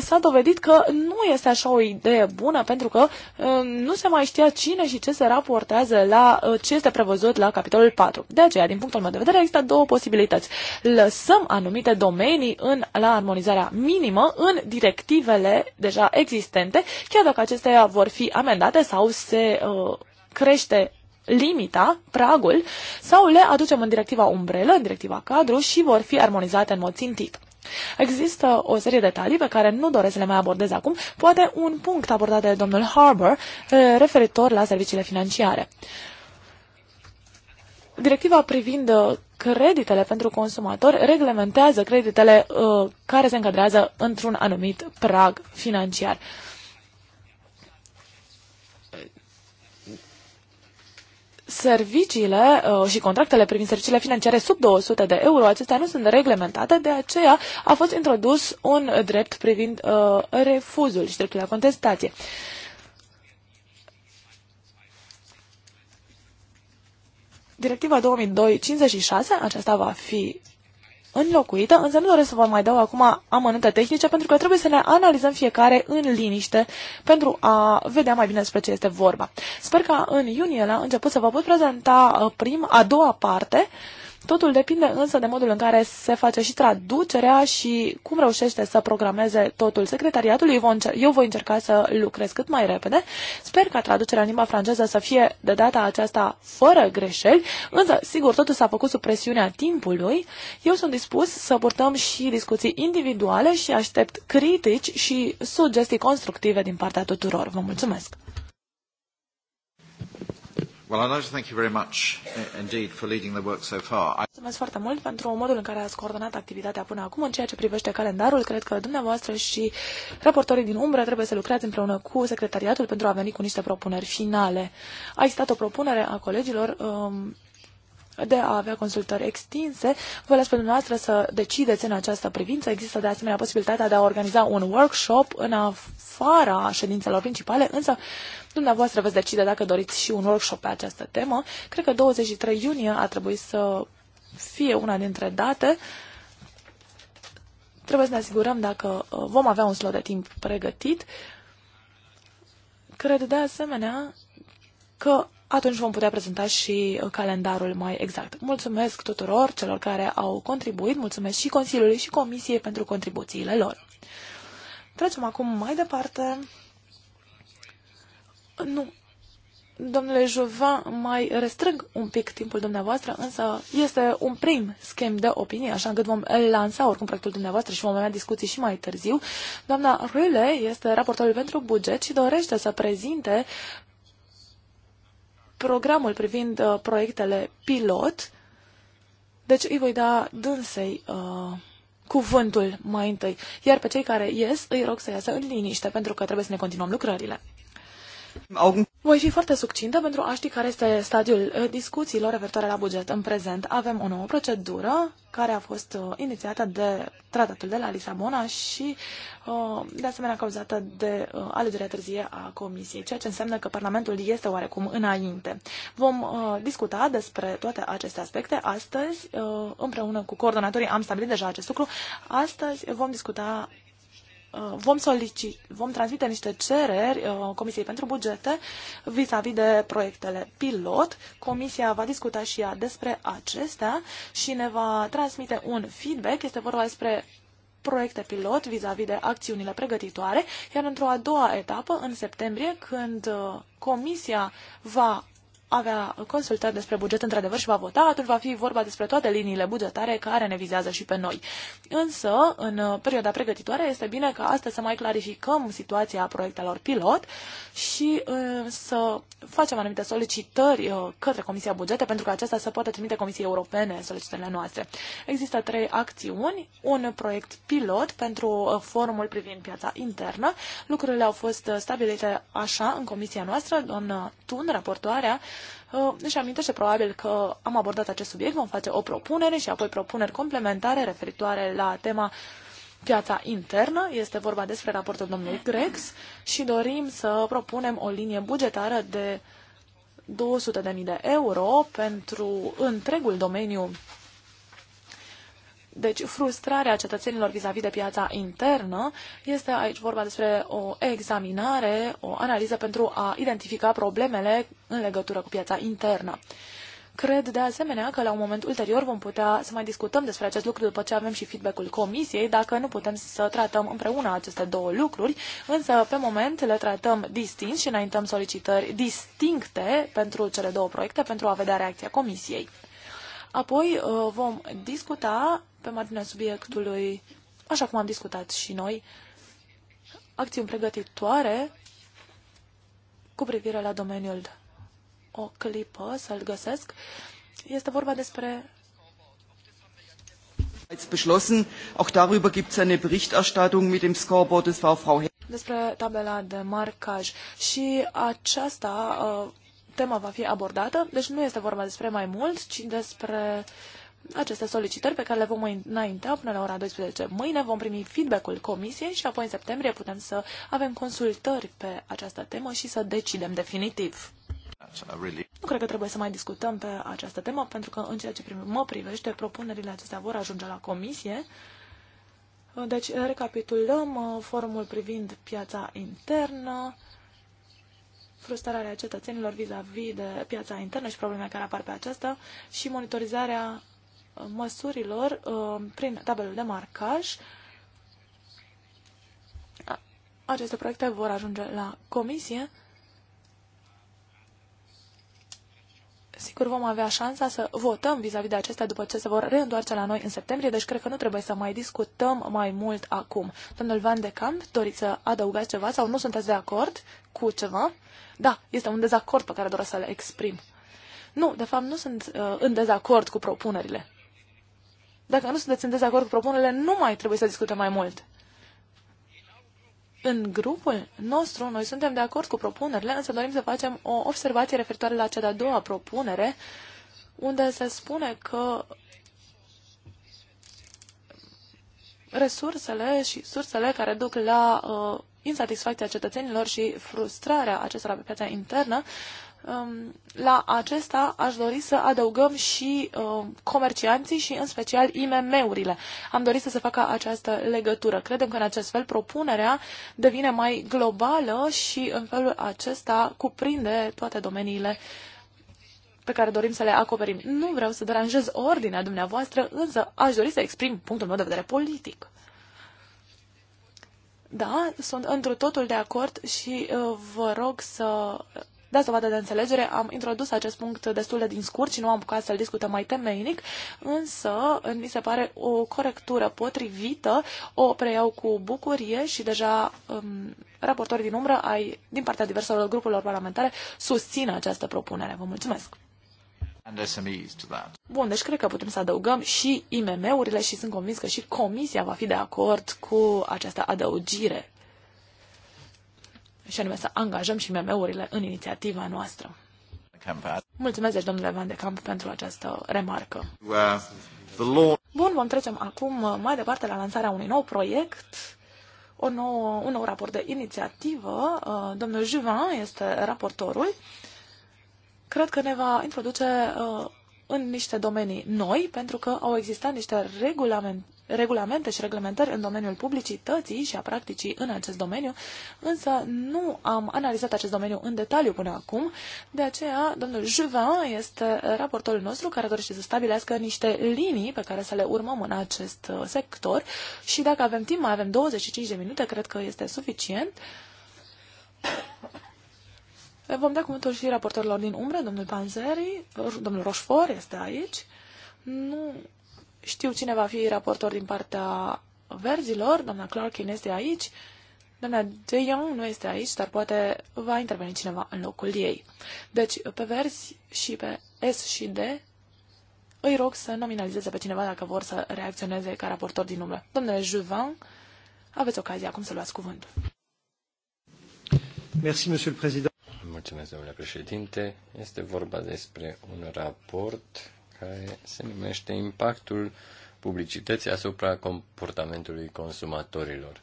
B: s-a dovedit că nu este așa o idee bună pentru că um, nu se mai știa cine și ce se raportează la uh, ce este prevăzut la capitolul 4. De aceea, din punctul meu de vedere, există două posibilități. Lăsăm anumite domenii în, la armonizarea minimă în directivele deja existente, chiar dacă acestea vor fi amendate sau se uh, crește limita, pragul, sau le aducem în directiva umbrelă, în directiva cadru și vor fi armonizate în mod țintit. Există o serie de detalii pe care nu doresc să le mai abordez acum, poate un punct abordat de domnul Harbour eh, referitor la serviciile financiare. Directiva privind eh, creditele pentru consumatori reglementează creditele uh, care se încadrează într-un anumit prag financiar. Uh, serviciile uh, și contractele privind serviciile financiare sub 200 de euro, acestea nu sunt reglementate, de aceea a fost introdus un drept privind uh, refuzul și dreptul la contestație. Directiva 2002-56, aceasta va fi înlocuită, însă nu doresc să vă mai dau acum amănânte tehnice, pentru că trebuie să ne analizăm fiecare în liniște pentru a vedea mai bine despre ce este vorba. Sper că în iunie la început să vă pot prezenta uh, prim, a doua parte uh, Totul depinde însă de modul în care se face și traducerea și cum reușește să programeze totul Secretariatul Eu voi încerca să lucrez cât mai repede. Sper ca traducerea în limba franceză să fie de data aceasta fără greșeli, însă sigur totul s-a făcut sub presiunea timpului. Eu sunt dispus să purtăm și discuții individuale și aștept critici și sugestii constructive din partea tuturor. Vă mulțumesc! Well, I'd like to thank you very much eh, indeed for leading the work so far. I... Mulțumesc foarte mult pentru modul în care ați coordonat activitatea până acum în ceea ce privește calendarul. Cred că dumneavoastră și raportorii din umbră trebuie să lucrați împreună cu secretariatul pentru a veni cu niște propuneri finale. A existat o propunere a colegilor um, de a avea consultări extinse. Vă las pe dumneavoastră să decideți în această privință. Există de asemenea posibilitatea de a organiza un workshop în afara ședințelor principale, însă dumneavoastră veți decide dacă doriți și un workshop pe această temă. Cred că 23 iunie ar trebui să fie una dintre date. Trebuie să ne asigurăm dacă uh, vom avea un slot de timp pregătit. Cred de asemenea că atunci vom putea prezenta și uh, calendarul mai exact. Mulțumesc tuturor celor care au contribuit, mulțumesc și Consiliului și Comisiei pentru contribuțiile lor. Trecem acum mai departe. Nu, domnule Juvin, mai restrâng un pic timpul dumneavoastră, însă este un prim schimb de opinie, așa încât vom lansa oricum proiectul dumneavoastră și vom avea discuții și mai târziu. Doamna Rule este raportorul pentru buget și dorește să prezinte programul privind uh, proiectele pilot. Deci îi voi da dânsei uh, cuvântul mai întâi, iar pe cei care ies îi rog să iasă în liniște, pentru că trebuie să ne continuăm lucrările. Voi fi foarte succintă pentru a ști care este stadiul eh, discuțiilor referitoare la buget. În prezent avem o nouă procedură care a fost eh, inițiată de tratatul de la Lisabona și eh, de asemenea cauzată de alegerea târzie a Comisiei, ceea ce înseamnă că Parlamentul este oarecum înainte. Vom discuta despre toate aceste aspecte astăzi, împreună cu coordonatorii am stabilit deja acest lucru, astăzi vom discuta Uh, vom, solici, vom transmite niște cereri uh, Comisiei pentru Bugete vis-a-vis -vis de proiectele pilot. Comisia va discuta și ea despre acestea și ne va transmite un feedback. Este vorba despre proiecte pilot vis-a-vis -vis de acțiunile pregătitoare, iar într-o a doua etapă, în septembrie, când uh, Comisia va avea consultări despre buget într-adevăr și va vota, atunci va fi vorba despre toate liniile bugetare care ne vizează și pe noi. Însă, în uh, perioada pregătitoare, este bine ca astăzi să mai clarificăm situația proiectelor pilot și uh, să facem anumite solicitări uh, către Comisia Bugete pentru că acesta să poată trimite Comisiei Europene solicitările noastre. Există trei acțiuni, un proiect pilot pentru forumul privind piața internă. Lucrurile au fost stabilite așa în Comisia noastră, doamna Tun, raportoarea, Uh, își amintește probabil că am abordat acest subiect, vom face o propunere și apoi propuneri complementare referitoare la tema piața internă. Este vorba despre raportul domnului Grex și dorim să propunem o linie bugetară de 200.000 de euro pentru întregul domeniu deci frustrarea cetățenilor vis-a-vis -vis de piața internă este aici vorba despre o examinare, o analiză pentru a identifica problemele în legătură cu piața internă. Cred de asemenea că la un moment ulterior vom putea să mai discutăm despre acest lucru după ce avem și feedback-ul comisiei, dacă nu putem să tratăm împreună aceste două lucruri, însă pe moment le tratăm distinct și înaintăm solicitări distincte pentru cele două proiecte pentru a vedea reacția comisiei. Apoi uh, vom discuta pe marginea subiectului, așa cum am discutat și noi, acțiuni pregătitoare cu privire la domeniul o clipă să-l găsesc. Este vorba despre
C: beschlossen. Auch darüber gibt es eine Berichterstattung mit dem Scoreboard. Das war Frau
B: Despre tabela de marcaj. Și aceasta uh, tema va fi abordată, deci nu este vorba despre mai mult, ci despre aceste solicitări pe care le vom înaintea până la ora 12. Mâine vom primi feedback-ul comisiei și apoi în septembrie putem să avem consultări pe această temă și să decidem definitiv. Nu cred că trebuie să mai discutăm pe această temă, pentru că în ceea ce mă privește, propunerile acestea vor ajunge la comisie. Deci, recapitulăm uh, formul privind piața internă, frustrarea ale cetățenilor vis-a-vis -vis de piața internă și problemele care apar pe aceasta și monitorizarea uh, măsurilor uh, prin tabelul de marcaj. Aceste proiecte vor ajunge la comisie. Sigur, vom avea șansa să votăm vis-a-vis -vis de acestea după ce se vor reîntoarce la noi în septembrie, deci cred că nu trebuie să mai discutăm mai mult acum. Domnul Van de Camp, doriți să adăugați ceva sau nu sunteți de acord cu ceva? Da, este un dezacord pe care doresc să le exprim. Nu, de fapt, nu sunt uh, în dezacord cu propunerile. Dacă nu sunteți în dezacord cu propunerile, nu mai trebuie să discutăm mai mult. În grupul nostru, noi suntem de acord cu propunerile, însă dorim să facem o observație referitoare la cea de-a doua propunere, unde se spune că resursele și sursele care duc la uh, insatisfacția cetățenilor și frustrarea acestora pe piața internă, um, la acesta aș dori să adăugăm și um, comercianții și în special IMM-urile. Am dorit să se facă această legătură. Credem că în acest fel propunerea devine mai globală și în felul acesta cuprinde toate domeniile pe care dorim să le acoperim. Nu vreau să deranjez ordinea dumneavoastră, însă aș dori să exprim punctul meu de vedere politic. Da, sunt într totul de acord și uh, vă rog să dați dovadă de înțelegere. Am introdus acest punct destul de din scurt și nu am bucat să-l discutăm mai temeinic, însă mi se pare o corectură potrivită. O preiau cu bucurie și deja um, raportorii din umbră ai, din partea diverselor grupurilor parlamentare susțin această propunere. Vă mulțumesc! Bun, deci cred că putem să adăugăm și IMM-urile și sunt convins că și Comisia va fi de acord cu această adăugire și anume să angajăm și IMM-urile în inițiativa noastră. Mulțumesc, deci, domnule Van de Camp, pentru această remarcă. Bun, vom trecem acum mai departe la lansarea unui nou proiect, o nouă, un nou raport de inițiativă. Uh, domnul Juvin este raportorul cred că ne va introduce uh, în niște domenii noi, pentru că au existat niște regulament, regulamente și reglementări în domeniul publicității și a practicii în acest domeniu, însă nu am analizat acest domeniu în detaliu până acum, de aceea domnul Juvin este raportorul nostru care dorește să stabilească niște linii pe care să le urmăm în acest uh, sector și dacă avem timp, mai avem 25 de minute, cred că este suficient. Vom da cuvântul și raportorilor din umbră, domnul Panzeri, domnul Roșfor este aici. Nu știu cine va fi raportor din partea verzilor, doamna Clarkin este aici, doamna De Jong nu este aici, dar poate va interveni cineva în locul ei. Deci, pe verzi și pe S și D, îi rog să nominalizeze pe cineva dacă vor să reacționeze ca raportor din umbră. Domnule Juvan, aveți ocazia acum să luați cuvântul.
D: Merci, Monsieur le Président.
A: Mulțumesc, domnule președinte. Este vorba despre un raport care se numește Impactul publicității asupra comportamentului consumatorilor.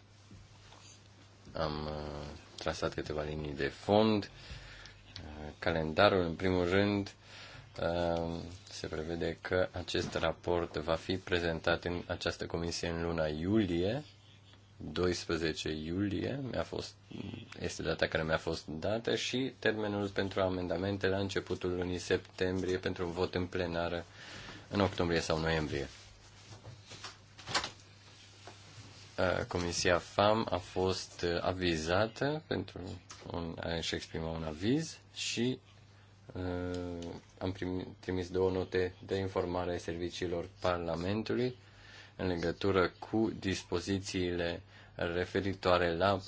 A: Am uh, trasat câteva linii de fond. Uh, calendarul, în primul rând, uh, se prevede că acest raport va fi prezentat în această comisie în luna iulie 12 iulie mi-a fost, este data care mi-a fost dată și termenul pentru amendamente la începutul lunii septembrie pentru un vot în plenară în octombrie sau noiembrie. Comisia FAM a fost avizată pentru un, a-și exprima un aviz și uh, am primit, trimis două note de informare a serviciilor Parlamentului în legătură cu dispozițiile referitoare la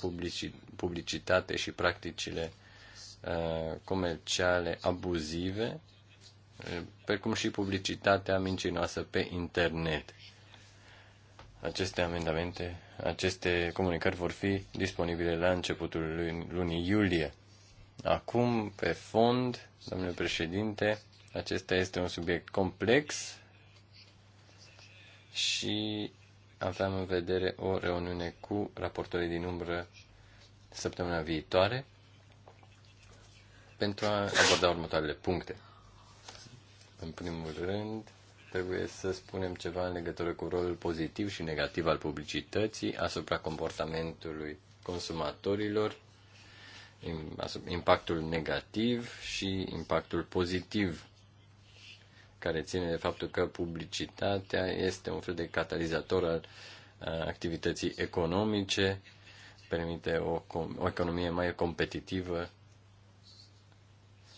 A: publicitate și practicile uh, comerciale abuzive, precum și publicitatea mincinoasă pe internet. Aceste amendamente, aceste comunicări vor fi disponibile la începutul lunii iulie. Acum, pe fond, domnule președinte, acesta este un subiect complex și aveam în vedere o reuniune cu raportorii din umbră săptămâna viitoare pentru a aborda următoarele puncte. În primul rând, trebuie să spunem ceva în legătură cu rolul pozitiv și negativ al publicității asupra comportamentului consumatorilor, impactul negativ și impactul pozitiv care ține de faptul că publicitatea este un fel de catalizator al activității economice, permite o, o economie mai competitivă,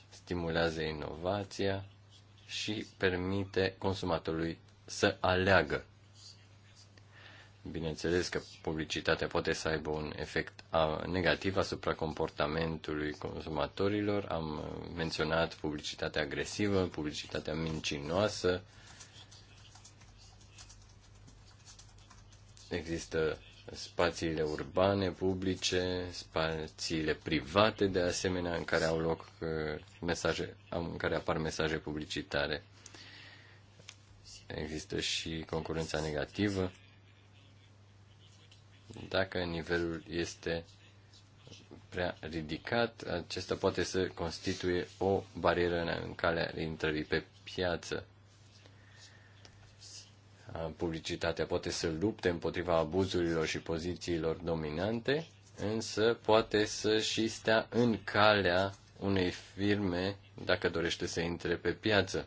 A: stimulează inovația și permite consumatorului să aleagă Bineînțeles că publicitatea poate să aibă un efect negativ asupra comportamentului consumatorilor. Am menționat publicitatea agresivă, publicitatea mincinoasă. Există spațiile urbane, publice, spațiile private, de asemenea, în care au loc uh, mesaje, în care apar mesaje publicitare. Există și concurența negativă dacă nivelul este prea ridicat, acesta poate să constituie o barieră în calea intrării pe piață. Publicitatea poate să lupte împotriva abuzurilor și pozițiilor dominante, însă poate să și stea în calea unei firme dacă dorește să intre pe piață.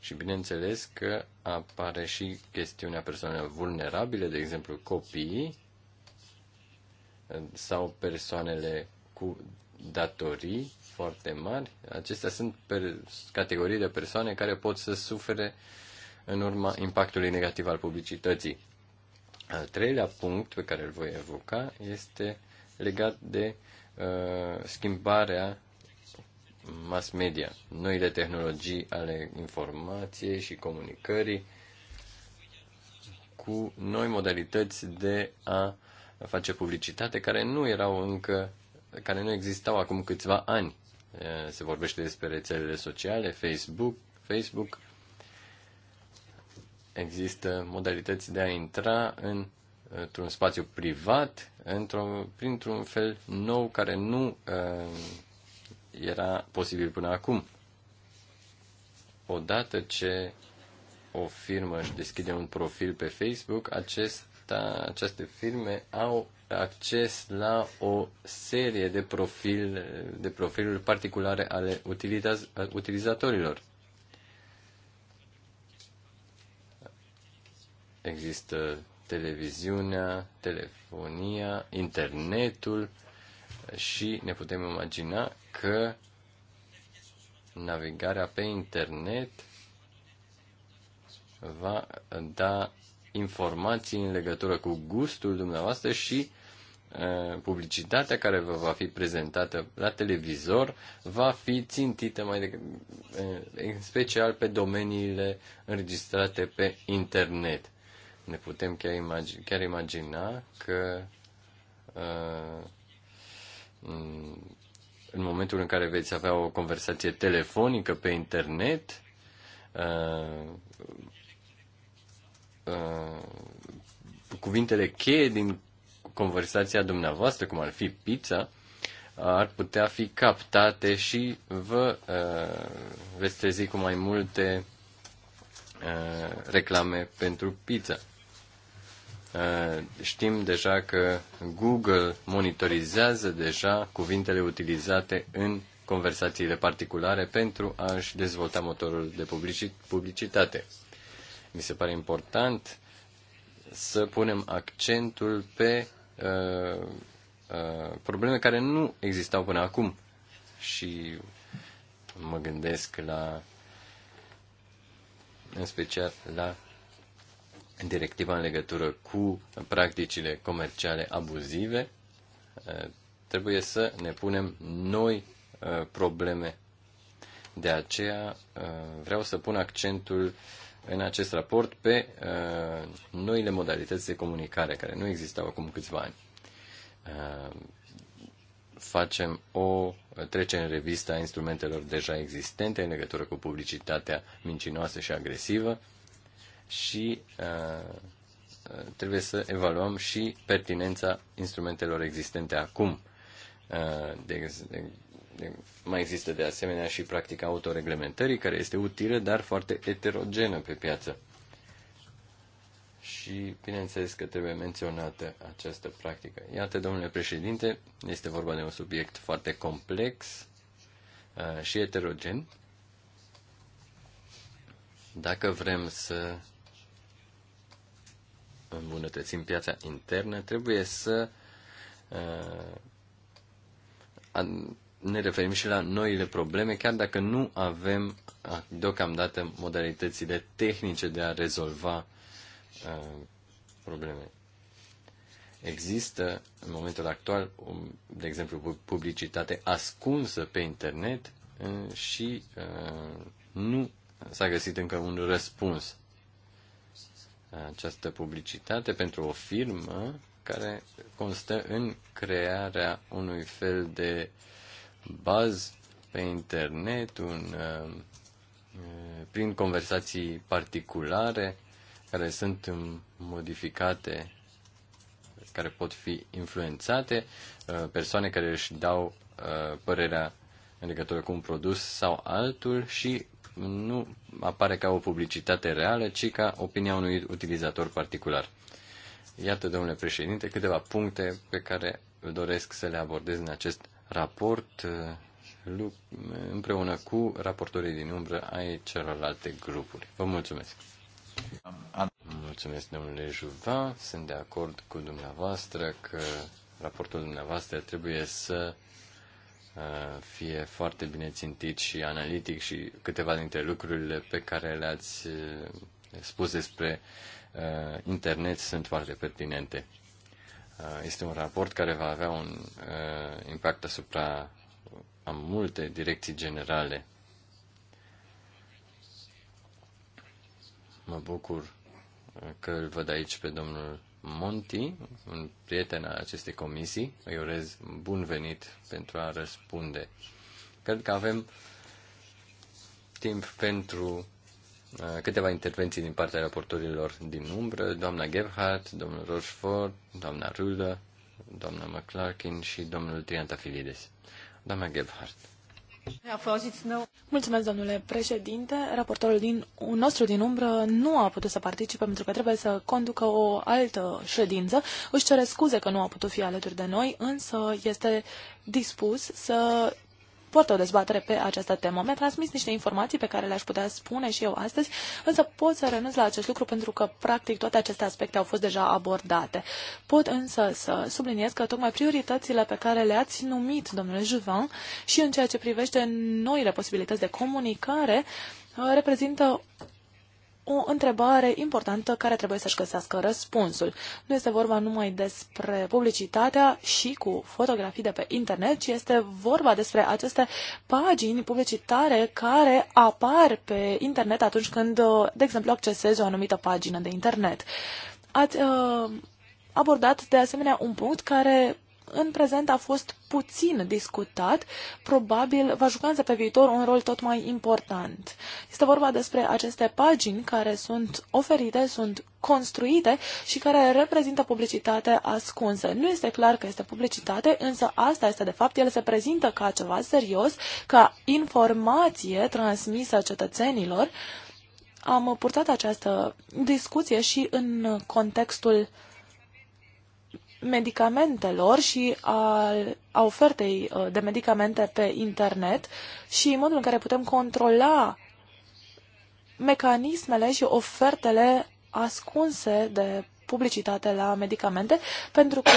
A: Și bineînțeles că apare și chestiunea persoanelor vulnerabile, de exemplu copiii sau persoanele cu datorii foarte mari. Acestea sunt per- categorii de persoane care pot să sufere în urma impactului negativ al publicității. Al treilea punct pe care îl voi evoca este legat de uh, schimbarea mass media, noile tehnologii ale informației și comunicării cu noi modalități de a face publicitate care nu erau încă, care nu existau acum câțiva ani. Eh, se vorbește despre rețelele sociale, Facebook, Facebook. Există modalități de a intra în într-un spațiu privat, într-un, printr-un fel nou care nu uh, era posibil până acum. Odată ce o firmă își deschide un profil pe Facebook, acesta, aceste firme au acces la o serie de, profil, de profiluri particulare ale utilizatorilor. Există televiziunea, telefonia, internetul, și ne putem imagina că navigarea pe internet va da informații în legătură cu gustul dumneavoastră și publicitatea care vă va fi prezentată la televizor va fi țintită mai degrabă, în special pe domeniile înregistrate pe internet. Ne putem chiar, chiar imagina că uh, Mm, în momentul în care veți avea o conversație telefonică pe internet, uh, uh, cuvintele cheie din conversația dumneavoastră, cum ar fi pizza, ar putea fi captate și vă uh, veți trezi cu mai multe reclame pentru pizza. Eh, știm deja că Google monitorizează deja cuvintele utilizate în conversațiile particulare pentru a-și dezvolta motorul de publicitate. Mi se pare important să punem accentul pe uh, uh, probleme care nu existau până acum și mă gândesc la în special la directiva în legătură cu practicile comerciale abuzive, eh, trebuie să ne punem noi eh, probleme. De aceea eh, vreau să pun accentul în acest raport pe noile modalități de comunicare care nu existau acum câțiva ani. Facem o trecere în revistă a instrumentelor deja existente în legătură cu publicitatea mincinoasă și agresivă și uh, uh, trebuie să evaluăm și pertinența instrumentelor existente acum. Uh, de, de, de, mai există de asemenea și practica autoreglementării, care este utilă, dar foarte heterogenă pe piață. Și bineînțeles că trebuie menționată această practică. Iată, domnule președinte, este vorba de un subiect foarte complex uh, și heterogen. Dacă vrem să îmbunătățim piața internă, trebuie să uh, ne referim și la noile probleme, chiar dacă nu avem uh, deocamdată modalitățile tehnice de a rezolva uh, probleme. Există, în momentul actual, de exemplu, publicitate ascunsă pe internet și nu s-a găsit încă un răspuns această publicitate pentru o firmă care constă în crearea unui fel de baz pe internet, un, uh, prin conversații particulare care sunt modificate, care pot fi influențate, uh, persoane care își dau uh, părerea în legătură cu un produs sau altul și nu apare ca o publicitate reală, ci ca opinia unui utilizator particular. Iată, domnule președinte, câteva puncte pe care doresc să le abordez în acest raport uh, împreună cu raportorii din umbră ai celorlalte grupuri. Vă mulțumesc! Mulțumesc, domnule Juva. Sunt de acord cu dumneavoastră că raportul dumneavoastră trebuie să Uh, fie foarte bine țintit și analitic și câteva dintre lucrurile pe care le-ați uh, spus despre uh, internet sunt foarte pertinente. Este un raport care va avea un impact asupra a multe direcții generale. Mă bucur că îl văd aici pe domnul Monti, un prieten al acestei comisii. Îi urez bun venit pentru a răspunde. Cred că avem timp pentru uh, câteva intervenții din partea raportorilor din umbră, doamna Gebhardt, domnul Rochefort, doamna Rudă, doamna McClarkin și domnul Triantafilides. Doamna Gebhardt.
B: Mulțumesc, domnule președinte. Raportorul din, nostru din umbră nu a putut să participe pentru că trebuie să conducă o altă ședință. Își cere scuze că nu a putut fi alături de noi, însă este dispus să poartă o dezbatere pe această temă. Mi-a transmis niște informații pe care le-aș putea spune și eu astăzi, însă pot să renunț la acest lucru pentru că, practic, toate aceste aspecte au fost deja abordate. Pot însă să subliniez că tocmai prioritățile pe care le-ați numit, domnule Juvan, și în ceea ce privește noile posibilități de comunicare, reprezintă o întrebare importantă care trebuie să-și găsească răspunsul. Nu este vorba numai despre publicitatea și cu fotografii de pe internet, ci este vorba despre aceste pagini publicitare care apar pe internet atunci când, uh, de exemplu, accesezi o anumită pagină de internet. Ați uh, abordat de asemenea un punct care în prezent a fost puțin discutat, probabil va juca însă pe viitor un rol tot mai important. Este vorba despre aceste pagini care sunt oferite, sunt construite și care reprezintă publicitate ascunsă. Nu este clar că este publicitate, însă asta este de fapt. El se prezintă ca ceva serios, ca informație transmisă cetățenilor. Am purtat această discuție și în contextul medicamentelor și a, ofertei uh, de medicamente pe internet și modul în care putem controla mecanismele și ofertele ascunse de publicitate la medicamente, pentru că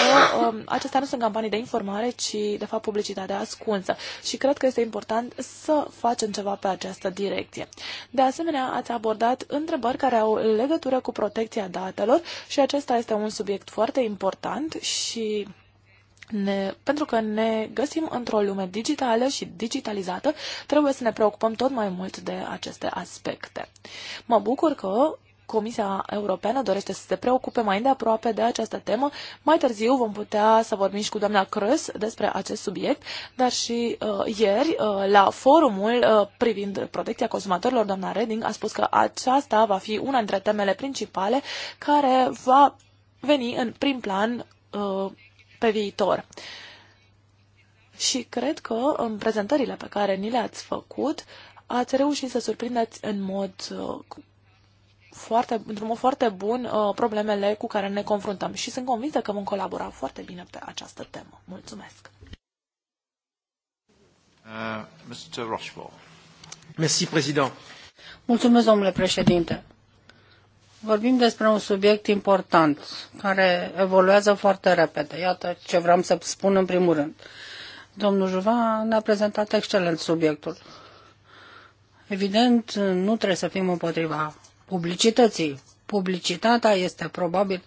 B: um, acestea nu sunt campanii de informare, ci de fapt publicitatea ascunsă. Și cred că este important să facem ceva pe această direcție. De asemenea, ați abordat întrebări care au legătură cu protecția datelor și acesta este un subiect foarte important și ne, pentru că ne găsim într-o lume digitală și digitalizată, trebuie să ne preocupăm tot mai mult de aceste aspecte. Mă bucur că Comisia Europeană dorește să se preocupe mai îndeaproape de această temă. Mai târziu vom putea să vorbim și cu doamna Crăs despre acest subiect, dar și uh, ieri uh, la forumul uh, privind protecția consumatorilor, doamna Reding a spus că aceasta va fi una dintre temele principale care va veni în prim plan uh, pe viitor. Și cred că în prezentările pe care ni le-ați făcut, ați reușit să surprindeți în mod uh, foarte, într-un mod foarte bun uh, problemele cu care ne confruntăm și sunt convinsă că vom colabora foarte bine pe această temă. Mulțumesc!
D: Uh, Mr. Rochefort. Merci, President.
C: Mulțumesc, domnule președinte. Vorbim despre un subiect important care evoluează foarte repede. Iată ce vreau să spun în primul rând. Domnul Juva ne-a prezentat excelent subiectul. Evident, nu trebuie să fim împotriva publicității. Publicitatea este probabil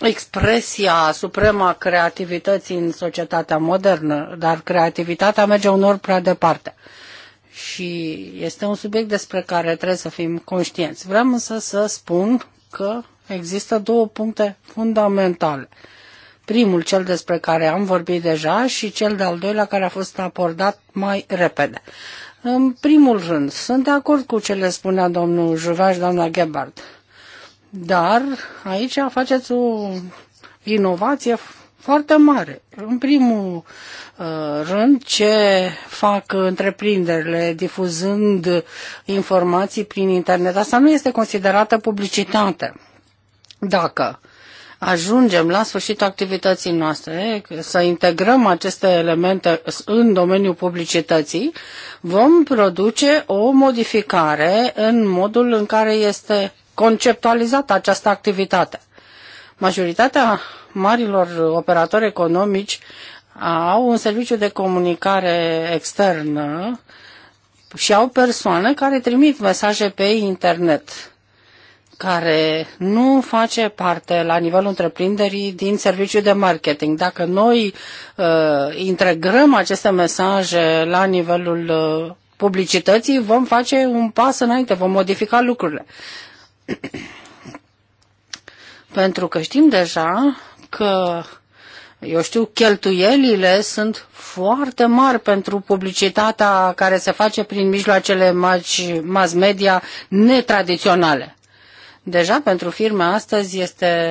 C: expresia supremă a creativității în societatea modernă, dar creativitatea merge unor prea departe. Și este un subiect despre care trebuie să fim conștienți. Vreau însă să spun că există două puncte fundamentale. Primul, cel despre care am vorbit deja, și cel de-al doilea, care a fost abordat mai repede. În primul rând, sunt de acord cu ce le spunea domnul Juvan și doamna Gebhardt, dar aici faceți o inovație foarte mare. În primul uh, rând, ce fac întreprinderile difuzând informații prin internet? Asta nu este considerată publicitate. Dacă uh, ajungem la sfârșitul activității noastre, să integrăm aceste elemente în domeniul publicității, vom produce o modificare în modul în care este conceptualizată această activitate. Majoritatea marilor operatori economici au un serviciu de comunicare externă și au persoane care trimit mesaje pe internet care nu face parte la nivelul întreprinderii din serviciul de marketing. Dacă noi uh, integrăm aceste mesaje la nivelul uh, publicității, vom face un pas înainte, vom modifica lucrurile. <clears throat> Pentru că știm deja că, eu știu, cheltuielile sunt foarte mari pentru publicitatea care se face prin mijloacele mass media netradiționale. Deja pentru firme astăzi este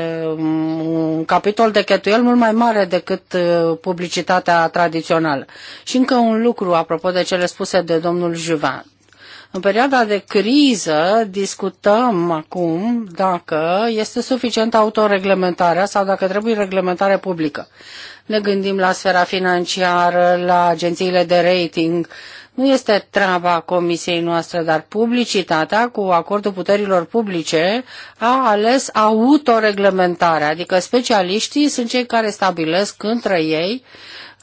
C: un capitol de cheltuiel mult mai mare decât uh, publicitatea tradițională. Și încă un lucru apropo de cele spuse de domnul Juvan. În perioada de criză discutăm acum dacă este suficientă autoreglementarea sau dacă trebuie reglementare publică. Ne gândim la sfera financiară, la agențiile de rating, nu este treaba comisiei noastre, dar publicitatea cu acordul puterilor publice a ales autoreglementarea, adică specialiștii sunt cei care stabilesc între ei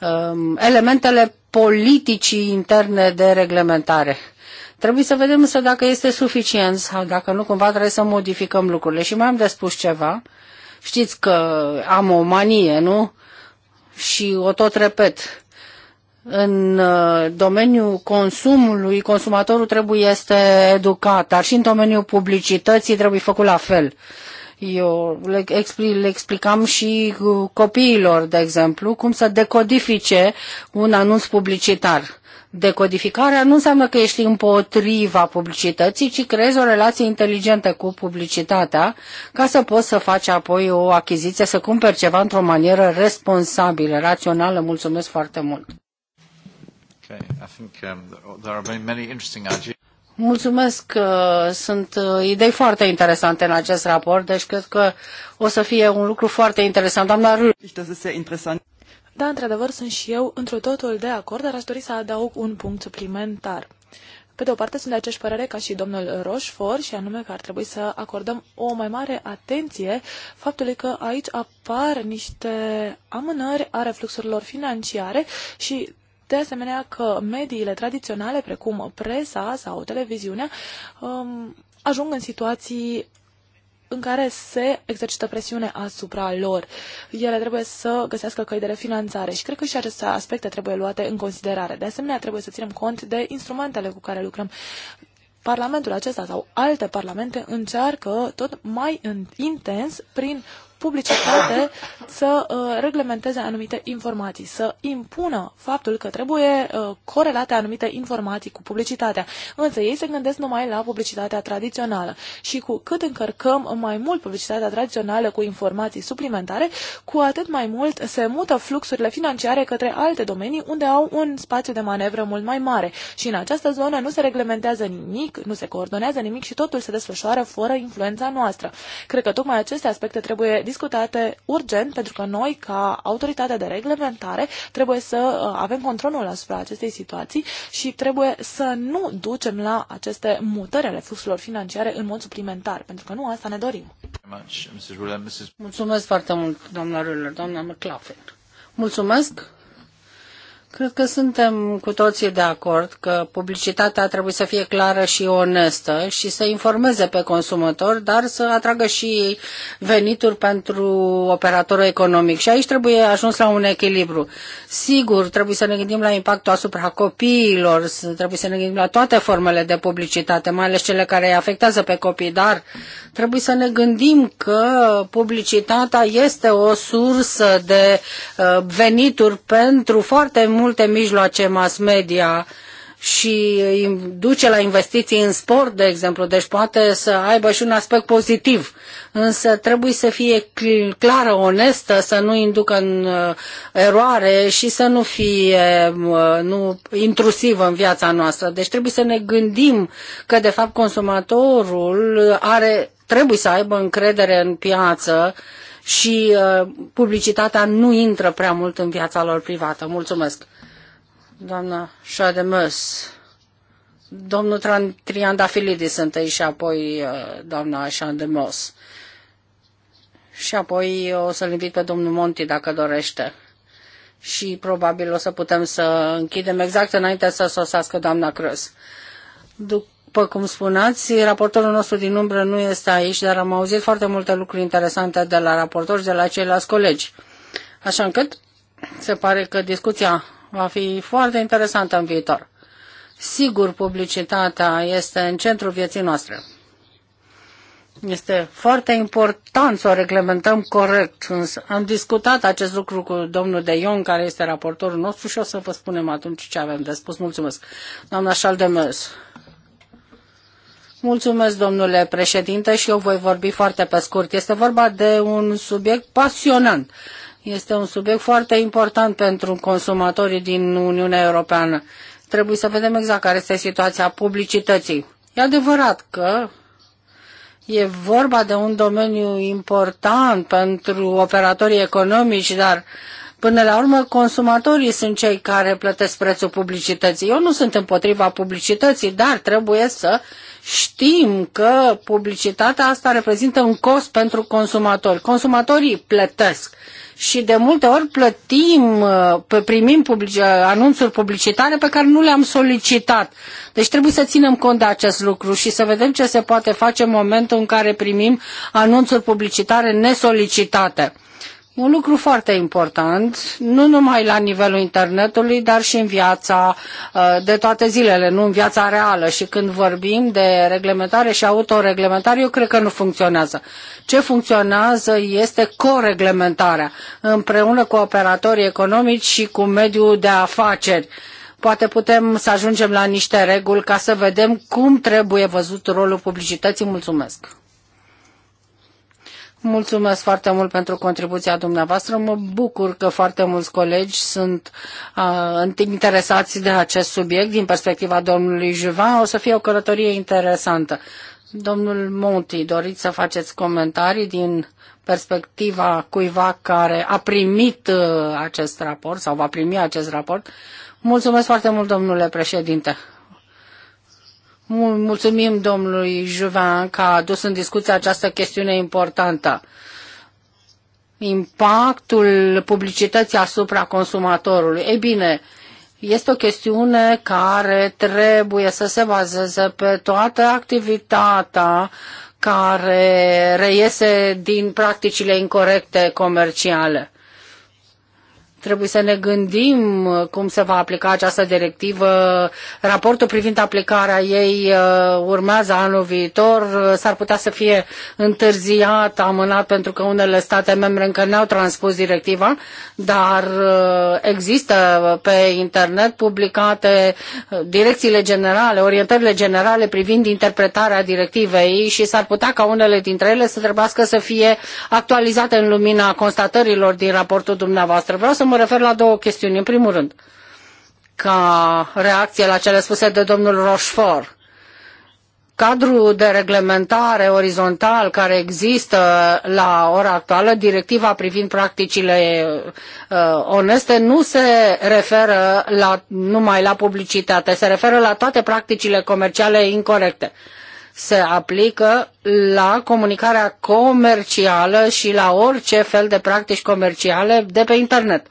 C: um, elementele politicii interne de reglementare. Trebuie să vedem însă dacă este suficient sau dacă nu cumva trebuie să modificăm lucrurile. Și mai am de spus ceva. Știți că am o manie, nu? Și o tot repet în uh, domeniul consumului, consumatorul trebuie este educat, dar și în domeniul publicității trebuie făcut la fel. Eu le, expli, le explicam și uh, copiilor, de exemplu, cum să decodifice un anunț publicitar. Decodificarea nu înseamnă că ești împotriva publicității, ci creezi o relație inteligentă cu publicitatea ca să poți să faci apoi o achiziție, să cumperi ceva într-o manieră responsabilă, rațională. Mulțumesc foarte mult!
A: Okay. I think, um, there are many interesting ideas.
C: Mulțumesc uh, sunt uh, idei foarte interesante în acest raport, deci cred că o să fie un lucru foarte interesant. Doamna Râl.
A: Deci
B: da, într-adevăr, sunt și eu într totul de acord, dar aș dori să adaug un punct suplimentar. Pe de o parte, sunt de aceeași părere ca și domnul Rochefort, și anume că ar trebui să acordăm o mai mare atenție faptului că aici apar niște amânări a refluxurilor financiare și de asemenea că mediile tradiționale, precum presa sau televiziunea, um, ajung în situații în care se exercită presiune asupra lor. Ele trebuie să găsească căi de refinanțare și cred că și aceste aspecte trebuie luate în considerare. De asemenea, trebuie să ținem cont de instrumentele cu care lucrăm. Parlamentul acesta sau alte parlamente încearcă tot mai intens prin publicitate să uh, reglementeze anumite informații, să impună faptul că trebuie uh, corelate anumite informații cu publicitatea. Însă ei se gândesc numai la publicitatea tradițională și cu cât încărcăm mai mult publicitatea tradițională cu informații suplimentare, cu atât mai mult se mută fluxurile financiare către alte domenii unde au un spațiu de manevră mult mai mare și în această zonă nu se reglementează nimic, nu se coordonează nimic și totul se desfășoară fără influența noastră. Cred că tocmai aceste aspecte trebuie discutate urgent, pentru că noi, ca autoritate de reglementare, trebuie să uh, avem controlul asupra acestei situații și trebuie să nu ducem la aceste mutări ale fluxurilor financiare în mod suplimentar, pentru că nu asta ne dorim. Mulțumesc foarte mult, doamna Ruller, doamna McLaughlin.
C: Mulțumesc! Cred că suntem cu toții de acord că publicitatea trebuie să fie clară și onestă și să informeze pe consumator, dar să atragă și venituri pentru operatorul economic. Și aici trebuie ajuns la un echilibru. Sigur, trebuie să ne gândim la impactul asupra copiilor, trebuie să ne gândim la toate formele de publicitate, mai ales cele care îi afectează pe copii, dar trebuie să ne gândim că publicitatea este o sursă de uh, venituri pentru foarte mulți multe mijloace mass media și duce la investiții în sport, de exemplu, deci poate să aibă și un aspect pozitiv, însă trebuie să fie clară, onestă, să nu inducă în uh, eroare și să nu fie uh, nu, intrusivă în viața noastră. Deci trebuie să ne gândim că, de fapt, consumatorul are, trebuie să aibă încredere în piață și uh, publicitatea nu intră prea mult în viața lor privată. Mulțumesc! Doamna Șademăs, domnul Triandafilidis întâi și apoi uh, doamna Șademăs. Și apoi o să-l invit pe domnul Monti dacă dorește. Și probabil o să putem să închidem exact înainte să sosească doamna Crăs. După cum spuneați, raportorul nostru din umbră nu este aici, dar am auzit foarte multe lucruri interesante de la raportori și de la ceilalți colegi. Așa încât se pare că discuția va fi foarte interesantă în viitor. Sigur, publicitatea este în centrul vieții noastre. Este foarte important să o reglementăm corect. Însă am discutat acest lucru cu domnul De Jong, care este raportorul nostru, și o să vă spunem atunci ce avem de spus. Mulțumesc. Doamna Șaldemers. Mulțumesc, domnule președinte, și eu voi vorbi foarte pe scurt. Este vorba de un subiect pasionant. Este un subiect foarte important pentru consumatorii din Uniunea Europeană. Trebuie să vedem exact care este situația publicității. E adevărat că e vorba de un domeniu important pentru operatorii economici, dar Până la urmă, consumatorii sunt cei care plătesc prețul publicității. Eu nu sunt împotriva publicității, dar trebuie să știm că publicitatea asta reprezintă un cost pentru consumatori. Consumatorii plătesc și de multe ori plătim, primim public, anunțuri publicitare pe care nu le-am solicitat. Deci trebuie să ținem cont de acest lucru și să vedem ce se poate face în momentul în care primim anunțuri publicitare nesolicitate. Un lucru foarte important, nu numai la nivelul internetului, dar și în viața uh, de toate zilele, nu în viața reală. Și când vorbim de reglementare și autoreglementare, eu cred că nu funcționează ce funcționează este coreglementarea împreună cu operatorii economici și cu mediul de afaceri. Poate putem să ajungem la niște reguli ca să vedem cum trebuie văzut rolul publicității. Mulțumesc! Mulțumesc foarte mult pentru contribuția dumneavoastră. Mă bucur că foarte mulți colegi sunt uh, interesați de acest subiect din perspectiva domnului Juvan. O să fie o călătorie interesantă. Domnul Monti, doriți să faceți comentarii din perspectiva cuiva care a primit uh, acest raport sau va primi acest raport. Mulțumesc foarte mult, domnule președinte. Mulțumim domnului Juvan că a adus în discuție această chestiune importantă. Impactul publicității asupra consumatorului. Ei bine, este o chestiune care trebuie să se bazeze pe toată activitatea care reiese din practicile incorrecte comerciale. Trebuie să ne gândim uh, cum se va aplica această directivă. Raportul privind aplicarea ei uh, urmează anul viitor. Uh, s-ar putea să fie întârziat, amânat, pentru că unele state membre încă n-au transpus directiva, dar există pe internet publicate direcțiile generale, orientările generale privind interpretarea directivei și s-ar putea ca unele dintre ele să trebuiască să fie actualizate în lumina constatărilor din raportul dumneavoastră. Vreau să mă refer la două chestiuni. În primul rând, ca reacție la cele spuse de domnul Rochefort, cadrul de reglementare orizontal care există la ora actuală, directiva privind practicile uh, oneste, nu se referă la, numai la publicitate, se referă la toate practicile comerciale incorrecte. Uh, se aplică la comunicarea comercială și la orice fel de practici comerciale de pe internet.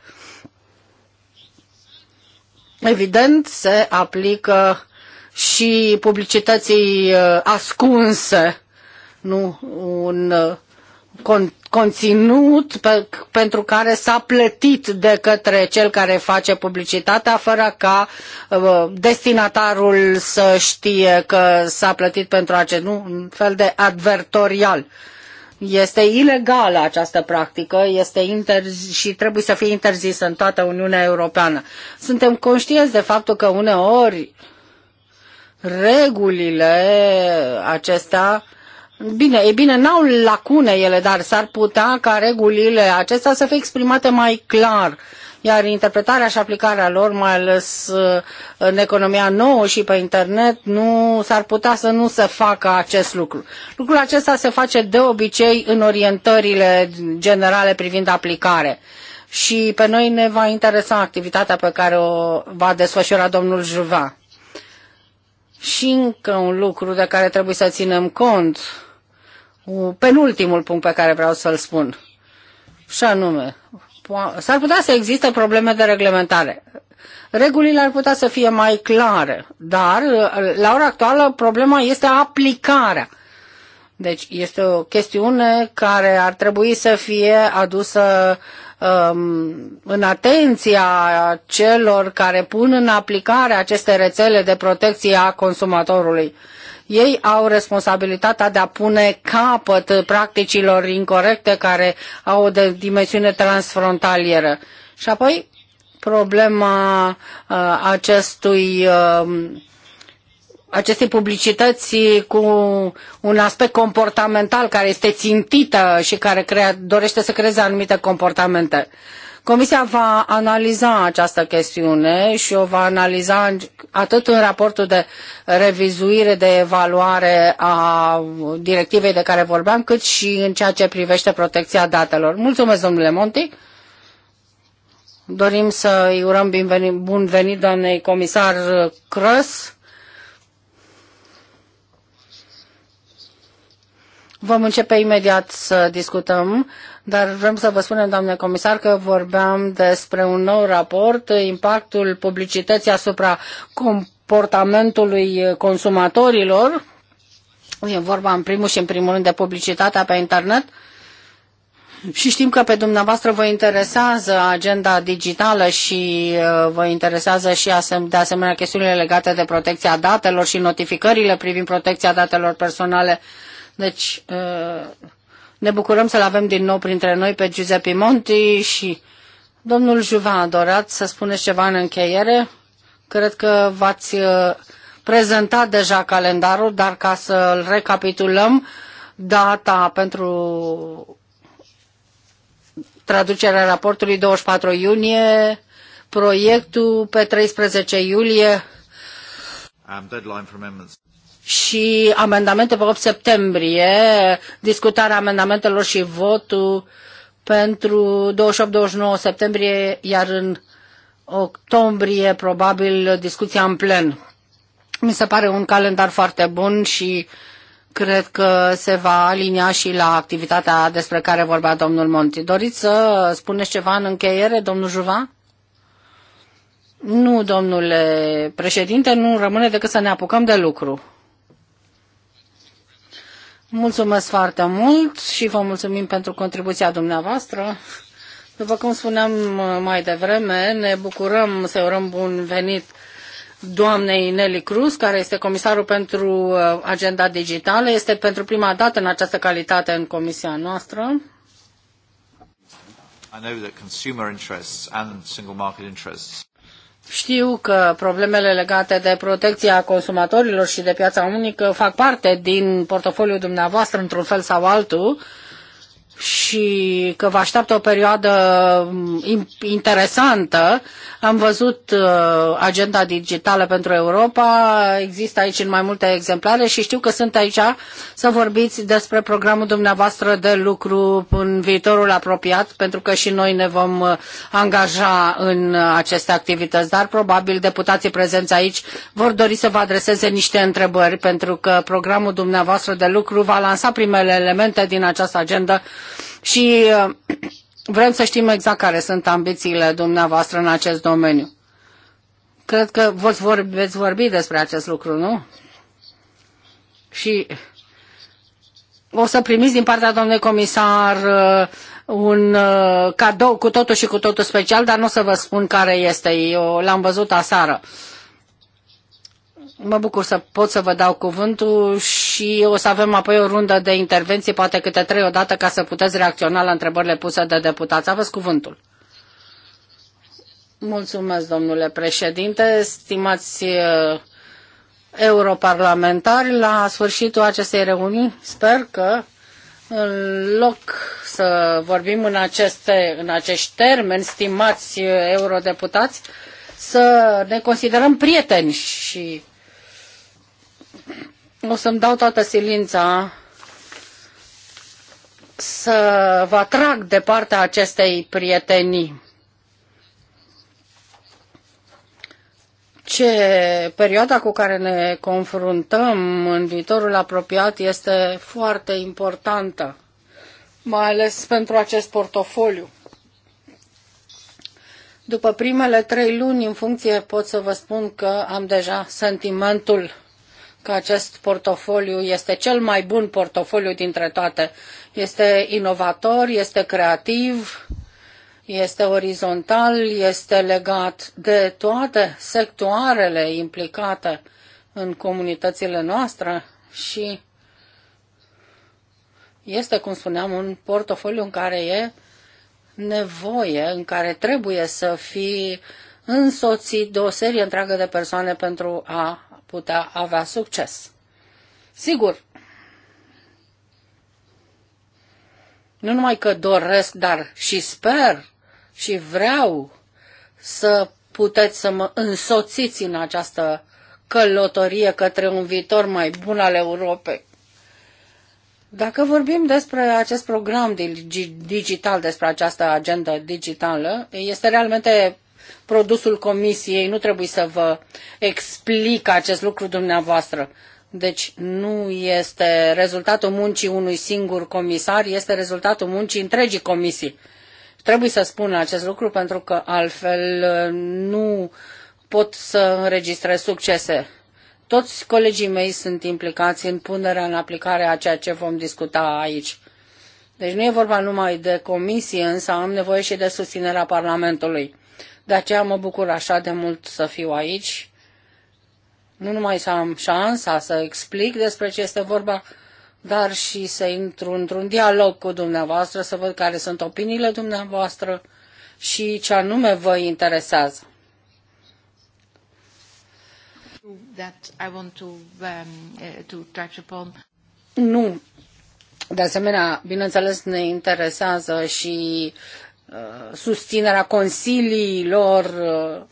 C: Evident, se aplică și publicității uh, ascunse, nu un uh, con conținut pe, pentru care s-a plătit de către cel care face publicitatea, fără ca uh, destinatarul să știe că s-a plătit pentru acest nu, un fel de advertorial. Este ilegală această practică, este și trebuie să fie interzisă în toată Uniunea Europeană. Suntem conștienți de faptul că uneori regulile acestea uh, Bine, e bine, n-au lacune ele, dar s-ar putea ca regulile acestea să fie exprimate mai clar, iar interpretarea și aplicarea lor, mai ales uh, în economia nouă și pe internet, nu s-ar putea să nu se facă acest lucru. Lucrul acesta se face de obicei în orientările generale privind aplicare și pe noi ne va interesa activitatea pe care o va desfășura domnul Juva. Și încă un lucru de care trebuie să ținem cont penultimul punct pe care vreau să-l spun. Și anume, s-ar putea să existe probleme de reglementare. Regulile ar putea să fie mai clare, dar uh, la ora actuală problema este aplicarea. Deci este o chestiune care ar trebui să fie adusă um, în atenția celor care pun în aplicare aceste rețele de protecție a consumatorului. Uh, ei au responsabilitatea de a pune capăt practicilor incorrecte care au o dimensiune transfrontalieră. Și apoi problema uh, acestui uh, acestei publicități cu un aspect comportamental care este țintită și care crea, dorește să creeze anumite comportamente. Uh, Comisia va analiza această chestiune și o va analiza atât în raportul de revizuire, de evaluare a directivei de care vorbeam, cât și în ceea ce privește protecția datelor. Mulțumesc, domnule Monti. Dorim să îi urăm bun venit doamnei comisar Crăs. Vom începe imediat să discutăm. Dar vrem să vă spunem, doamne comisar, că vorbeam despre un nou raport, impactul publicității asupra comportamentului consumatorilor. E vorba în primul și în primul rând de publicitatea pe internet. Și știm că pe dumneavoastră vă interesează agenda digitală și uh, vă interesează și de asemenea chestiunile legate de protecția datelor și notificările privind protecția datelor personale. Deci, uh, ne bucurăm să-l avem din nou printre noi pe Giuseppe Monti și domnul Juvan a dorat să spuneți ceva în încheiere. Cred că v-ați uh, prezentat deja calendarul, dar ca să-l recapitulăm, data pentru traducerea raportului 24 iunie, proiectul pe 13 iulie. Um, și amendamente pe 8 septembrie, discutarea amendamentelor și votul pentru 28-29 septembrie, iar în octombrie probabil discuția în plen. Mi se pare un calendar foarte bun și cred că se va alinia și la activitatea despre care vorbea domnul Monti. Doriți să spuneți ceva în încheiere, domnul Juva? Nu, domnule președinte, nu rămâne decât să ne apucăm de lucru. Mulțumesc foarte mult și vă mulțumim pentru contribuția dumneavoastră. După cum spuneam uh, mai devreme, ne bucurăm să urăm bun venit doamnei Nelly Cruz, care este comisarul pentru uh, agenda digitală. Este pentru prima dată în această calitate în comisia noastră.
B: I know that consumer interests and single market interests
C: știu că problemele legate de protecția consumatorilor și de piața unică fac parte din portofoliul dumneavoastră într-un fel sau altul, și că vă așteaptă o perioadă mm, interesantă. Am văzut uh, agenda digitală pentru Europa, există aici în mai multe exemplare și știu că sunt aici să vorbiți despre programul dumneavoastră de lucru în viitorul apropiat, pentru că și noi ne vom uh, angaja în aceste activități, dar probabil deputații prezenți aici vor dori să vă adreseze niște întrebări, pentru că programul dumneavoastră de lucru va lansa primele elemente din această agendă și uh, <clears throat> vrem să știm exact care sunt ambițiile dumneavoastră în acest domeniu. Cred că veți vorbi, veți vorbi despre acest lucru, nu? Și o să primiți din partea domnului comisar uh, un uh, cadou cu totul și cu totul special, dar nu o să vă spun care este. Eu l-am văzut aseară. Uh, Mă bucur să pot să vă dau cuvântul și o să avem apoi o rundă de intervenții, poate câte trei odată, ca să puteți reacționa la întrebările puse de deputați. Aveți cuvântul. Mulțumesc, domnule președinte, stimați uh, europarlamentari. La sfârșitul acestei reuniuni sper că în loc să vorbim în, aceste, în acești termeni, stimați uh, eurodeputați, să ne considerăm prieteni și o să-mi dau toată silința să vă atrag de partea acestei prietenii. Ce perioada cu care ne confruntăm în viitorul apropiat este foarte importantă, mai ales pentru acest portofoliu. După primele trei luni în funcție pot să vă spun că am deja sentimentul că acest portofoliu este cel mai bun portofoliu dintre toate. Este inovator, este creativ, este orizontal, este legat de toate sectoarele implicate în comunitățile noastre și este, cum spuneam, un portofoliu în care e nevoie, în care trebuie să fie însoțit de o serie întreagă de persoane pentru a putea avea succes. Sigur, nu numai că doresc, dar și sper și vreau să puteți să mă însoțiți în această călătorie către un viitor mai bun al Europei. Dacă vorbim despre acest program digital, despre această agendă digitală, este realmente produsul comisiei. Nu trebuie să vă explic acest lucru dumneavoastră. Deci nu este rezultatul muncii unui singur comisar, este rezultatul muncii întregii comisii. Trebuie să spun acest lucru pentru că altfel uh, nu pot să înregistrez succese. Toți colegii mei sunt implicați în punerea în aplicare a ceea ce vom discuta aici. Deci nu e vorba numai de comisie, însă am nevoie și de susținerea Parlamentului. De aceea mă bucur așa de mult să fiu aici. Nu numai să am șansa să explic despre ce este vorba, dar și să intru într-un dialog cu dumneavoastră, să văd care sunt opiniile dumneavoastră și ce anume vă interesează. Um, eh, nu. De asemenea, bineînțeles, ne interesează și Uh, susținerea consiliilor uh,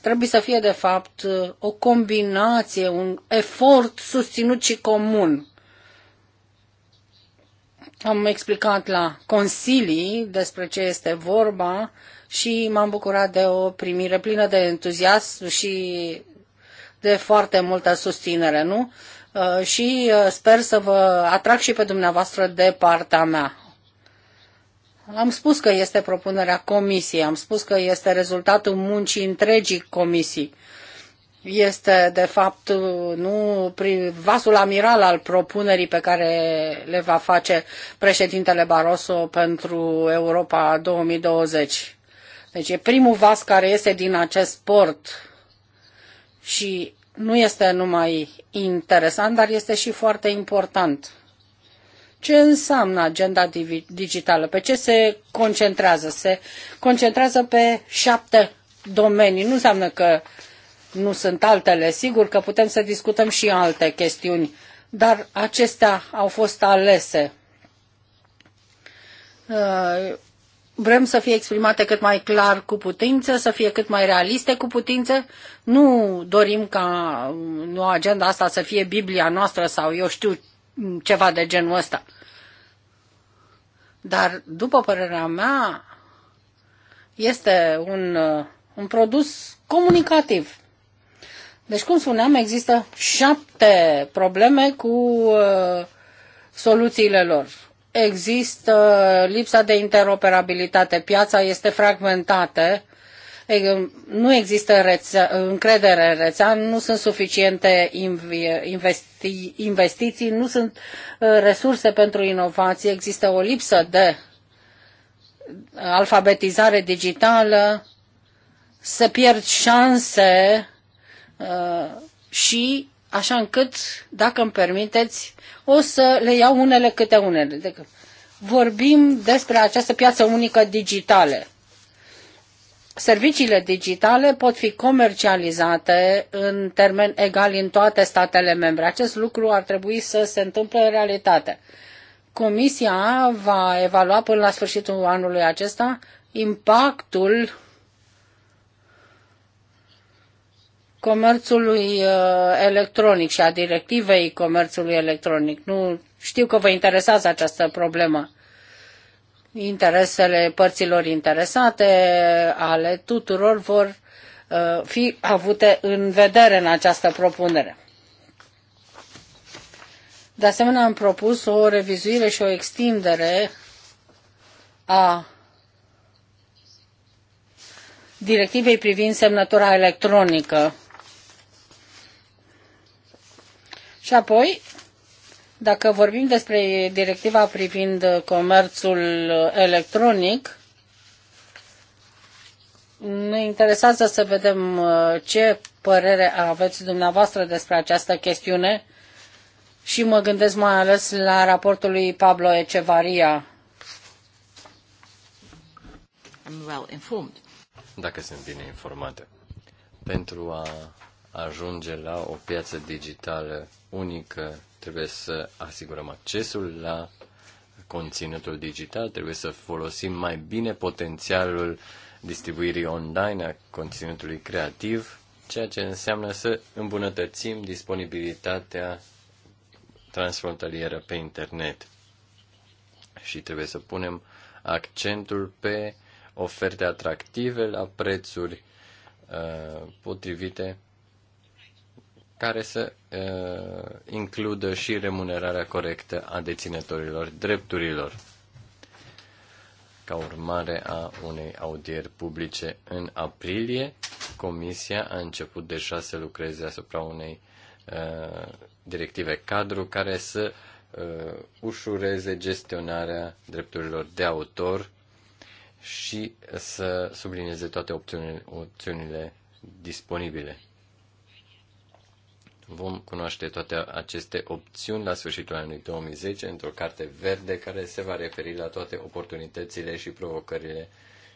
C: trebuie să fie, de fapt, uh, o combinație, un efort susținut și comun. Am explicat la consilii despre ce este vorba și m-am bucurat de o primire plină de entuziasm și de foarte multă susținere, nu? Și sper să vă atrag și pe dumneavoastră de partea mea. Am spus că este propunerea comisiei, am spus că este rezultatul muncii întregii comisii. Este, de fapt, nu vasul amiral al propunerii pe care le va face președintele Barroso pentru Europa 2020. Deci e primul vas care iese din acest port și nu este numai interesant, dar este și foarte important ce înseamnă agenda digitală, pe ce se concentrează. Se concentrează pe șapte domenii. Nu înseamnă că nu sunt altele. Sigur că putem să discutăm și alte chestiuni, dar acestea au fost alese. Uh, vrem să fie exprimate cât mai clar cu putință, să fie cât mai realiste cu putință. Nu dorim ca uh, nu agenda asta să fie Biblia noastră sau eu știu ceva de genul ăsta. Dar, după părerea mea, este un, uh, un produs comunicativ. Deci, cum spuneam, există șapte probleme cu uh, soluțiile lor. Există lipsa de interoperabilitate, piața este fragmentată, Um, nu există rețea, încredere în rețea, nu sunt suficiente investi, investiții, nu sunt uh, resurse pentru inovație, există o lipsă de alfabetizare digitală, se pierd șanse uh, și așa încât, dacă îmi permiteți, o să le iau unele câte unele. Deci, vorbim despre această piață unică digitală serviciile digitale pot fi comercializate în termen egal în toate statele membre. Acest lucru ar trebui să se întâmple în realitate. Comisia va evalua până la sfârșitul anului acesta impactul comerțului uh, electronic și a directivei comerțului electronic. Nu știu că vă interesează această problemă interesele părților interesate, ale tuturor vor uh, fi avute în vedere în această propunere. De asemenea, am propus o revizuire și o extindere a directivei privind semnătura electronică. Și apoi dacă vorbim despre directiva privind comerțul electronic, ne interesează să vedem uh, ce părere aveți dumneavoastră despre această chestiune și mă gândesc mai ales la raportul lui Pablo Ecevaria.
B: well informed.
A: Dacă sunt bine informate. Pentru a ajunge la o piață digitală unică Trebuie să asigurăm accesul la conținutul digital, trebuie să folosim mai bine potențialul distribuirii online a conținutului creativ, ceea ce înseamnă să îmbunătățim disponibilitatea transfrontalieră pe internet. Și trebuie să punem accentul pe oferte atractive la prețuri uh, potrivite care să uh, includă și remunerarea corectă a deținătorilor drepturilor ca urmare a unei audieri publice în aprilie, Comisia a început deja să lucreze asupra unei uh, directive cadru care să uh, ușureze gestionarea drepturilor de autor și să sublinieze toate opțiunile, opțiunile disponibile. Vom cunoaște toate aceste opțiuni la sfârșitul anului 2010 într-o carte verde care se va referi la toate oportunitățile și provocările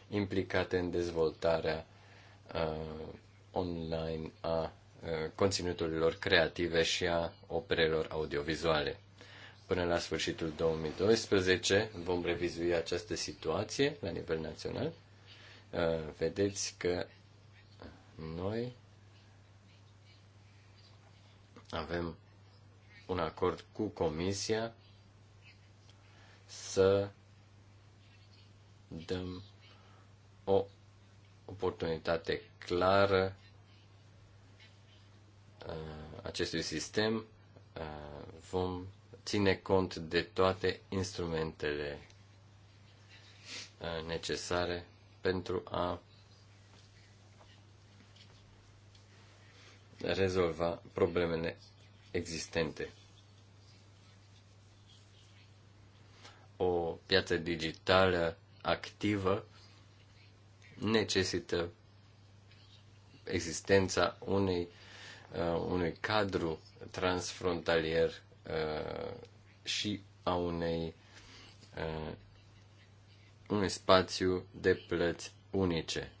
A: implicate în dezvoltarea uh, online a uh, conținuturilor creative și a operelor audiovizuale. Până la sfârșitul 2012 vom revizui această situație la nivel național. Uh, vedeți că noi avem un acord cu Comisia să dăm o oportunitate clară uh, acestui sistem. Uh, vom ține cont de toate instrumentele uh, necesare pentru a rezolva problemele existente. O piață digitală activă necesită existența unei, uh, unui cadru transfrontalier uh, și a unei uh, unui spațiu de plăți unice.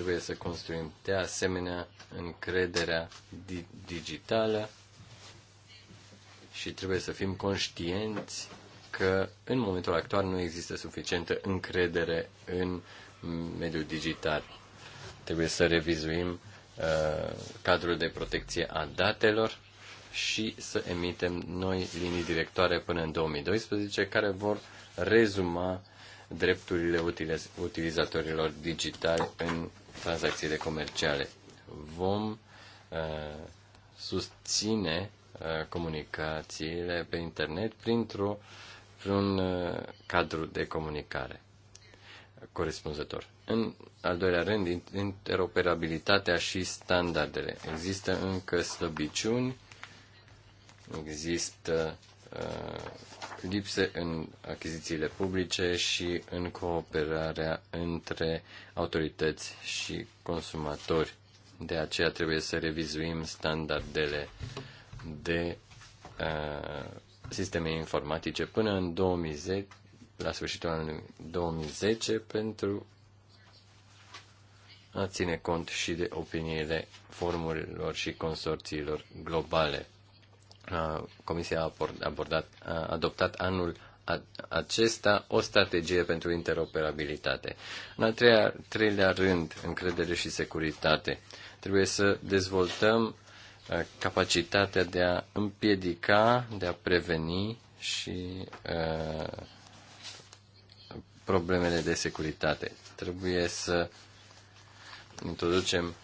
A: Trebuie să construim de asemenea încrederea di- digitală și trebuie să fim conștienți că în momentul actual nu există suficientă încredere în mediul digital. Trebuie să revizuim uh, cadrul de protecție a datelor și să emitem noi linii directoare până în 2012 care vor rezuma drepturile utilizatorilor digitali în tranzacțiile comerciale. Vom uh, susține uh, comunicațiile pe internet printr-un uh, cadru de comunicare corespunzător. În al doilea rând, interoperabilitatea și standardele. Există încă slăbiciuni, există Uh, lipse în achizițiile publice și în cooperarea între autorități și consumatori. De aceea trebuie să revizuim standardele de uh, sisteme informatice până în 2010, la sfârșitul anului 2010 pentru a ține cont și de opiniile formurilor și consorțiilor globale. Comisia a, abordat, a adoptat anul acesta o strategie pentru interoperabilitate. În al treia, treilea rând, încredere și securitate. Trebuie să dezvoltăm capacitatea de a împiedica, de a preveni și problemele de securitate. Trebuie să introducem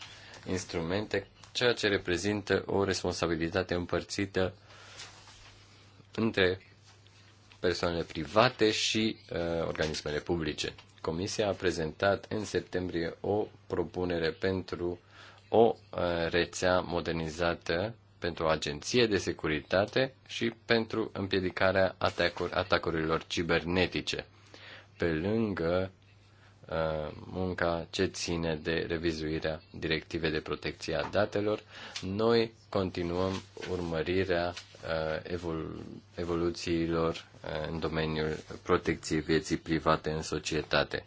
A: instrumente ceea ce reprezintă o responsabilitate împărțită între persoanele private și uh, organismele publice. Comisia a prezentat în septembrie o propunere pentru o uh, rețea modernizată pentru o agenție de securitate și pentru împiedicarea atacurilor cibernetice. Pe lângă Uh, munca ce ține de revizuirea directivei de protecție a datelor. Noi continuăm urmărirea uh, evolu- evoluțiilor uh, în domeniul protecției vieții private în societate.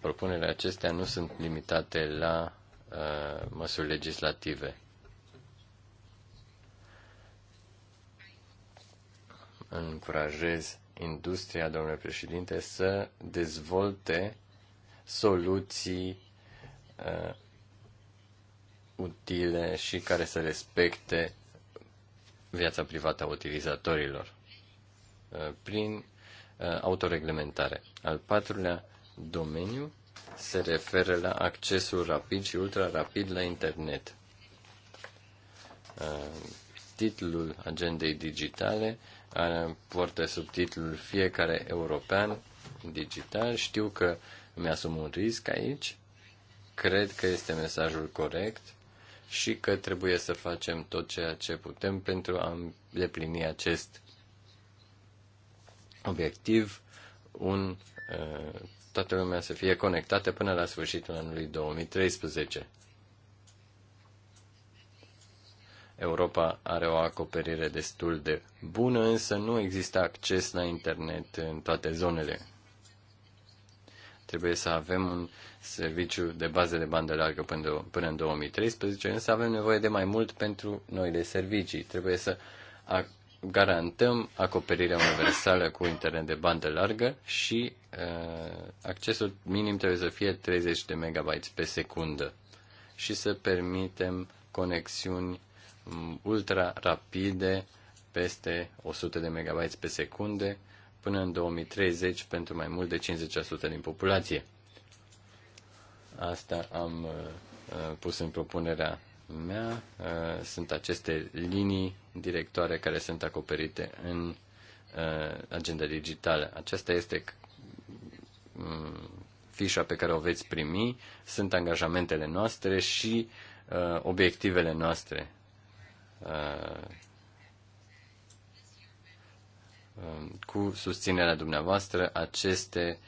A: Propunerile acestea nu sunt limitate la uh, măsuri legislative. Încurajez industria, domnule președinte, să dezvolte soluții uh, utile și care să respecte viața privată a utilizatorilor uh, prin uh, autoreglementare. Al patrulea domeniu se referă la accesul rapid și ultra-rapid la internet. Uh, titlul agendei digitale are poartă subtitlul Fiecare european digital. Știu că îmi asum un risc aici. Cred că este mesajul corect și că trebuie să facem tot ceea ce putem pentru a deplini acest obiectiv, un, uh, toată lumea să fie conectată până la sfârșitul anului 2013. Europa are o acoperire destul de bună, însă nu există acces la internet în toate zonele. Trebuie să avem un serviciu de bază de bandă largă până, în 2013, însă avem nevoie de mai mult pentru noile servicii. Trebuie să garantăm acoperirea universală cu internet de bandă largă și uh, accesul minim trebuie să fie 30 de MB pe secundă și să permitem conexiuni ultra rapide peste 100 de MB pe secunde până în 2030 pentru mai mult de 50% din populație. Asta am uh, uh, pus în propunerea mea. Uh, sunt aceste linii directoare care sunt acoperite în agenda digitală. Aceasta este mm, fișa pe care o veți primi, sunt angajamentele noastre și obiectivele noastre Uh, cu susținerea dumneavoastră, aceste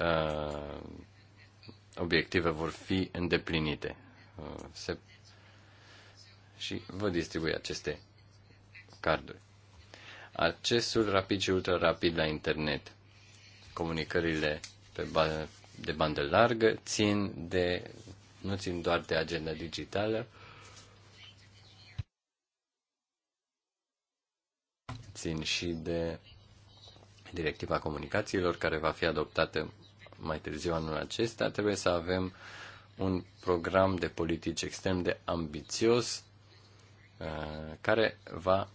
A: uh, obiective vor fi îndeplinite. Uh, se... Și vă distribui aceste carduri. Accesul rapid și ultra-rapid la internet. Comunicările pe ba- de bandă largă țin de, nu țin doar de agenda digitală, țin și de directiva comunicațiilor care va fi adoptată mai târziu anul acesta, trebuie să avem un program de politici extrem de ambițios uh, care va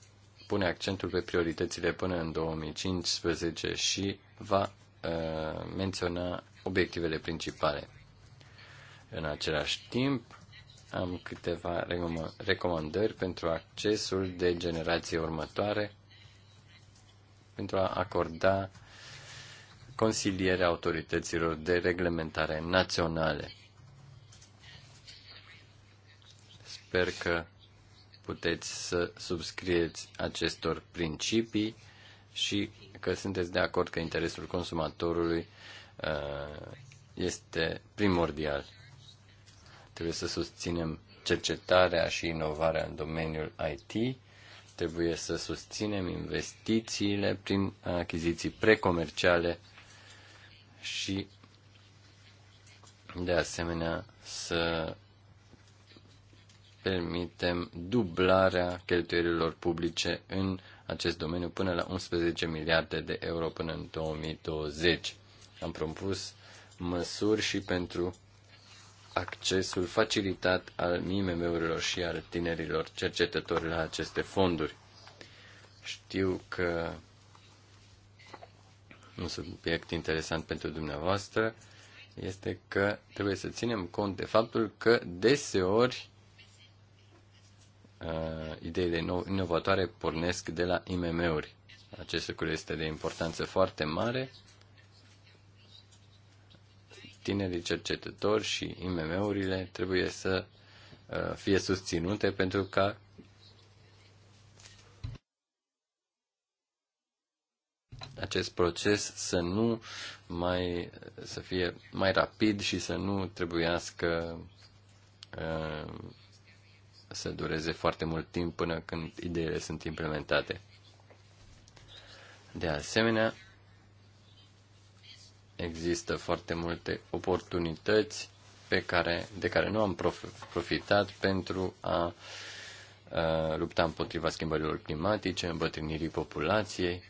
A: pune accentul pe prioritățile până în 2015 și va uh, menționa obiectivele principale. În același timp, am câteva recomandări pentru accesul de generație următoare pentru a acorda consilierea autorităților de reglementare naționale. Sper că puteți să subscrieți acestor principii și că sunteți de acord că interesul consumatorului uh, este primordial. Trebuie să susținem cercetarea și inovarea în domeniul IT Trebuie să susținem investițiile prin achiziții precomerciale și, de asemenea, să permitem dublarea cheltuielilor publice în acest domeniu până la 11 miliarde de euro până în 2020. Am propus măsuri și pentru accesul facilitat al IMM-urilor și al tinerilor cercetători la aceste fonduri. Știu că un subiect interesant pentru dumneavoastră este că trebuie să ținem cont de faptul că deseori uh, ideile inovatoare pornesc de la IMM-uri. Acest lucru este de importanță foarte mare tinerii cercetători și IMM-urile trebuie să uh, fie susținute pentru ca acest proces să nu mai să fie mai rapid și să nu trebuiască uh, să dureze foarte mult timp până când ideile sunt implementate. De asemenea, Există foarte multe oportunități pe care, de care nu am profitat pentru a, a lupta împotriva schimbărilor climatice, îmbătrânirii populației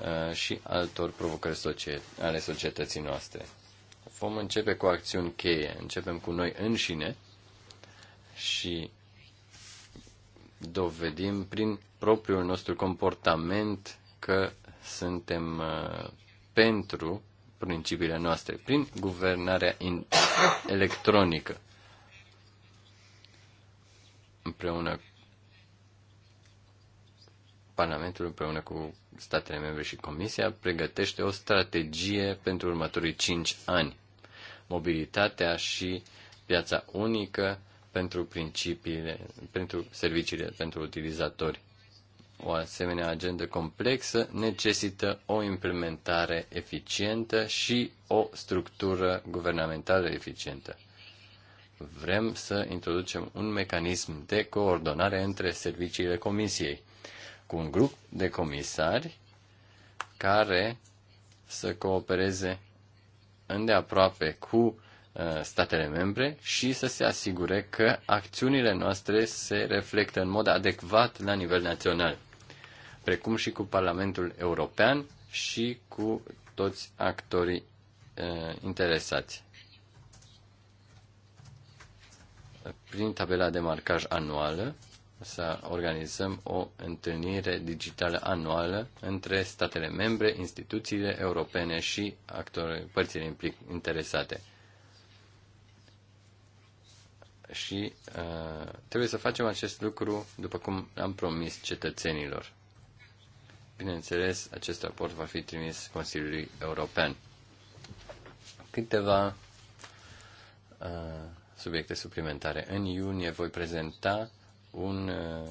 A: a, și altor provocări societ- ale societății noastre. Vom începe cu acțiuni cheie. Începem cu noi înșine și dovedim prin propriul nostru comportament că suntem pentru principiile noastre, prin guvernarea electronică. Împreună Parlamentul împreună cu statele membre și Comisia pregătește o strategie pentru următorii 5 ani. Mobilitatea și piața unică pentru principiile, pentru serviciile pentru utilizatori. O asemenea agendă complexă necesită o implementare eficientă și o structură guvernamentală eficientă. Vrem să introducem un mecanism de coordonare între serviciile comisiei, cu un grup de comisari care să coopereze îndeaproape cu uh, statele membre și să se asigure că acțiunile noastre se reflectă în mod adecvat la nivel național precum și cu Parlamentul European și cu toți actorii uh, interesați. Prin tabela de marcaj anuală, să organizăm o întâlnire digitală anuală între statele membre, instituțiile europene și actori, părțile interesate. Și uh, trebuie să facem acest lucru după cum am promis cetățenilor. Bineînțeles, acest raport va fi trimis Consiliului European. Câteva uh, subiecte suplimentare. În iunie voi prezenta un uh,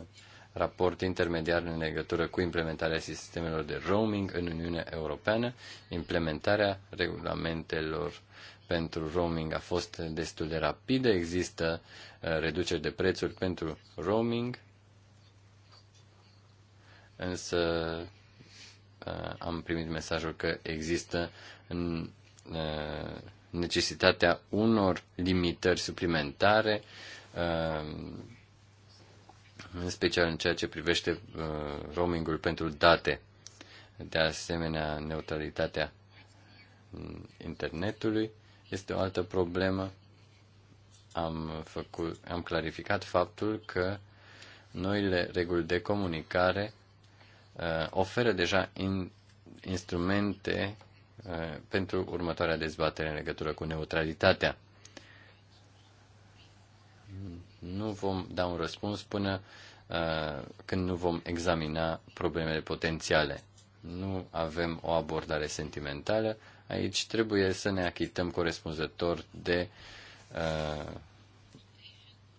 A: raport intermediar în legătură cu implementarea sistemelor de roaming în Uniunea Europeană. Implementarea regulamentelor pentru roaming a fost destul de rapidă. Există uh, reduceri de prețuri pentru roaming, însă am primit mesajul că există în, necesitatea unor limitări suplimentare, în special în ceea ce privește roamingul pentru date. De asemenea, neutralitatea internetului este o altă problemă. Am, făcut, am clarificat faptul că noile reguli de comunicare Uh, oferă deja in, instrumente uh, pentru următoarea dezbatere în legătură cu neutralitatea. Nu vom da un răspuns până uh, când nu vom examina problemele potențiale. Nu avem o abordare sentimentală. Aici trebuie să ne achităm corespunzător de uh,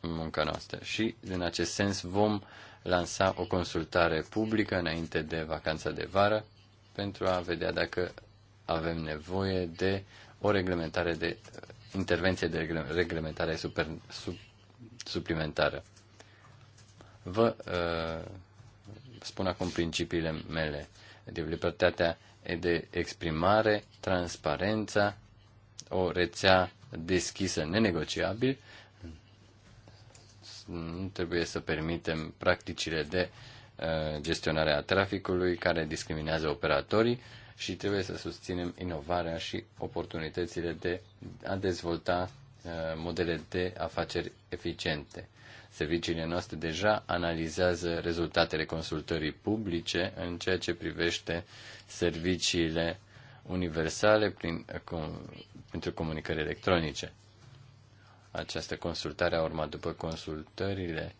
A: munca noastră. Și, în acest sens, vom lansa o consultare publică înainte de vacanța de vară pentru a vedea dacă avem nevoie de o reglementare de intervenție de reglementare super, sub, suplimentară. Vă uh, spun acum principiile mele. De libertatea de exprimare, transparența, o rețea deschisă, nenegociabil nu trebuie să permitem practicile de uh, gestionare a traficului care discriminează operatorii și trebuie să susținem inovarea și oportunitățile de a dezvolta uh, modele de afaceri eficiente. Serviciile noastre deja analizează rezultatele consultării publice în ceea ce privește serviciile universale prin, uh, printr-o comunicări electronice. Această consultare a urmat după consultările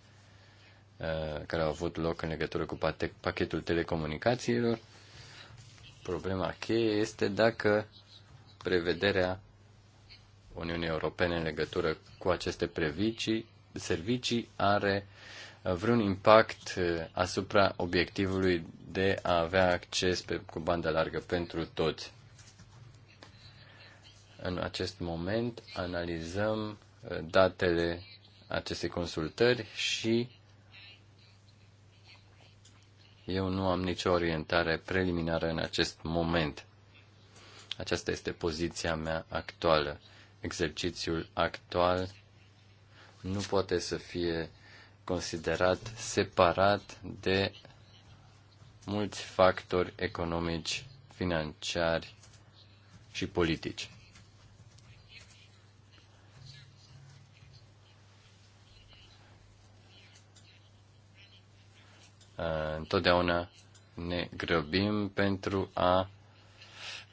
A: uh, care au avut loc în legătură cu pachetul telecomunicațiilor. Problema cheie este dacă prevederea Uniunii Europene în legătură cu aceste previcii, servicii are uh, vreun impact uh, asupra obiectivului de a avea acces pe, cu bandă largă pentru toți. În acest moment analizăm datele acestei consultări și eu nu am nicio orientare preliminară în acest moment. Aceasta este poziția mea actuală. Exercițiul actual nu poate să fie considerat separat de mulți factori economici, financiari și politici. Eh, întotdeauna ne grăbim pentru a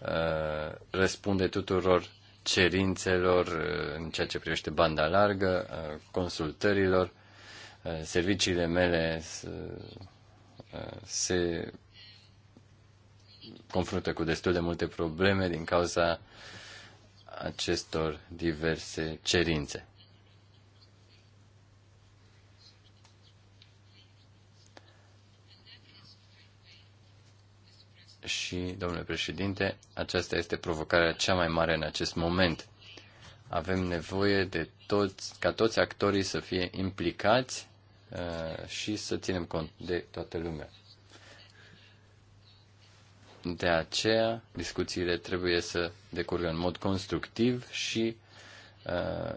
A: eh, răspunde tuturor cerințelor eh, în ceea ce privește banda largă, consultărilor. Serviciile mele se confruntă cu destul de multe probleme din cauza acestor diverse cerințe. și, domnule președinte, aceasta este provocarea cea mai mare în acest moment. Avem nevoie de toți, ca toți actorii să fie implicați uh, și să ținem cont de toată lumea. De aceea, discuțiile trebuie să decurgă în mod constructiv și uh,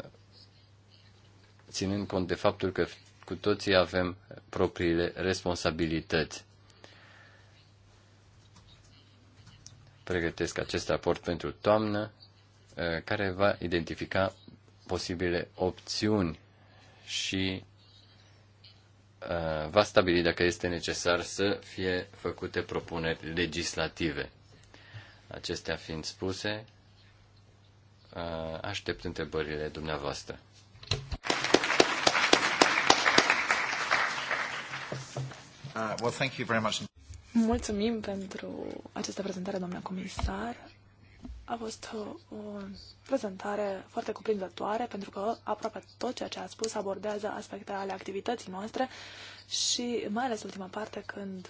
A: ținând cont de faptul că cu toții avem propriile responsabilități. pregătesc acest raport pentru toamnă, uh, care va identifica posibile opțiuni și uh, va stabili dacă este necesar să fie făcute propuneri legislative. Acestea fiind spuse, uh, aștept întrebările dumneavoastră. Uh, well, thank you very much.
B: Mulțumim pentru această prezentare, doamna comisar. A fost o, o prezentare foarte cuprinzătoare, pentru că aproape tot ceea ce a spus abordează aspecte ale activității noastre și mai ales ultima parte când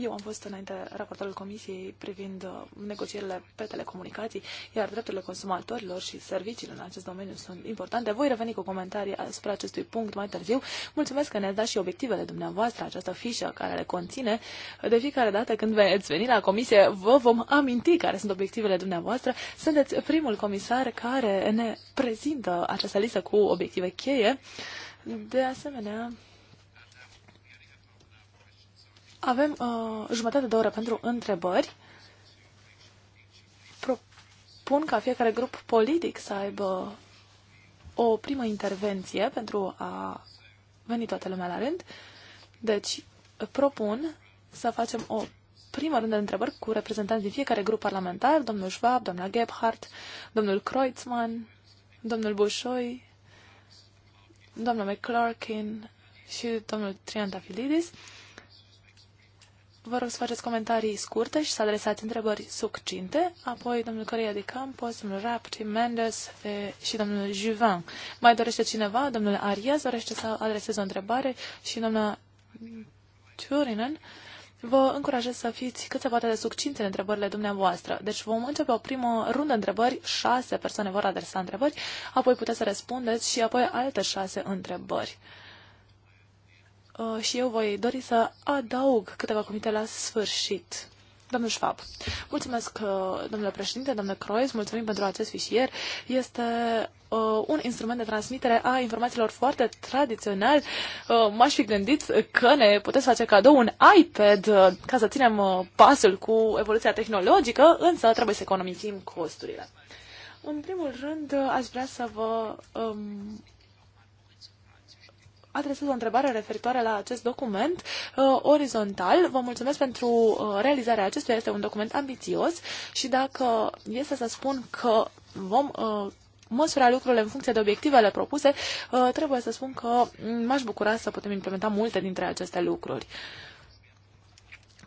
B: eu am fost înainte raportorul Comisiei privind uh, negocierile pe telecomunicații, iar drepturile consumatorilor și serviciile în acest domeniu sunt importante. Voi reveni cu comentarii asupra acestui punct mai târziu. Mulțumesc că ne-ați dat și obiectivele dumneavoastră, această fișă care le conține. De fiecare dată când veți veni la Comisie, vă vom aminti care sunt obiectivele dumneavoastră. Sunteți primul comisar care ne prezintă această listă cu obiective cheie. De asemenea, avem uh, jumătate de oră pentru întrebări. Propun ca fiecare grup politic să aibă o primă intervenție pentru a veni toată lumea la rând. Deci, propun să facem o primă rundă de întrebări cu reprezentanți din fiecare grup parlamentar, domnul Schwab, doamna Gebhardt, domnul Kreutzmann, domnul Bușoi, domnul McClarkin și domnul Triantafilidis. Vă rog să faceți comentarii scurte și să adresați întrebări succinte. Apoi, domnul Coria de Campos, domnul Rapti, Mendes și domnul Juvin. Mai dorește cineva? Domnul Arias dorește să adreseze o întrebare și domnul Turinen. Vă încurajez să fiți cât se poate de succinte în întrebările dumneavoastră. Deci vom începe o primă rundă întrebări, șase persoane vor adresa întrebări, apoi puteți să răspundeți și apoi alte șase întrebări. Uh, și eu voi dori să adaug câteva cuvinte la sfârșit. Domnul Schwab, mulțumesc, uh, domnule președinte, domnule Croiz, mulțumim pentru acest fișier. Este uh, un instrument de transmitere a informațiilor foarte tradițional. Uh, m-aș fi gândit că ne puteți face cadou un iPad uh, ca să ținem uh, pasul cu evoluția tehnologică, însă trebuie să economisim costurile. În primul rând, uh, aș vrea să vă um, adresez o întrebare referitoare la acest document uh, orizontal. Vă mulțumesc pentru uh, realizarea acestuia. Este un document ambițios și dacă este să spun că vom uh, măsura lucrurile în funcție de obiectivele propuse, uh, trebuie să spun că m-aș bucura să putem implementa multe dintre aceste lucruri.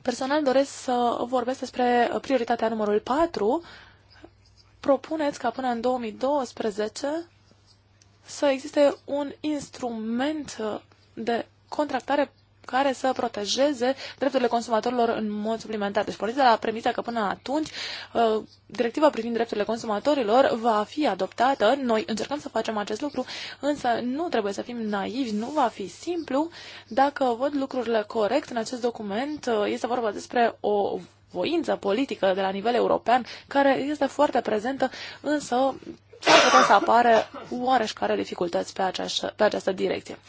B: Personal doresc să vorbesc despre prioritatea numărul 4. Propuneți ca până în 2012 să existe un instrument uh, de contractare care să protejeze drepturile consumatorilor în mod suplimentar. Deci porniți de la premisa că până atunci uh, directiva privind drepturile consumatorilor va fi adoptată. Noi încercăm să facem acest lucru, însă nu trebuie să fim naivi, nu va fi simplu. Dacă văd lucrurile corect în acest document, uh, este vorba despre o voință politică de la nivel european care este foarte prezentă, însă s-ar putea să oareși care dificultăți pe această, pe această direcție.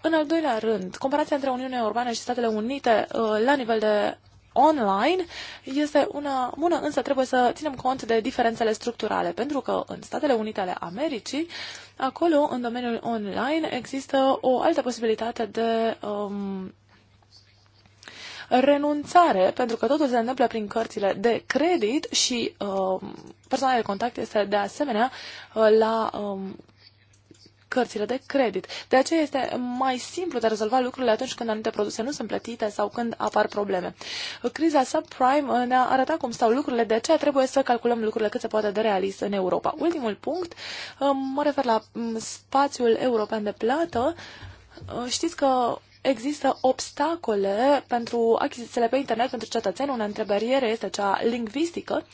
B: În al doilea rând, comparația între Uniunea Europeană și Statele Unite uh, la nivel de online este una bună, însă trebuie să ținem cont de diferențele structurale, pentru că în Statele Unite ale Americii, acolo, în domeniul online, există o altă posibilitate de um, renunțare, pentru că totul se întâmplă prin cărțile de credit și uh, um, persoana de contact este de asemenea uh, la um, cărțile de credit. De aceea este mai simplu de a rezolva lucrurile atunci când anumite produse nu sunt plătite sau când apar probleme. Criza subprime uh, ne-a arătat cum stau lucrurile, de aceea trebuie să calculăm lucrurile cât se poate de realist în Europa. Ultimul punct, uh, mă refer la mm, spațiul european de plată. Uh, știți că există obstacole pentru achizițiile pe internet pentru cetățeni. Una dintre bariere este cea lingvistică,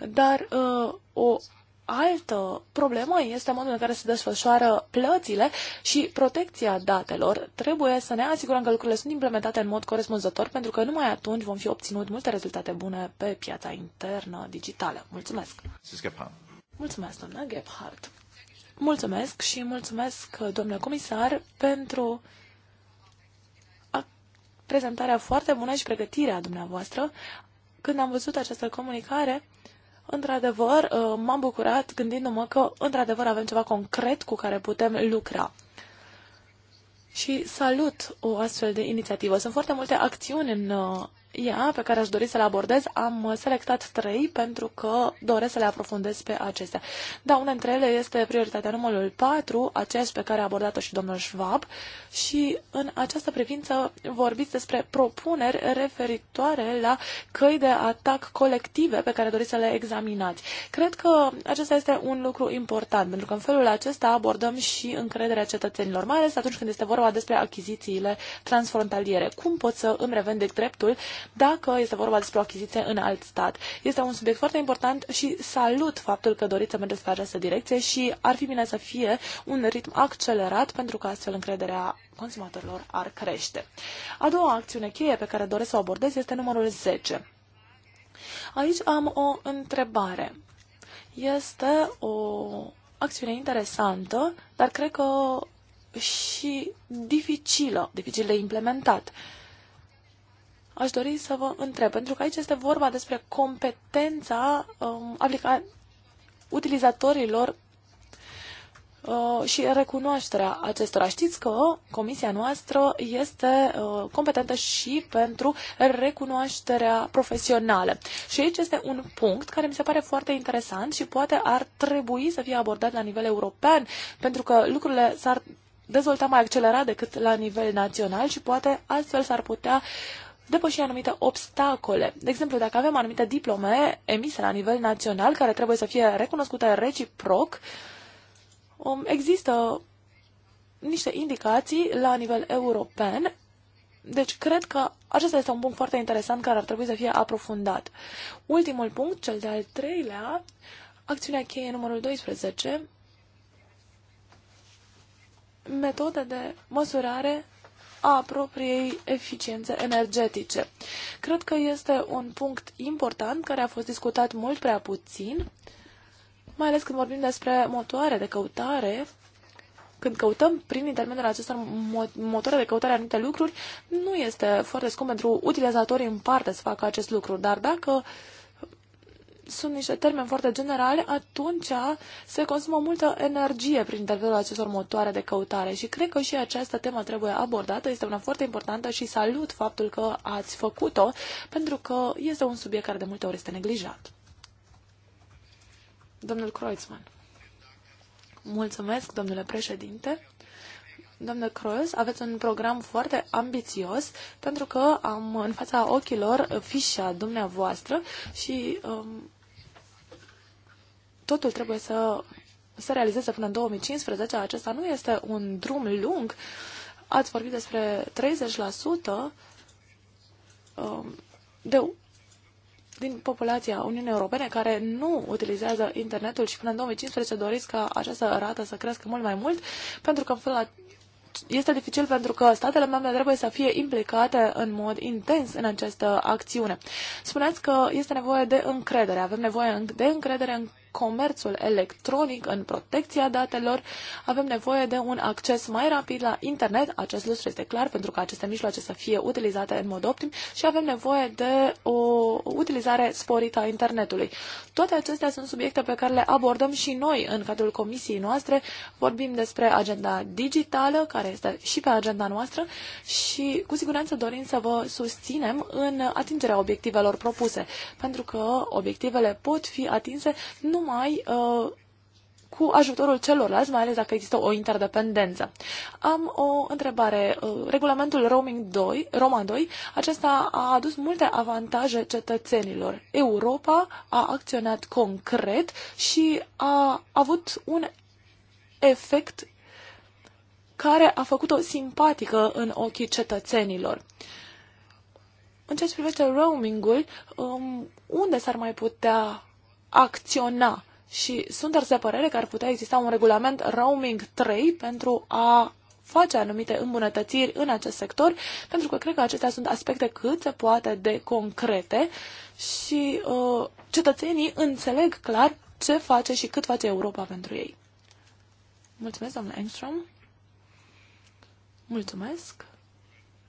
B: dar uh, o altă problemă este modul în care se desfășoară plățile și protecția datelor. Trebuie să ne asigurăm că lucrurile sunt implementate în mod corespunzător, pentru că numai atunci vom fi obținut multe rezultate bune pe piața internă digitală. Mulțumesc! Mulțumesc, doamna Gebhardt! Mulțumesc și mulțumesc, domnule comisar, pentru prezentarea foarte bună și pregătirea dumneavoastră. Când am văzut această comunicare, într-adevăr, uh, m-am bucurat gândindu-mă că, într-adevăr, avem ceva concret cu care putem lucra. Și salut o astfel de inițiativă. Sunt foarte multe acțiuni în uh, ea pe care aș dori să le abordez. Am selectat trei pentru că doresc să le aprofundez pe acestea. Da, una dintre ele este prioritatea numărul 4, aceeași pe care a abordat-o și domnul Schwab și în această privință vorbiți despre propuneri referitoare la căi de atac colective pe care doriți să le examinați. Cred că acesta este un lucru important, pentru că în felul acesta abordăm și încrederea cetățenilor, mai ales atunci când este vorba despre achizițiile transfrontaliere. Cum pot să îmi revendec dreptul dacă este vorba despre o achiziție în alt stat. Este un subiect foarte important și salut faptul că doriți să mergeți pe această direcție și ar fi bine să fie un ritm accelerat pentru că astfel încrederea consumatorilor ar crește. A doua acțiune cheie pe care doresc să o abordez este numărul 10. Aici am o întrebare. Este o acțiune interesantă, dar cred că și dificilă, dificil de implementat aș dori să vă întreb, pentru că aici este vorba despre competența um, aplica- utilizatorilor uh, și recunoașterea acestora. Știți că comisia noastră este uh, competentă și pentru recunoașterea profesională. Și aici este un punct care mi se pare foarte interesant și poate ar trebui să fie abordat la nivel european, pentru că lucrurile s-ar dezvolta mai accelerat decât la nivel național și poate astfel s-ar putea uh, depăși anumite obstacole. De exemplu, dacă avem anumite diplome emise la nivel național care trebuie să fie recunoscute reciproc, um, există niște indicații la nivel european deci, cred că acesta este un punct foarte interesant care ar trebui să fie aprofundat. Ultimul punct, cel de-al treilea, acțiunea cheie numărul 12, metode de măsurare a propriei eficiențe energetice. Cred că este un punct important care a fost discutat mult prea puțin, mai ales când vorbim despre motoare de căutare, când căutăm prin intermediul acestor motoare de căutare anumite lucruri, nu este foarte scump pentru utilizatorii în parte să facă acest lucru, dar dacă uh, sunt niște termeni foarte generale, atunci se consumă multă energie prin intervalul acestor motoare de căutare și cred că și această temă trebuie abordată, este una foarte importantă și salut faptul că ați făcut-o, pentru că este un subiect care de multe ori este neglijat. Domnul Kreuzmann. Mulțumesc, domnule președinte. Domnule Kreuz, aveți un program foarte ambițios pentru că am în fața ochilor fișa dumneavoastră și um, totul trebuie să se realizeze până în 2015. Acesta nu este un drum lung. Ați vorbit despre 30% um, de, din populația Uniunii Europene care nu utilizează internetul și până în 2015 doriți ca această rată să crească mult mai mult, pentru că în felul este dificil pentru că statele membre trebuie să fie implicate în mod intens în această acțiune. Spuneți că este nevoie de încredere. Avem nevoie de încredere în comerțul electronic, în protecția datelor. Avem nevoie de un acces mai rapid la internet, acest lucru este clar, pentru că aceste mijloace să fie utilizate în mod optim și avem nevoie de o utilizare sporită a internetului. Toate acestea sunt subiecte pe care le abordăm și noi în cadrul comisiei noastre. Vorbim despre agenda digitală, care este și pe agenda noastră și cu siguranță dorim să vă susținem în atingerea obiectivelor propuse, pentru că obiectivele pot fi atinse nu numai uh, cu ajutorul celorlalți, mai ales dacă există o interdependență. Am o întrebare. Uh, regulamentul Roaming 2, Roma 2, acesta a adus multe avantaje cetățenilor. Europa a acționat concret și a avut un efect care a făcut-o simpatică în ochii cetățenilor. În ceea ce privește roamingul, um, unde s-ar mai putea acționa și sunt de părere că ar putea exista un regulament roaming 3 pentru a face anumite îmbunătățiri în acest sector, pentru că cred că acestea sunt aspecte cât se poate de concrete și uh, cetățenii înțeleg clar ce face și cât face Europa pentru ei. Mulțumesc, doamna Engstrom. Mulțumesc.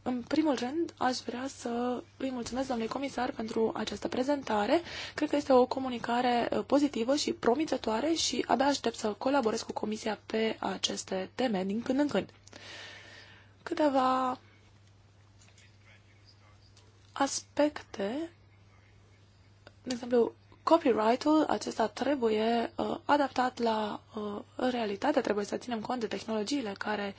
B: În primul rând, aș vrea să îi mulțumesc domnului comisar pentru această prezentare. Cred că este o comunicare uh, pozitivă și promițătoare și abia aștept să colaborez cu comisia pe aceste teme din când în când. Câteva aspecte, de exemplu, copyright-ul acesta trebuie uh, adaptat la uh, realitate, trebuie să ținem cont de tehnologiile care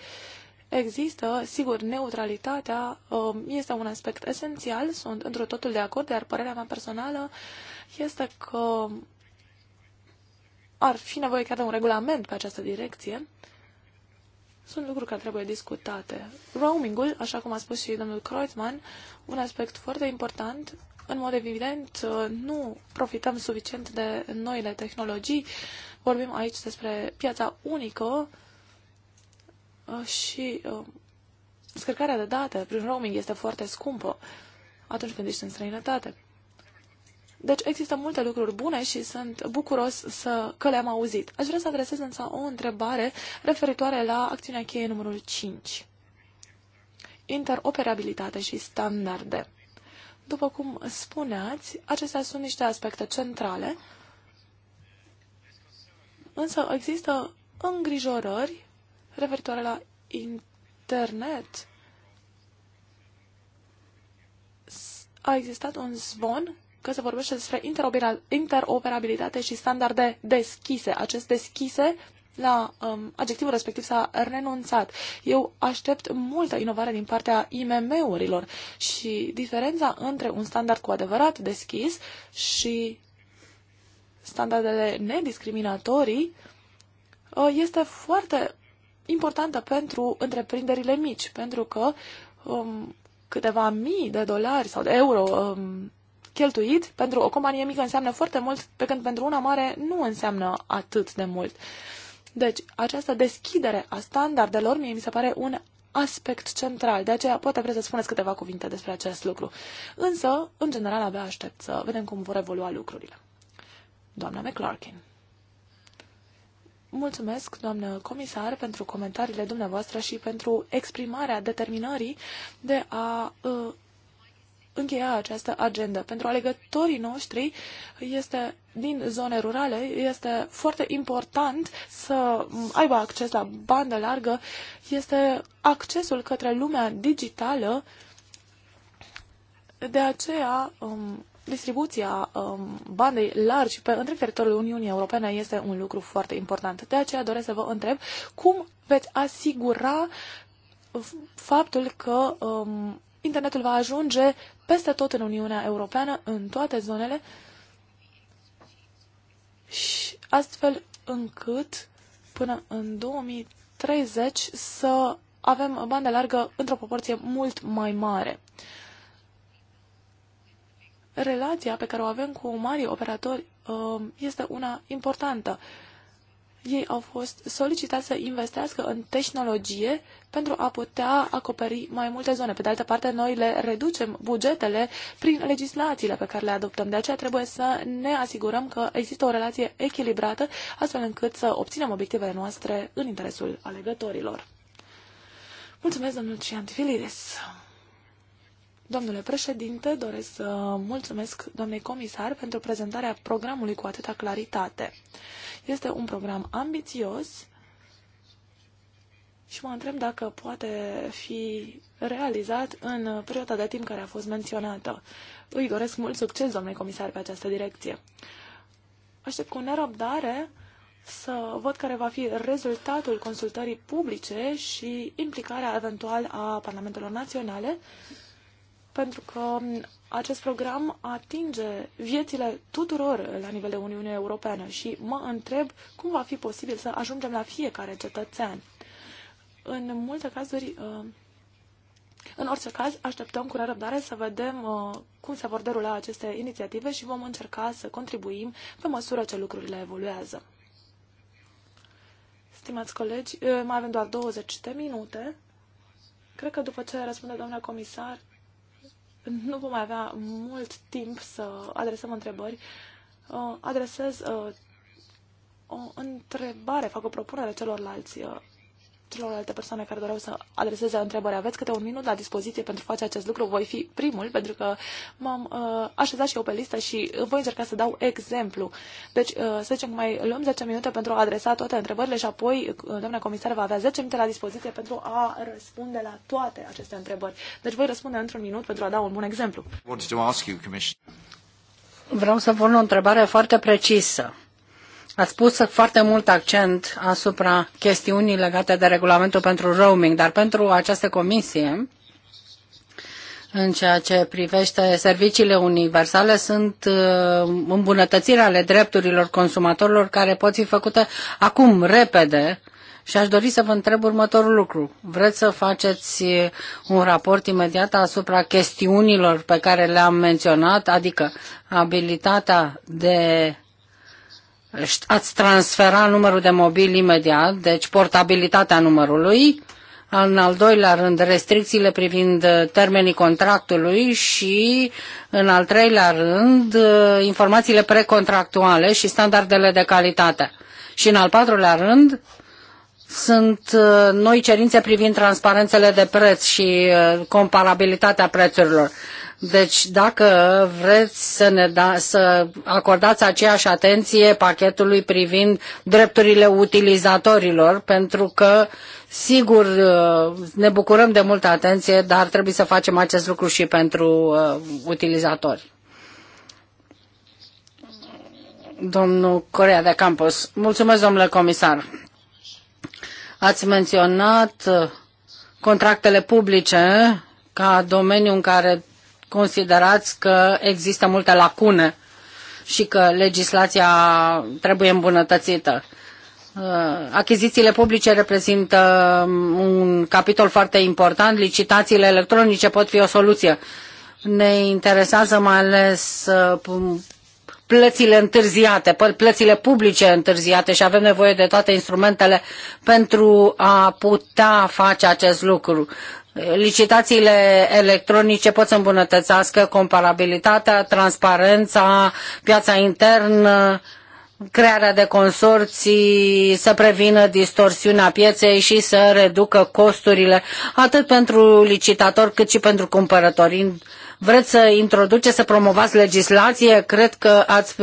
B: Există, sigur, neutralitatea um, este un aspect esențial, sunt într totul de acord, dar părerea mea personală este că ar fi nevoie chiar de un regulament pe această direcție. Sunt lucruri care trebuie discutate. Roamingul, așa cum a spus și domnul Kreutzmann, un aspect foarte important. În mod evident, nu profităm suficient de noile tehnologii. Vorbim aici despre piața unică, Uh, și uh, scărcarea de date prin roaming este foarte scumpă atunci când ești în străinătate. Deci există multe lucruri bune și sunt bucuros să, că le-am auzit. Aș vrea să adresez însă o întrebare referitoare la acțiunea cheie numărul 5. Interoperabilitate și standarde. După cum spuneați, acestea sunt niște aspecte centrale, însă există îngrijorări referitoare la internet, a existat un zvon că se vorbește despre interoperabilitate și standarde deschise. Acest deschise la um, adjectivul respectiv s-a renunțat. Eu aștept multă inovare din partea IMM-urilor și diferența între un standard cu adevărat deschis și standardele nediscriminatorii uh, este foarte importantă pentru întreprinderile mici, pentru că um, câteva mii de dolari sau de euro um, cheltuit pentru o companie mică înseamnă foarte mult, pe când pentru una mare nu înseamnă atât de mult. Deci, această deschidere a standardelor mie mi se pare un aspect central. De aceea, poate vreți să spuneți câteva cuvinte despre acest lucru. Însă, în general, abia aștept să vedem cum vor evolua lucrurile. Doamna McClarkin. Mulțumesc, doamnă comisar, pentru comentariile dumneavoastră și pentru exprimarea determinării de a uh, încheia această agendă. Pentru alegătorii noștri este din zone rurale, este foarte important să aibă acces la bandă largă, este accesul către lumea digitală. De aceea, um, distribuția um, bandei largi pe întreg teritoriul Uniunii Europene este un lucru foarte important. De aceea doresc să vă întreb cum veți asigura faptul că um, internetul va ajunge peste tot în Uniunea Europeană, în toate zonele, și astfel încât până în 2030 să avem bandă largă într-o proporție mult mai mare. Uh, relația pe care o avem cu mari operatori um, este una importantă. Ei au fost solicitați să investească în tehnologie pentru a putea acoperi mai multe zone. Pe de altă parte, noi le reducem bugetele prin legislațiile pe care le adoptăm. De aceea trebuie să ne asigurăm că există o relație echilibrată, astfel încât să obținem obiectivele noastre în interesul alegătorilor. Mulțumesc, domnul Tifilides! Domnule președinte, doresc să mulțumesc doamnei comisar pentru prezentarea programului cu atâta claritate. Este un program ambițios și mă întreb dacă poate fi realizat în perioada de timp care a fost menționată. Îi doresc mult succes, domnule comisar, pe această direcție. Aștept cu nerăbdare să văd care va fi rezultatul consultării publice și implicarea eventual a Parlamentelor Naționale pentru că acest program atinge viețile tuturor la nivel de Uniunea Europeană și mă întreb cum va fi posibil să ajungem la fiecare cetățean. În multe cazuri, uh, în orice caz, așteptăm cu nerăbdare să vedem uh, cum se vor derula aceste inițiative și vom încerca să contribuim pe măsură ce lucrurile evoluează. Stimați colegi, uh, mai avem doar 20 de minute. Cred că după ce răspunde doamna comisar, nu vom mai avea mult timp să adresăm întrebări. Uh, adresez uh, o întrebare, fac o propunere celorlalți uh, celorlalte persoane care doreau să adreseze întrebări. Aveți câte un minut la dispoziție pentru a face acest lucru. Voi fi primul, pentru că m-am uh, așezat și eu pe listă și uh, voi încerca să dau exemplu. Deci, uh, să zicem că mai luăm 10 minute pentru a adresa toate întrebările și apoi uh, doamna comisar va avea 10 minute la dispoziție pentru a răspunde la toate aceste întrebări. Deci voi răspunde într-un minut pentru a da un bun exemplu.
C: Vreau să pun o întrebare foarte precisă. Ați pus foarte mult accent asupra chestiunii legate de regulamentul pentru roaming, dar pentru această comisie, în ceea ce privește serviciile universale, sunt uh, îmbunătățirea ale drepturilor consumatorilor care pot fi făcute acum, repede, și aș dori să vă întreb următorul lucru. Vreți să faceți uh, un raport imediat asupra chestiunilor pe care le-am menționat, adică abilitatea de ați transfera numărul de mobil imediat, deci portabilitatea numărului, în al doilea rând restricțiile privind uh, termenii contractului și în al treilea rând uh, informațiile precontractuale și standardele de calitate. Și în al patrulea rând sunt uh, noi cerințe privind transparențele de preț și comparabilitatea prețurilor. Deci dacă vreți să, ne da, să acordați aceeași atenție pachetului privind drepturile utilizatorilor, pentru că sigur ne bucurăm de multă atenție, dar trebuie să facem acest lucru și pentru uh, utilizatori. Domnul Corea de Campos, mulțumesc domnule comisar. Ați menționat uh, contractele publice ca domeniu în care considerați că există multe lacune și că legislația trebuie îmbunătățită. Uh, achizițiile publice reprezintă um, un capitol foarte important, licitațiile electronice pot fi o soluție. Ne interesează mai ales uh, plățile întârziate, plățile publice întârziate și avem nevoie de toate instrumentele pentru a putea face acest lucru licitațiile electronice pot să îmbunătățească comparabilitatea, transparența, piața internă, crearea de consorții, să prevină distorsiunea pieței și să reducă costurile atât pentru licitator cât și pentru cumpărători. Vreți să introduceți, să promovați legislație? Cred că ați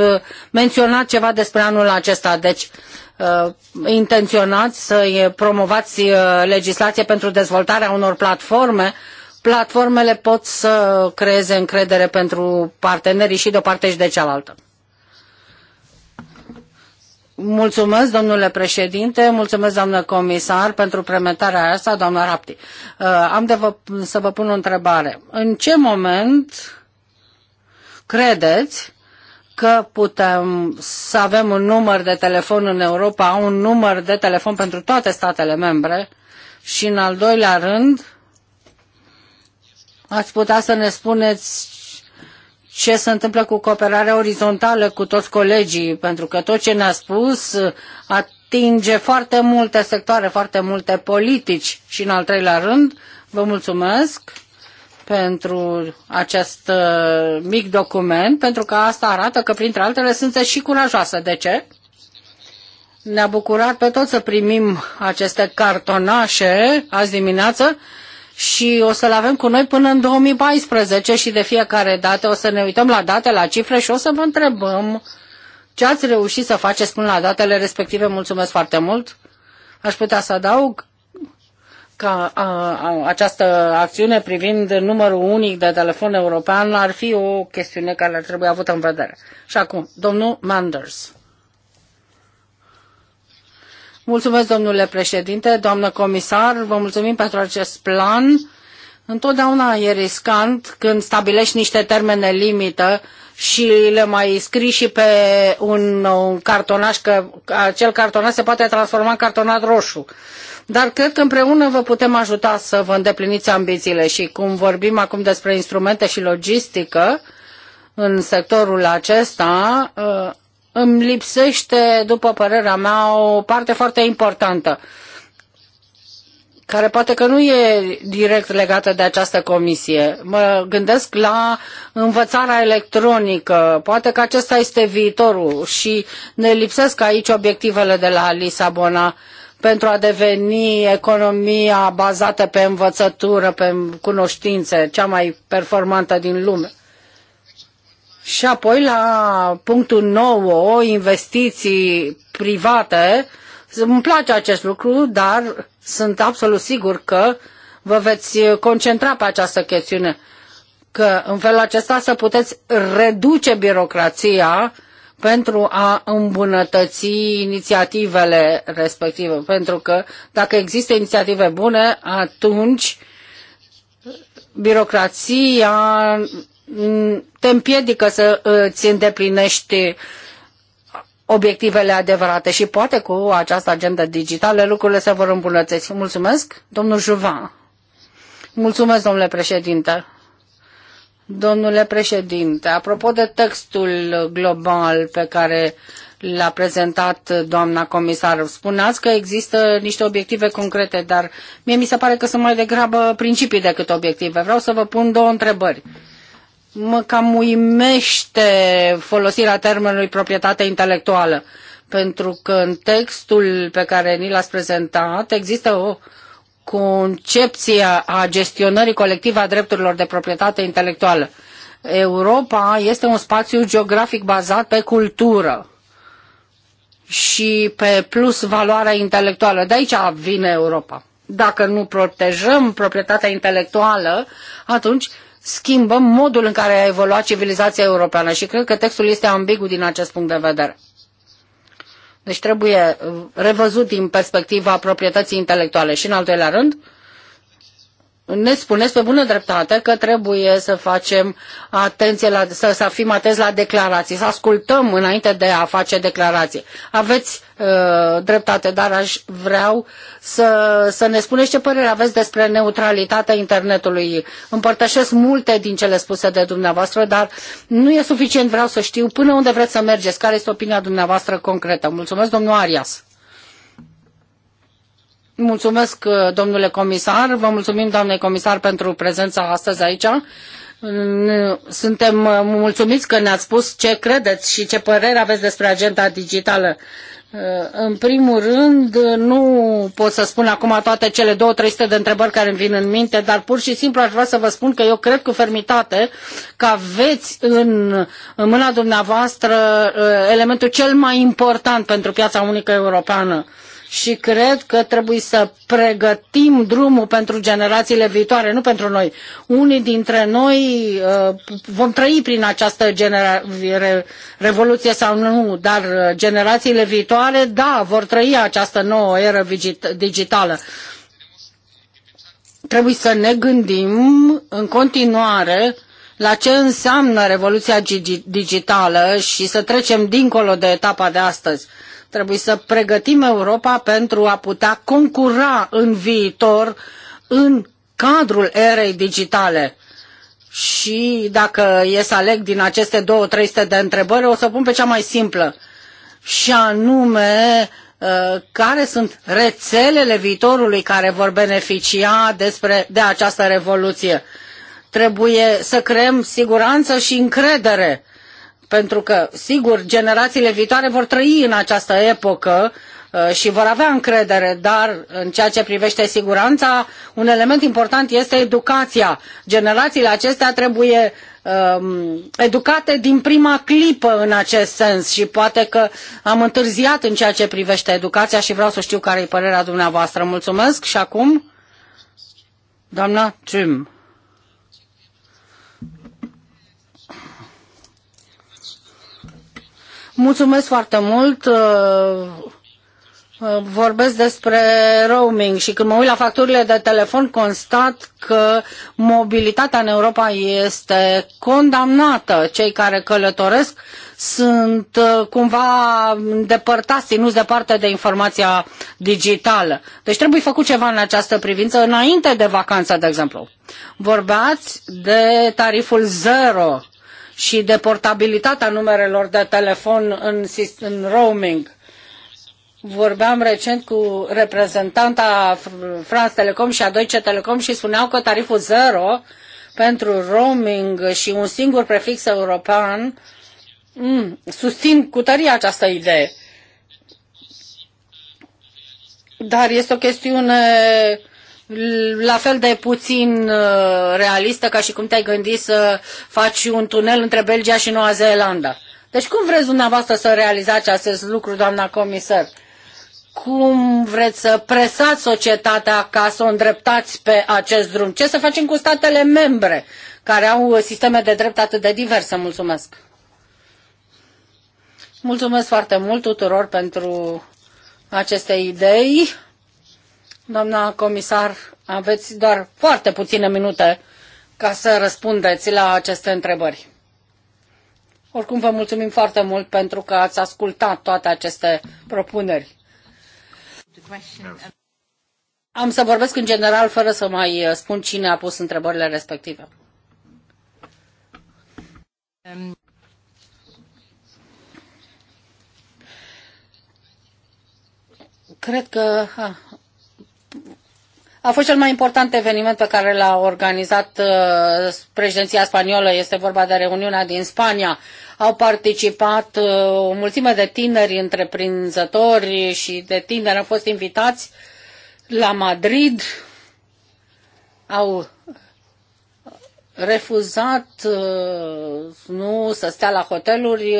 C: menționat ceva despre anul acesta. Deci Uh, intenționați să promovați uh, legislație pentru dezvoltarea unor platforme platformele pot să creeze încredere pentru partenerii și de o parte și de cealaltă. Mulțumesc, domnule președinte, mulțumesc, doamnă comisar, pentru prementarea asta, doamna Rapti. Uh, am de vă, să vă pun o întrebare. În ce moment credeți că putem să avem un număr de telefon în Europa, un număr de telefon pentru toate statele membre și în al doilea rând ați putea să ne spuneți ce se întâmplă cu cooperarea orizontală cu toți colegii, pentru că tot ce ne-a spus atinge foarte multe sectoare, foarte multe politici. Și în al treilea rând, vă mulțumesc pentru acest uh, mic document, pentru că asta arată că, printre altele, sunteți și curajoasă. De ce? Ne-a bucurat pe toți să primim aceste cartonașe azi dimineață și o să le avem cu noi până în 2014 și de fiecare dată o să ne uităm la date, la cifre și o să vă întrebăm ce ați reușit să faceți până la datele respective. Mulțumesc foarte mult! Aș putea să adaug ca a, a, această acțiune privind numărul unic de telefon european ar fi o chestiune care ar trebui avută în vedere. Și acum, domnul Manders. Mulțumesc, domnule președinte, doamnă comisar, vă mulțumim pentru acest plan. Întotdeauna e riscant când stabilești niște termene limită și le mai scrii și pe un, un cartonaș, că acel cartonaș se poate transforma în cartonat roșu dar cred că împreună vă putem ajuta să vă îndepliniți ambițiile și cum vorbim acum despre instrumente și logistică în sectorul acesta, uh, îmi lipsește, după părerea mea, o parte foarte importantă care poate că nu e direct legată de această comisie. Mă gândesc la învățarea electronică. Poate că acesta este viitorul și ne lipsesc aici obiectivele de la Lisabona pentru a deveni economia bazată pe învățătură, pe cunoștințe, cea mai performantă din lume. Și apoi la punctul 9, investiții private, îmi place acest lucru, dar sunt absolut sigur că vă veți concentra pe această chestiune, că în felul acesta să puteți reduce birocrația pentru a îmbunătăți inițiativele respective. Pentru că dacă există inițiative bune, atunci birocrația te împiedică să îți îndeplinești obiectivele adevărate și poate cu această agendă digitală lucrurile se vor îmbunătăți. Mulțumesc, domnul Juvan. Mulțumesc, domnule președinte. Domnule președinte, apropo de textul global pe care l-a prezentat doamna comisar, spuneați că există niște obiective concrete, dar mie mi se pare că sunt mai degrabă principii decât obiective. Vreau să vă pun două întrebări. Mă cam uimește folosirea termenului proprietate intelectuală, pentru că în textul pe care ni l-ați prezentat există o concepția a gestionării colective a drepturilor de proprietate intelectuală. Europa este un spațiu geografic bazat pe cultură și pe plus valoarea intelectuală. De aici vine Europa. Dacă nu protejăm proprietatea intelectuală, atunci schimbăm modul în care a evoluat civilizația europeană și cred că textul este ambigu din acest punct de vedere. Deci trebuie uh, revăzut din perspectiva proprietății intelectuale. Și în al doilea rând, ne spuneți pe bună dreptate că trebuie să facem atenție la, să, să fim atenți la declarații, să ascultăm înainte de a face declarații. Aveți uh, dreptate, dar aș vreau să, să ne spuneți ce părere aveți despre neutralitatea internetului. Împărtășesc multe din cele spuse de dumneavoastră, dar nu e suficient, vreau să știu până unde vreți să mergeți, care este opinia dumneavoastră concretă. Mulțumesc, domnul Arias. Mulțumesc, uh, domnule comisar. Vă mulțumim, doamne comisar, pentru prezența astăzi aici. Suntem uh, mulțumiți că ne-ați spus ce credeți și ce părere aveți despre agenda digitală. Uh, în primul rând, nu pot să spun acum toate cele două, trei sute de întrebări care îmi vin în minte, dar pur și simplu aș vrea să vă spun că eu cred cu fermitate că aveți în, în mâna dumneavoastră elementul cel mai important pentru piața unică europeană și cred că trebuie să pregătim drumul pentru generațiile viitoare, nu pentru noi. Unii dintre noi uh, vom trăi prin această re revoluție sau nu, dar generațiile viitoare, da, vor trăi această nouă eră digitală. Trebuie să ne gândim în continuare la ce înseamnă revoluția digitală și să trecem dincolo de etapa de astăzi Trebuie să pregătim Europa pentru a putea concura în viitor în cadrul erei digitale. Și dacă e să aleg din aceste două, 300 de întrebări, o să pun pe cea mai simplă. Și anume, uh, care sunt rețelele viitorului care vor beneficia despre, de această revoluție. Trebuie să creăm siguranță și încredere pentru că, sigur, generațiile viitoare vor trăi în această epocă uh, și vor avea încredere, dar în ceea ce privește siguranța, un element important este educația. Generațiile acestea trebuie um, educate din prima clipă în acest sens și poate că am întârziat în ceea ce privește educația și vreau să știu care e părerea dumneavoastră. Mulțumesc și acum, doamna Trim. Mulțumesc foarte mult. Uh, uh, vorbesc despre roaming și când mă uit la facturile de telefon constat că mobilitatea în Europa este condamnată. Cei care călătoresc sunt uh, cumva îndepărtați, nu departe de informația digitală. Deci trebuie făcut ceva în această privință înainte de vacanță, de exemplu. Vorbeați de tariful zero și de portabilitatea numerelor de telefon în, în roaming. Vorbeam recent cu reprezentanta France Telecom și a Deutsche Telecom și spuneau că tariful zero pentru roaming și un singur prefix european mm, susțin cu tărie această idee. Dar este o chestiune la fel de puțin uh, realistă ca și cum te-ai gândit să faci un tunel între Belgia și Noua Zeelandă. Deci cum vreți dumneavoastră să realizați acest lucru, doamna comisar? Cum vreți să presați societatea ca să o îndreptați pe acest drum? Ce să facem cu statele membre care au sisteme de drept atât de diverse? Mulțumesc! Mulțumesc foarte mult tuturor pentru aceste idei. Doamna comisar, aveți doar foarte puține minute ca să răspundeți la aceste întrebări. Oricum, vă mulțumim foarte mult pentru că ați ascultat toate aceste propuneri. Am să vorbesc în general fără să mai uh, spun cine a pus întrebările respective. Cred că a, ah, a fost cel mai important eveniment pe care l-a organizat uh, președinția spaniolă, este vorba de reuniunea din Spania. Au participat uh, o mulțime de tineri întreprinzători și de tineri au fost invitați la Madrid, au refuzat uh, nu să stea la hoteluri,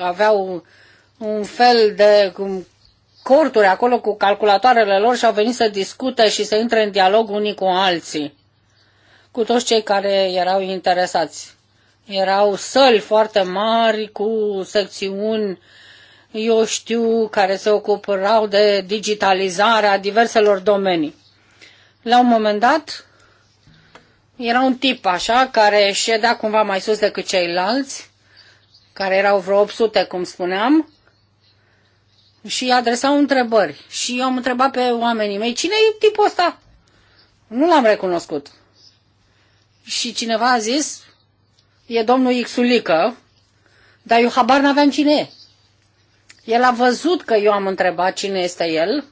C: aveau un fel de corturi acolo cu calculatoarele lor și au venit să discute și să intre în dialog unii cu alții, cu toți cei care erau interesați. Erau săli foarte mari cu secțiuni, eu știu, care se ocupau de digitalizarea diverselor domenii. La un moment dat, era un tip așa, care ședea cumva mai sus decât ceilalți, care erau vreo 800, cum spuneam, și adresau întrebări. Și eu am întrebat pe oamenii mei, cine e tipul ăsta? Nu l-am recunoscut. Și cineva a zis, e domnul Xulică, dar eu habar n-aveam cine e. El a văzut că eu am întrebat cine este el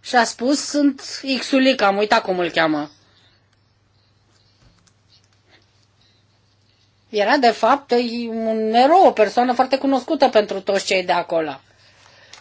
C: și a spus, sunt Xulică, am uitat cum îl cheamă. Era, de fapt, un erou, o persoană foarte cunoscută pentru toți cei de acolo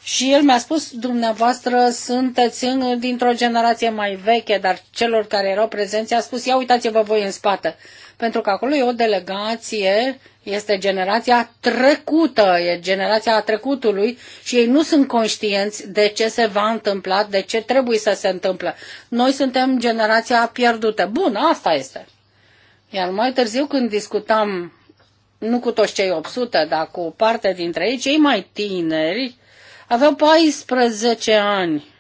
C: și el mi-a spus, dumneavoastră sunteți în, dintr-o generație mai veche, dar celor care erau prezenți a spus, ia uitați-vă voi în spate. Pentru că acolo e o delegație, este generația trecută, e generația trecutului și ei nu sunt conștienți de ce se va întâmpla, de ce trebuie să se întâmple. Noi suntem generația pierdută. Bun, asta este. Iar mai târziu când discutam, nu cu toți cei 800, dar cu o parte dintre ei, cei mai tineri, aveau 14 ani.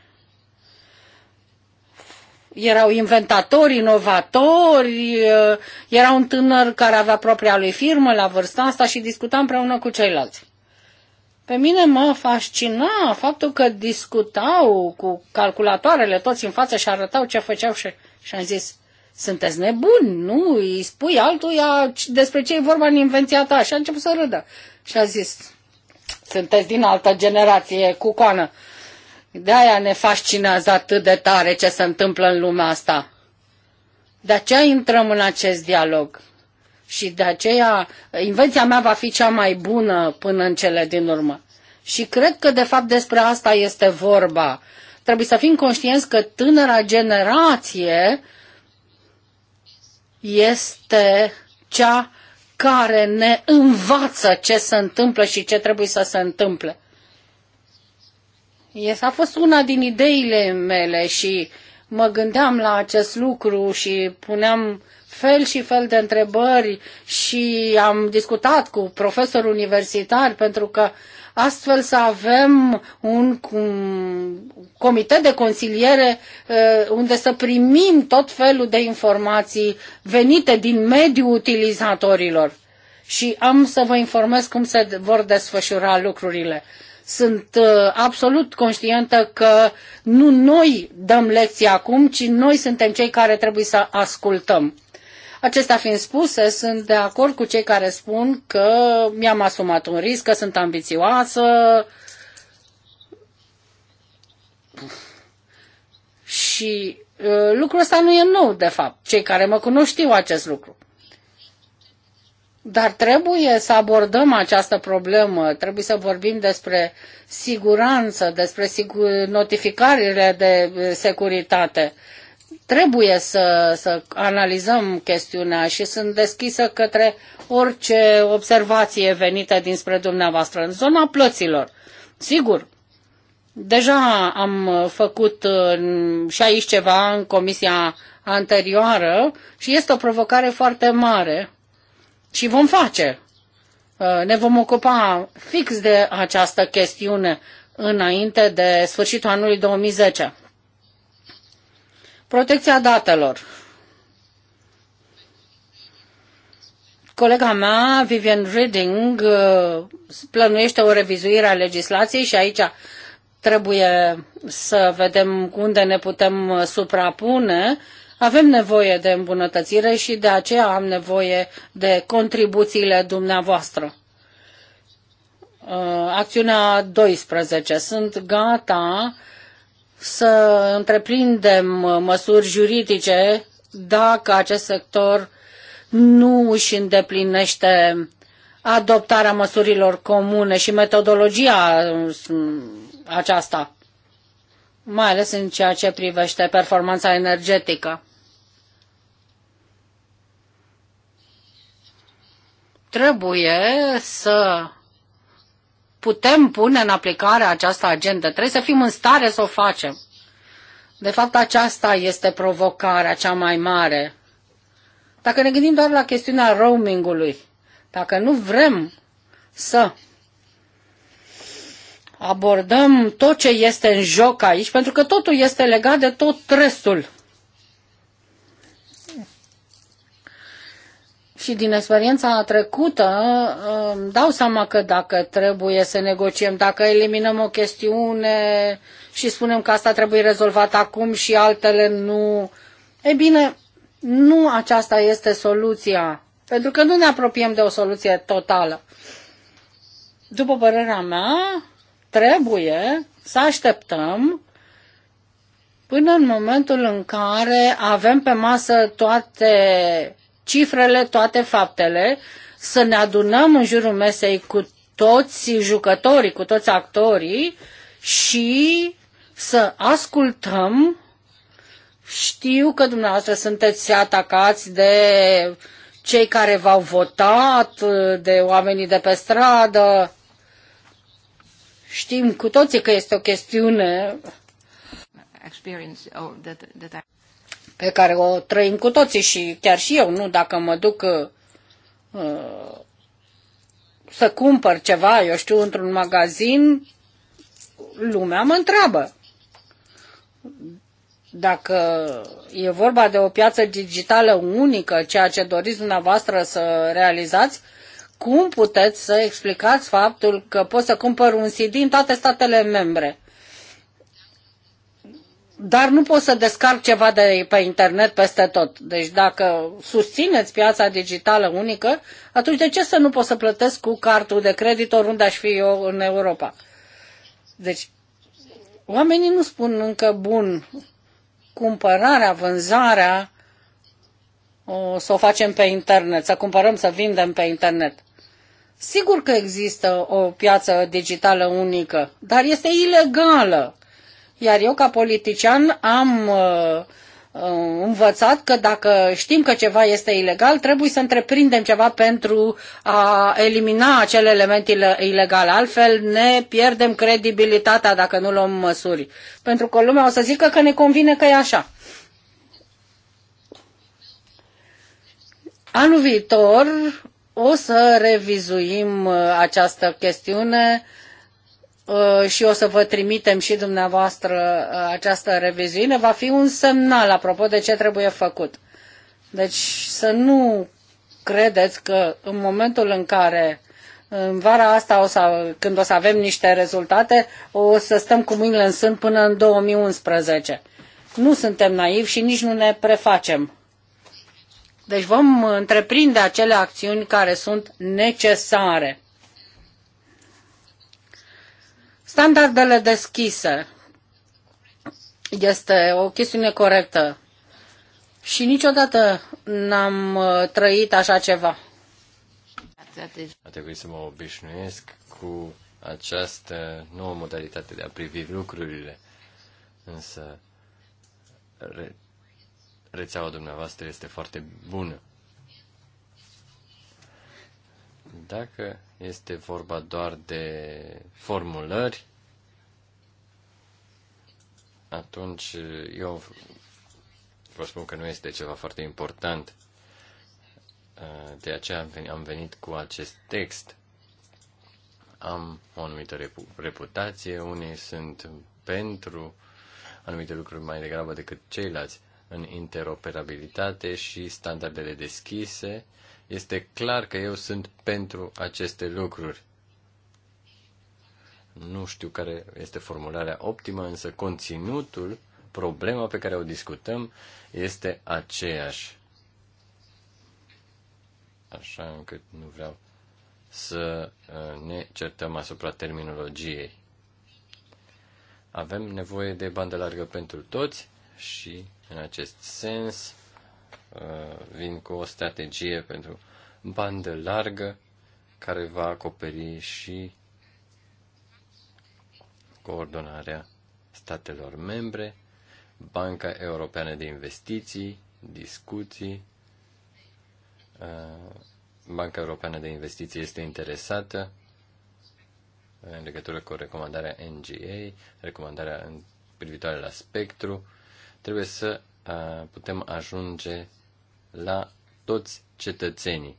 C: Erau inventatori, inovatori, eh, era un tânăr care avea propria lui firmă la vârsta asta și discutam împreună cu ceilalți. Pe mine mă fascina faptul că discutau cu calculatoarele toți în față și arătau ce făceau și, și am zis, sunteți nebuni, nu? Îi spui altuia despre ce e vorba în invenția ta. Și a început să râdă. Și a zis, sunteți din altă generație cu coană. De-aia ne fascinează atât de tare ce se întâmplă în lumea asta. De aceea intrăm în acest dialog. Și de aceea invenția mea va fi cea mai bună până în cele din urmă. Și cred că de fapt despre asta este vorba. Trebuie să fim conștienți că tânăra generație este cea care ne învață ce se întâmplă și ce trebuie să se întâmple. A fost una din ideile mele și mă gândeam la acest lucru și puneam fel și fel de întrebări și am discutat cu profesori universitari pentru că astfel să avem un comitet de consiliere uh, unde să primim tot felul de informații venite din mediul utilizatorilor. Și am să vă informez cum se vor desfășura lucrurile sunt uh, absolut conștientă că nu noi dăm lecții acum, ci noi suntem cei care trebuie să ascultăm. Acesta fiind spuse, sunt de acord cu cei care spun că mi-am asumat un risc, că sunt ambițioasă și uh, lucrul ăsta nu e nou, de fapt. Cei care mă cunosc știu acest lucru. Dar trebuie să abordăm această problemă, trebuie să vorbim despre siguranță, despre sigur, notificările de uh, securitate. Trebuie să, să analizăm chestiunea și sunt deschisă către orice observație venită dinspre dumneavoastră în zona plăților. Sigur, deja am făcut uh, și aici ceva în comisia anterioară și este o provocare foarte mare și vom face. Uh, ne vom ocupa fix de această chestiune înainte de sfârșitul anului 2010. Protecția datelor. Colega mea, Vivian Reading, uh, plănuiește o revizuire a legislației și aici trebuie să vedem unde ne putem suprapune. Avem nevoie de îmbunătățire și de aceea am nevoie de contribuțiile dumneavoastră. Uh, acțiunea 12. Sunt gata să întreprindem măsuri juridice dacă acest sector nu își îndeplinește adoptarea măsurilor comune și metodologia uh, aceasta, mai ales în ceea ce privește performanța energetică. Trebuie să putem pune în aplicare această agendă. Trebuie să fim în stare să o facem. De fapt, aceasta este provocarea cea mai mare. Dacă ne gândim doar la chestiunea roamingului, dacă nu vrem să abordăm tot ce este în joc aici, pentru că totul este legat de tot restul. Și din experiența trecută îmi um, dau seama că dacă trebuie să negociem, dacă eliminăm o chestiune și spunem că asta trebuie rezolvat acum și altele nu, e bine, nu aceasta este soluția, pentru că nu ne apropiem de o soluție totală. După părerea mea, trebuie să așteptăm până în momentul în care avem pe masă toate cifrele, toate faptele, să ne adunăm în jurul mesei cu toți jucătorii, cu toți actorii și să ascultăm. Știu că dumneavoastră sunteți atacați de cei care v-au votat, de oamenii de pe stradă. Știm cu toții că este o chestiune oh, pe care o trăim cu toții și chiar și eu, nu? Dacă mă duc uh, să cumpăr ceva, eu știu, într-un magazin, lumea mă întreabă. Dacă e vorba de o piață digitală unică, ceea ce doriți dumneavoastră să realizați, cum puteți să explicați faptul că poți să cumpăr un CD în toate statele membre? dar nu poți să descarci ceva de pe internet peste tot. Deci dacă susțineți piața digitală unică, atunci de ce să nu poți să plătesc cu cartul de credit oriunde aș fi eu în Europa? Deci oamenii nu spun încă bun cumpărarea, vânzarea, o să o facem pe internet, să cumpărăm, să vindem pe internet. Sigur că există o piață digitală unică, dar este ilegală iar eu, ca politician, am uh, învățat că dacă știm că ceva este ilegal, trebuie să întreprindem ceva pentru a elimina acele elemente ilegale. Altfel ne pierdem credibilitatea dacă nu luăm măsuri. Pentru că lumea o să zică că ne convine că e așa. Anul viitor o să revizuim uh, această chestiune Uh, și o să vă trimitem și dumneavoastră uh, această revizuire, va fi un semnal apropo de ce trebuie făcut. Deci să nu credeți că în momentul în care în vara asta, o să, când o să avem niște rezultate, o să stăm cu mâinile în sân până în 2011. Nu suntem naivi și nici nu ne prefacem. Deci vom întreprinde acele acțiuni care sunt necesare. Standardele deschise este o chestiune corectă și niciodată n-am uh, trăit așa ceva.
A: A trebuit să mă obișnuiesc cu această nouă modalitate de a privi lucrurile. Însă re, rețeaua dumneavoastră este foarte bună. Dacă este vorba doar de formulări, atunci eu vă spun că nu este ceva foarte important. De aceea am venit, cu acest text. Am o anumită reputație, unii sunt pentru anumite lucruri mai degrabă decât ceilalți în interoperabilitate și standardele deschise este clar că eu sunt pentru aceste lucruri. Nu știu care este formularea optimă, însă conținutul, problema pe care o discutăm, este aceeași. Așa încât nu vreau să uh, ne certăm asupra terminologiei. Avem nevoie de bandă largă pentru toți și, în acest sens, Uh, vin cu o strategie pentru bandă largă care va acoperi și coordonarea statelor membre, Banca Europeană de Investiții, discuții. Uh, Banca Europeană de Investiții este interesată în legătură cu recomandarea NGA, recomandarea privitoare la spectru. Trebuie să uh, putem ajunge la toți cetățenii.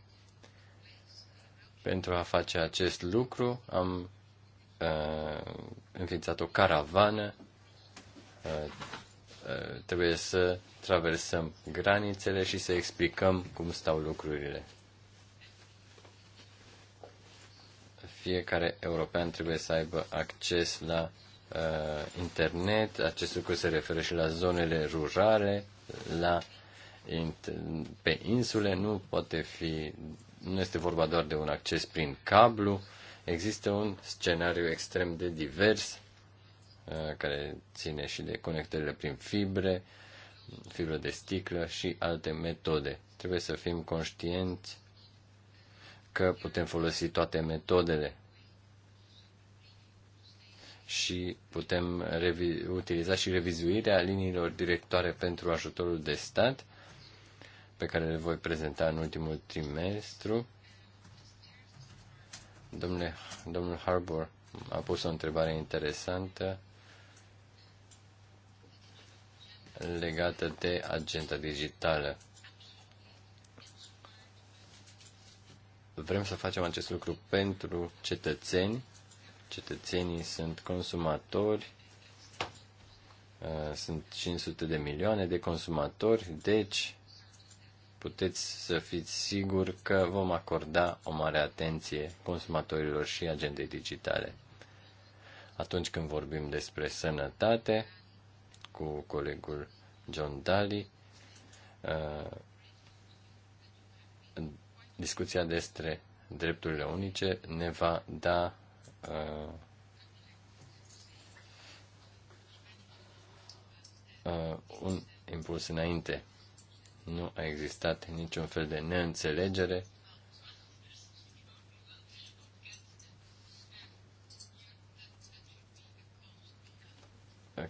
A: Pentru a face acest lucru am uh, înființat o caravană. Uh, uh, trebuie să traversăm granițele și să explicăm cum stau lucrurile. Fiecare european trebuie să aibă acces la uh, internet. Acest lucru se referă și la zonele rurale, la uh, pe insule nu poate fi, nu este vorba doar de un acces prin cablu, există un scenariu extrem de divers uh, care ține și de conectările prin fibre, fibră de sticlă și alte metode. Trebuie să fim conștienți că putem folosi toate metodele și putem utiliza și revizuirea liniilor directoare pentru ajutorul de stat pe care le voi prezenta în ultimul trimestru. Domnule, domnul Harbour a pus o întrebare interesantă legată de agenda digitală. Vrem să facem acest lucru pentru cetățeni. Cetățenii sunt consumatori, uh, sunt 500 de milioane de consumatori, deci puteți să fiți siguri că vom acorda o mare atenție consumatorilor și agendei digitale. Atunci când vorbim despre sănătate, cu colegul John Daly, uh, discuția despre drepturile unice ne va da uh, uh, un impuls înainte. Nu a existat niciun fel de neînțelegere.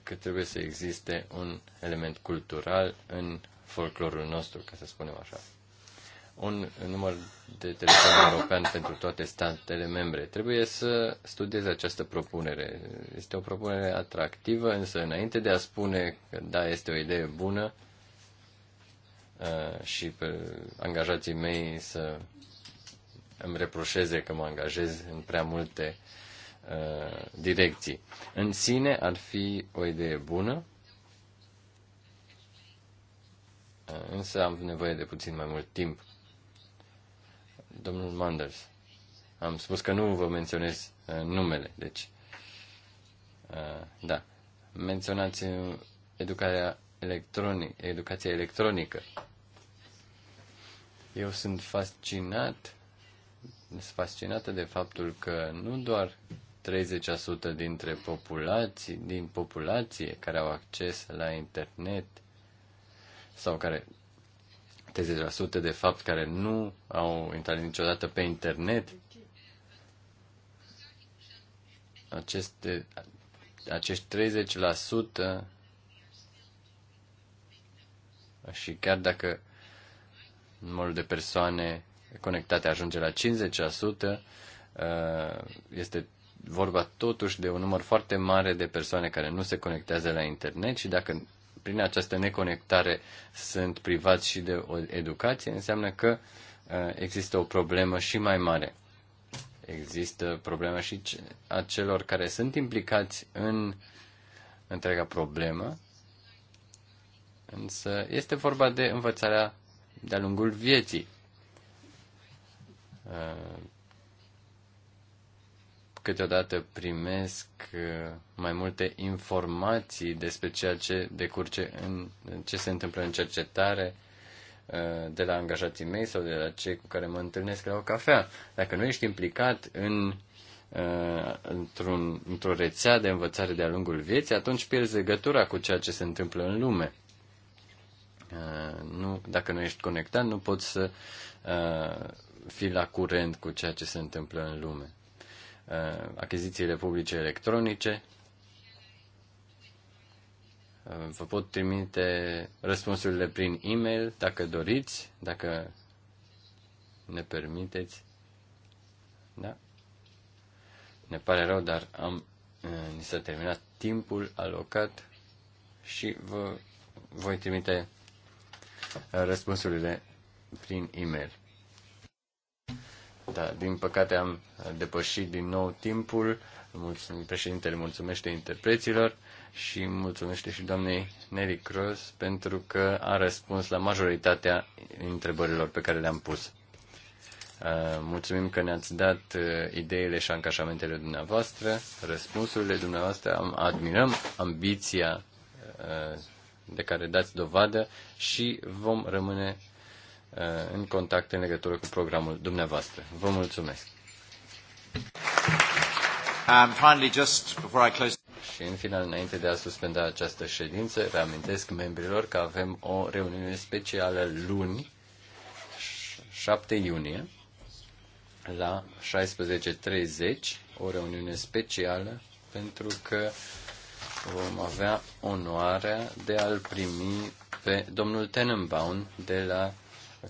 A: că trebuie să existe un element cultural în folclorul nostru, ca să spunem așa. Un număr de telefon european pentru toate statele membre. Trebuie să studiez această propunere. Este o propunere atractivă, însă înainte de a spune că da, este o idee bună, Uh, și pe angajații mei să îmi reproșeze că mă angajez în prea multe uh, direcții. În sine ar fi o idee bună, uh, însă am nevoie de puțin mai mult timp. Domnul Manders, am spus că nu vă menționez numele, deci, da, menționați educarea electronic, educația electronică. Eu sunt fascinat, sunt fascinată de faptul că nu doar 30% dintre populații, din populație care au acces la internet sau care 30% de fapt care nu au intrat niciodată pe internet, aceste, acești și chiar dacă numărul de persoane conectate ajunge la 50%, uh, este vorba totuși de un număr foarte mare de persoane care nu se conectează la internet și dacă prin această neconectare sunt privați și de o educație, înseamnă că uh, există o problemă și mai mare. Există problema și a celor care sunt implicați în întreaga problemă Însă este vorba de învățarea de-a lungul vieții. Uh, câteodată primesc uh, mai multe informații despre ceea ce decurge în ce se întâmplă în cercetare uh, de la angajații mei sau de la cei cu care mă întâlnesc la o cafea. Dacă nu ești implicat în într-un, într-o rețea de învățare de-a lungul vieții, atunci pierzi legătura cu ceea ce se întâmplă în lume. Uh, nu, dacă nu ești conectat, nu poți să uh, fii la curent cu ceea ce se întâmplă în lume. Uh, achizițiile publice electronice uh, vă pot trimite răspunsurile prin e-mail dacă doriți, dacă ne permiteți. Da? Ne pare rău, dar am, uh, ni s-a terminat timpul alocat și vă voi trimite răspunsurile prin e-mail. Da, din păcate am depășit din nou timpul. Mulțum, președintele mulțumește interpreților și mulțumește și doamnei Nelly Cross pentru că a răspuns la majoritatea întrebărilor pe care le-am pus. Uh, mulțumim că ne-ați dat uh, ideile și angajamentele dumneavoastră, răspunsurile dumneavoastră. Admirăm ambiția uh, de care dați dovadă și vom rămâne uh, în contact în legătură cu programul dumneavoastră. Vă mulțumesc! And um, finally, just before I close... Și în final, înainte de a suspenda această ședință, reamintesc membrilor că avem o reuniune specială luni, 7 iunie, la 16.30, o reuniune specială pentru că vom avea onoarea de a-l primi pe domnul Tenenbaum de la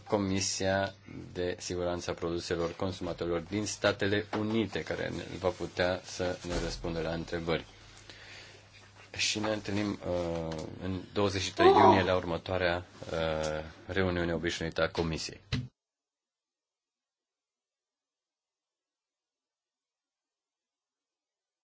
A: Comisia de Siguranță a Produselor Consumatorilor din Statele Unite, care va putea să ne răspundă la întrebări. Și ne întâlnim uh, în 23 iunie la următoarea uh, reuniune obișnuită a Comisiei.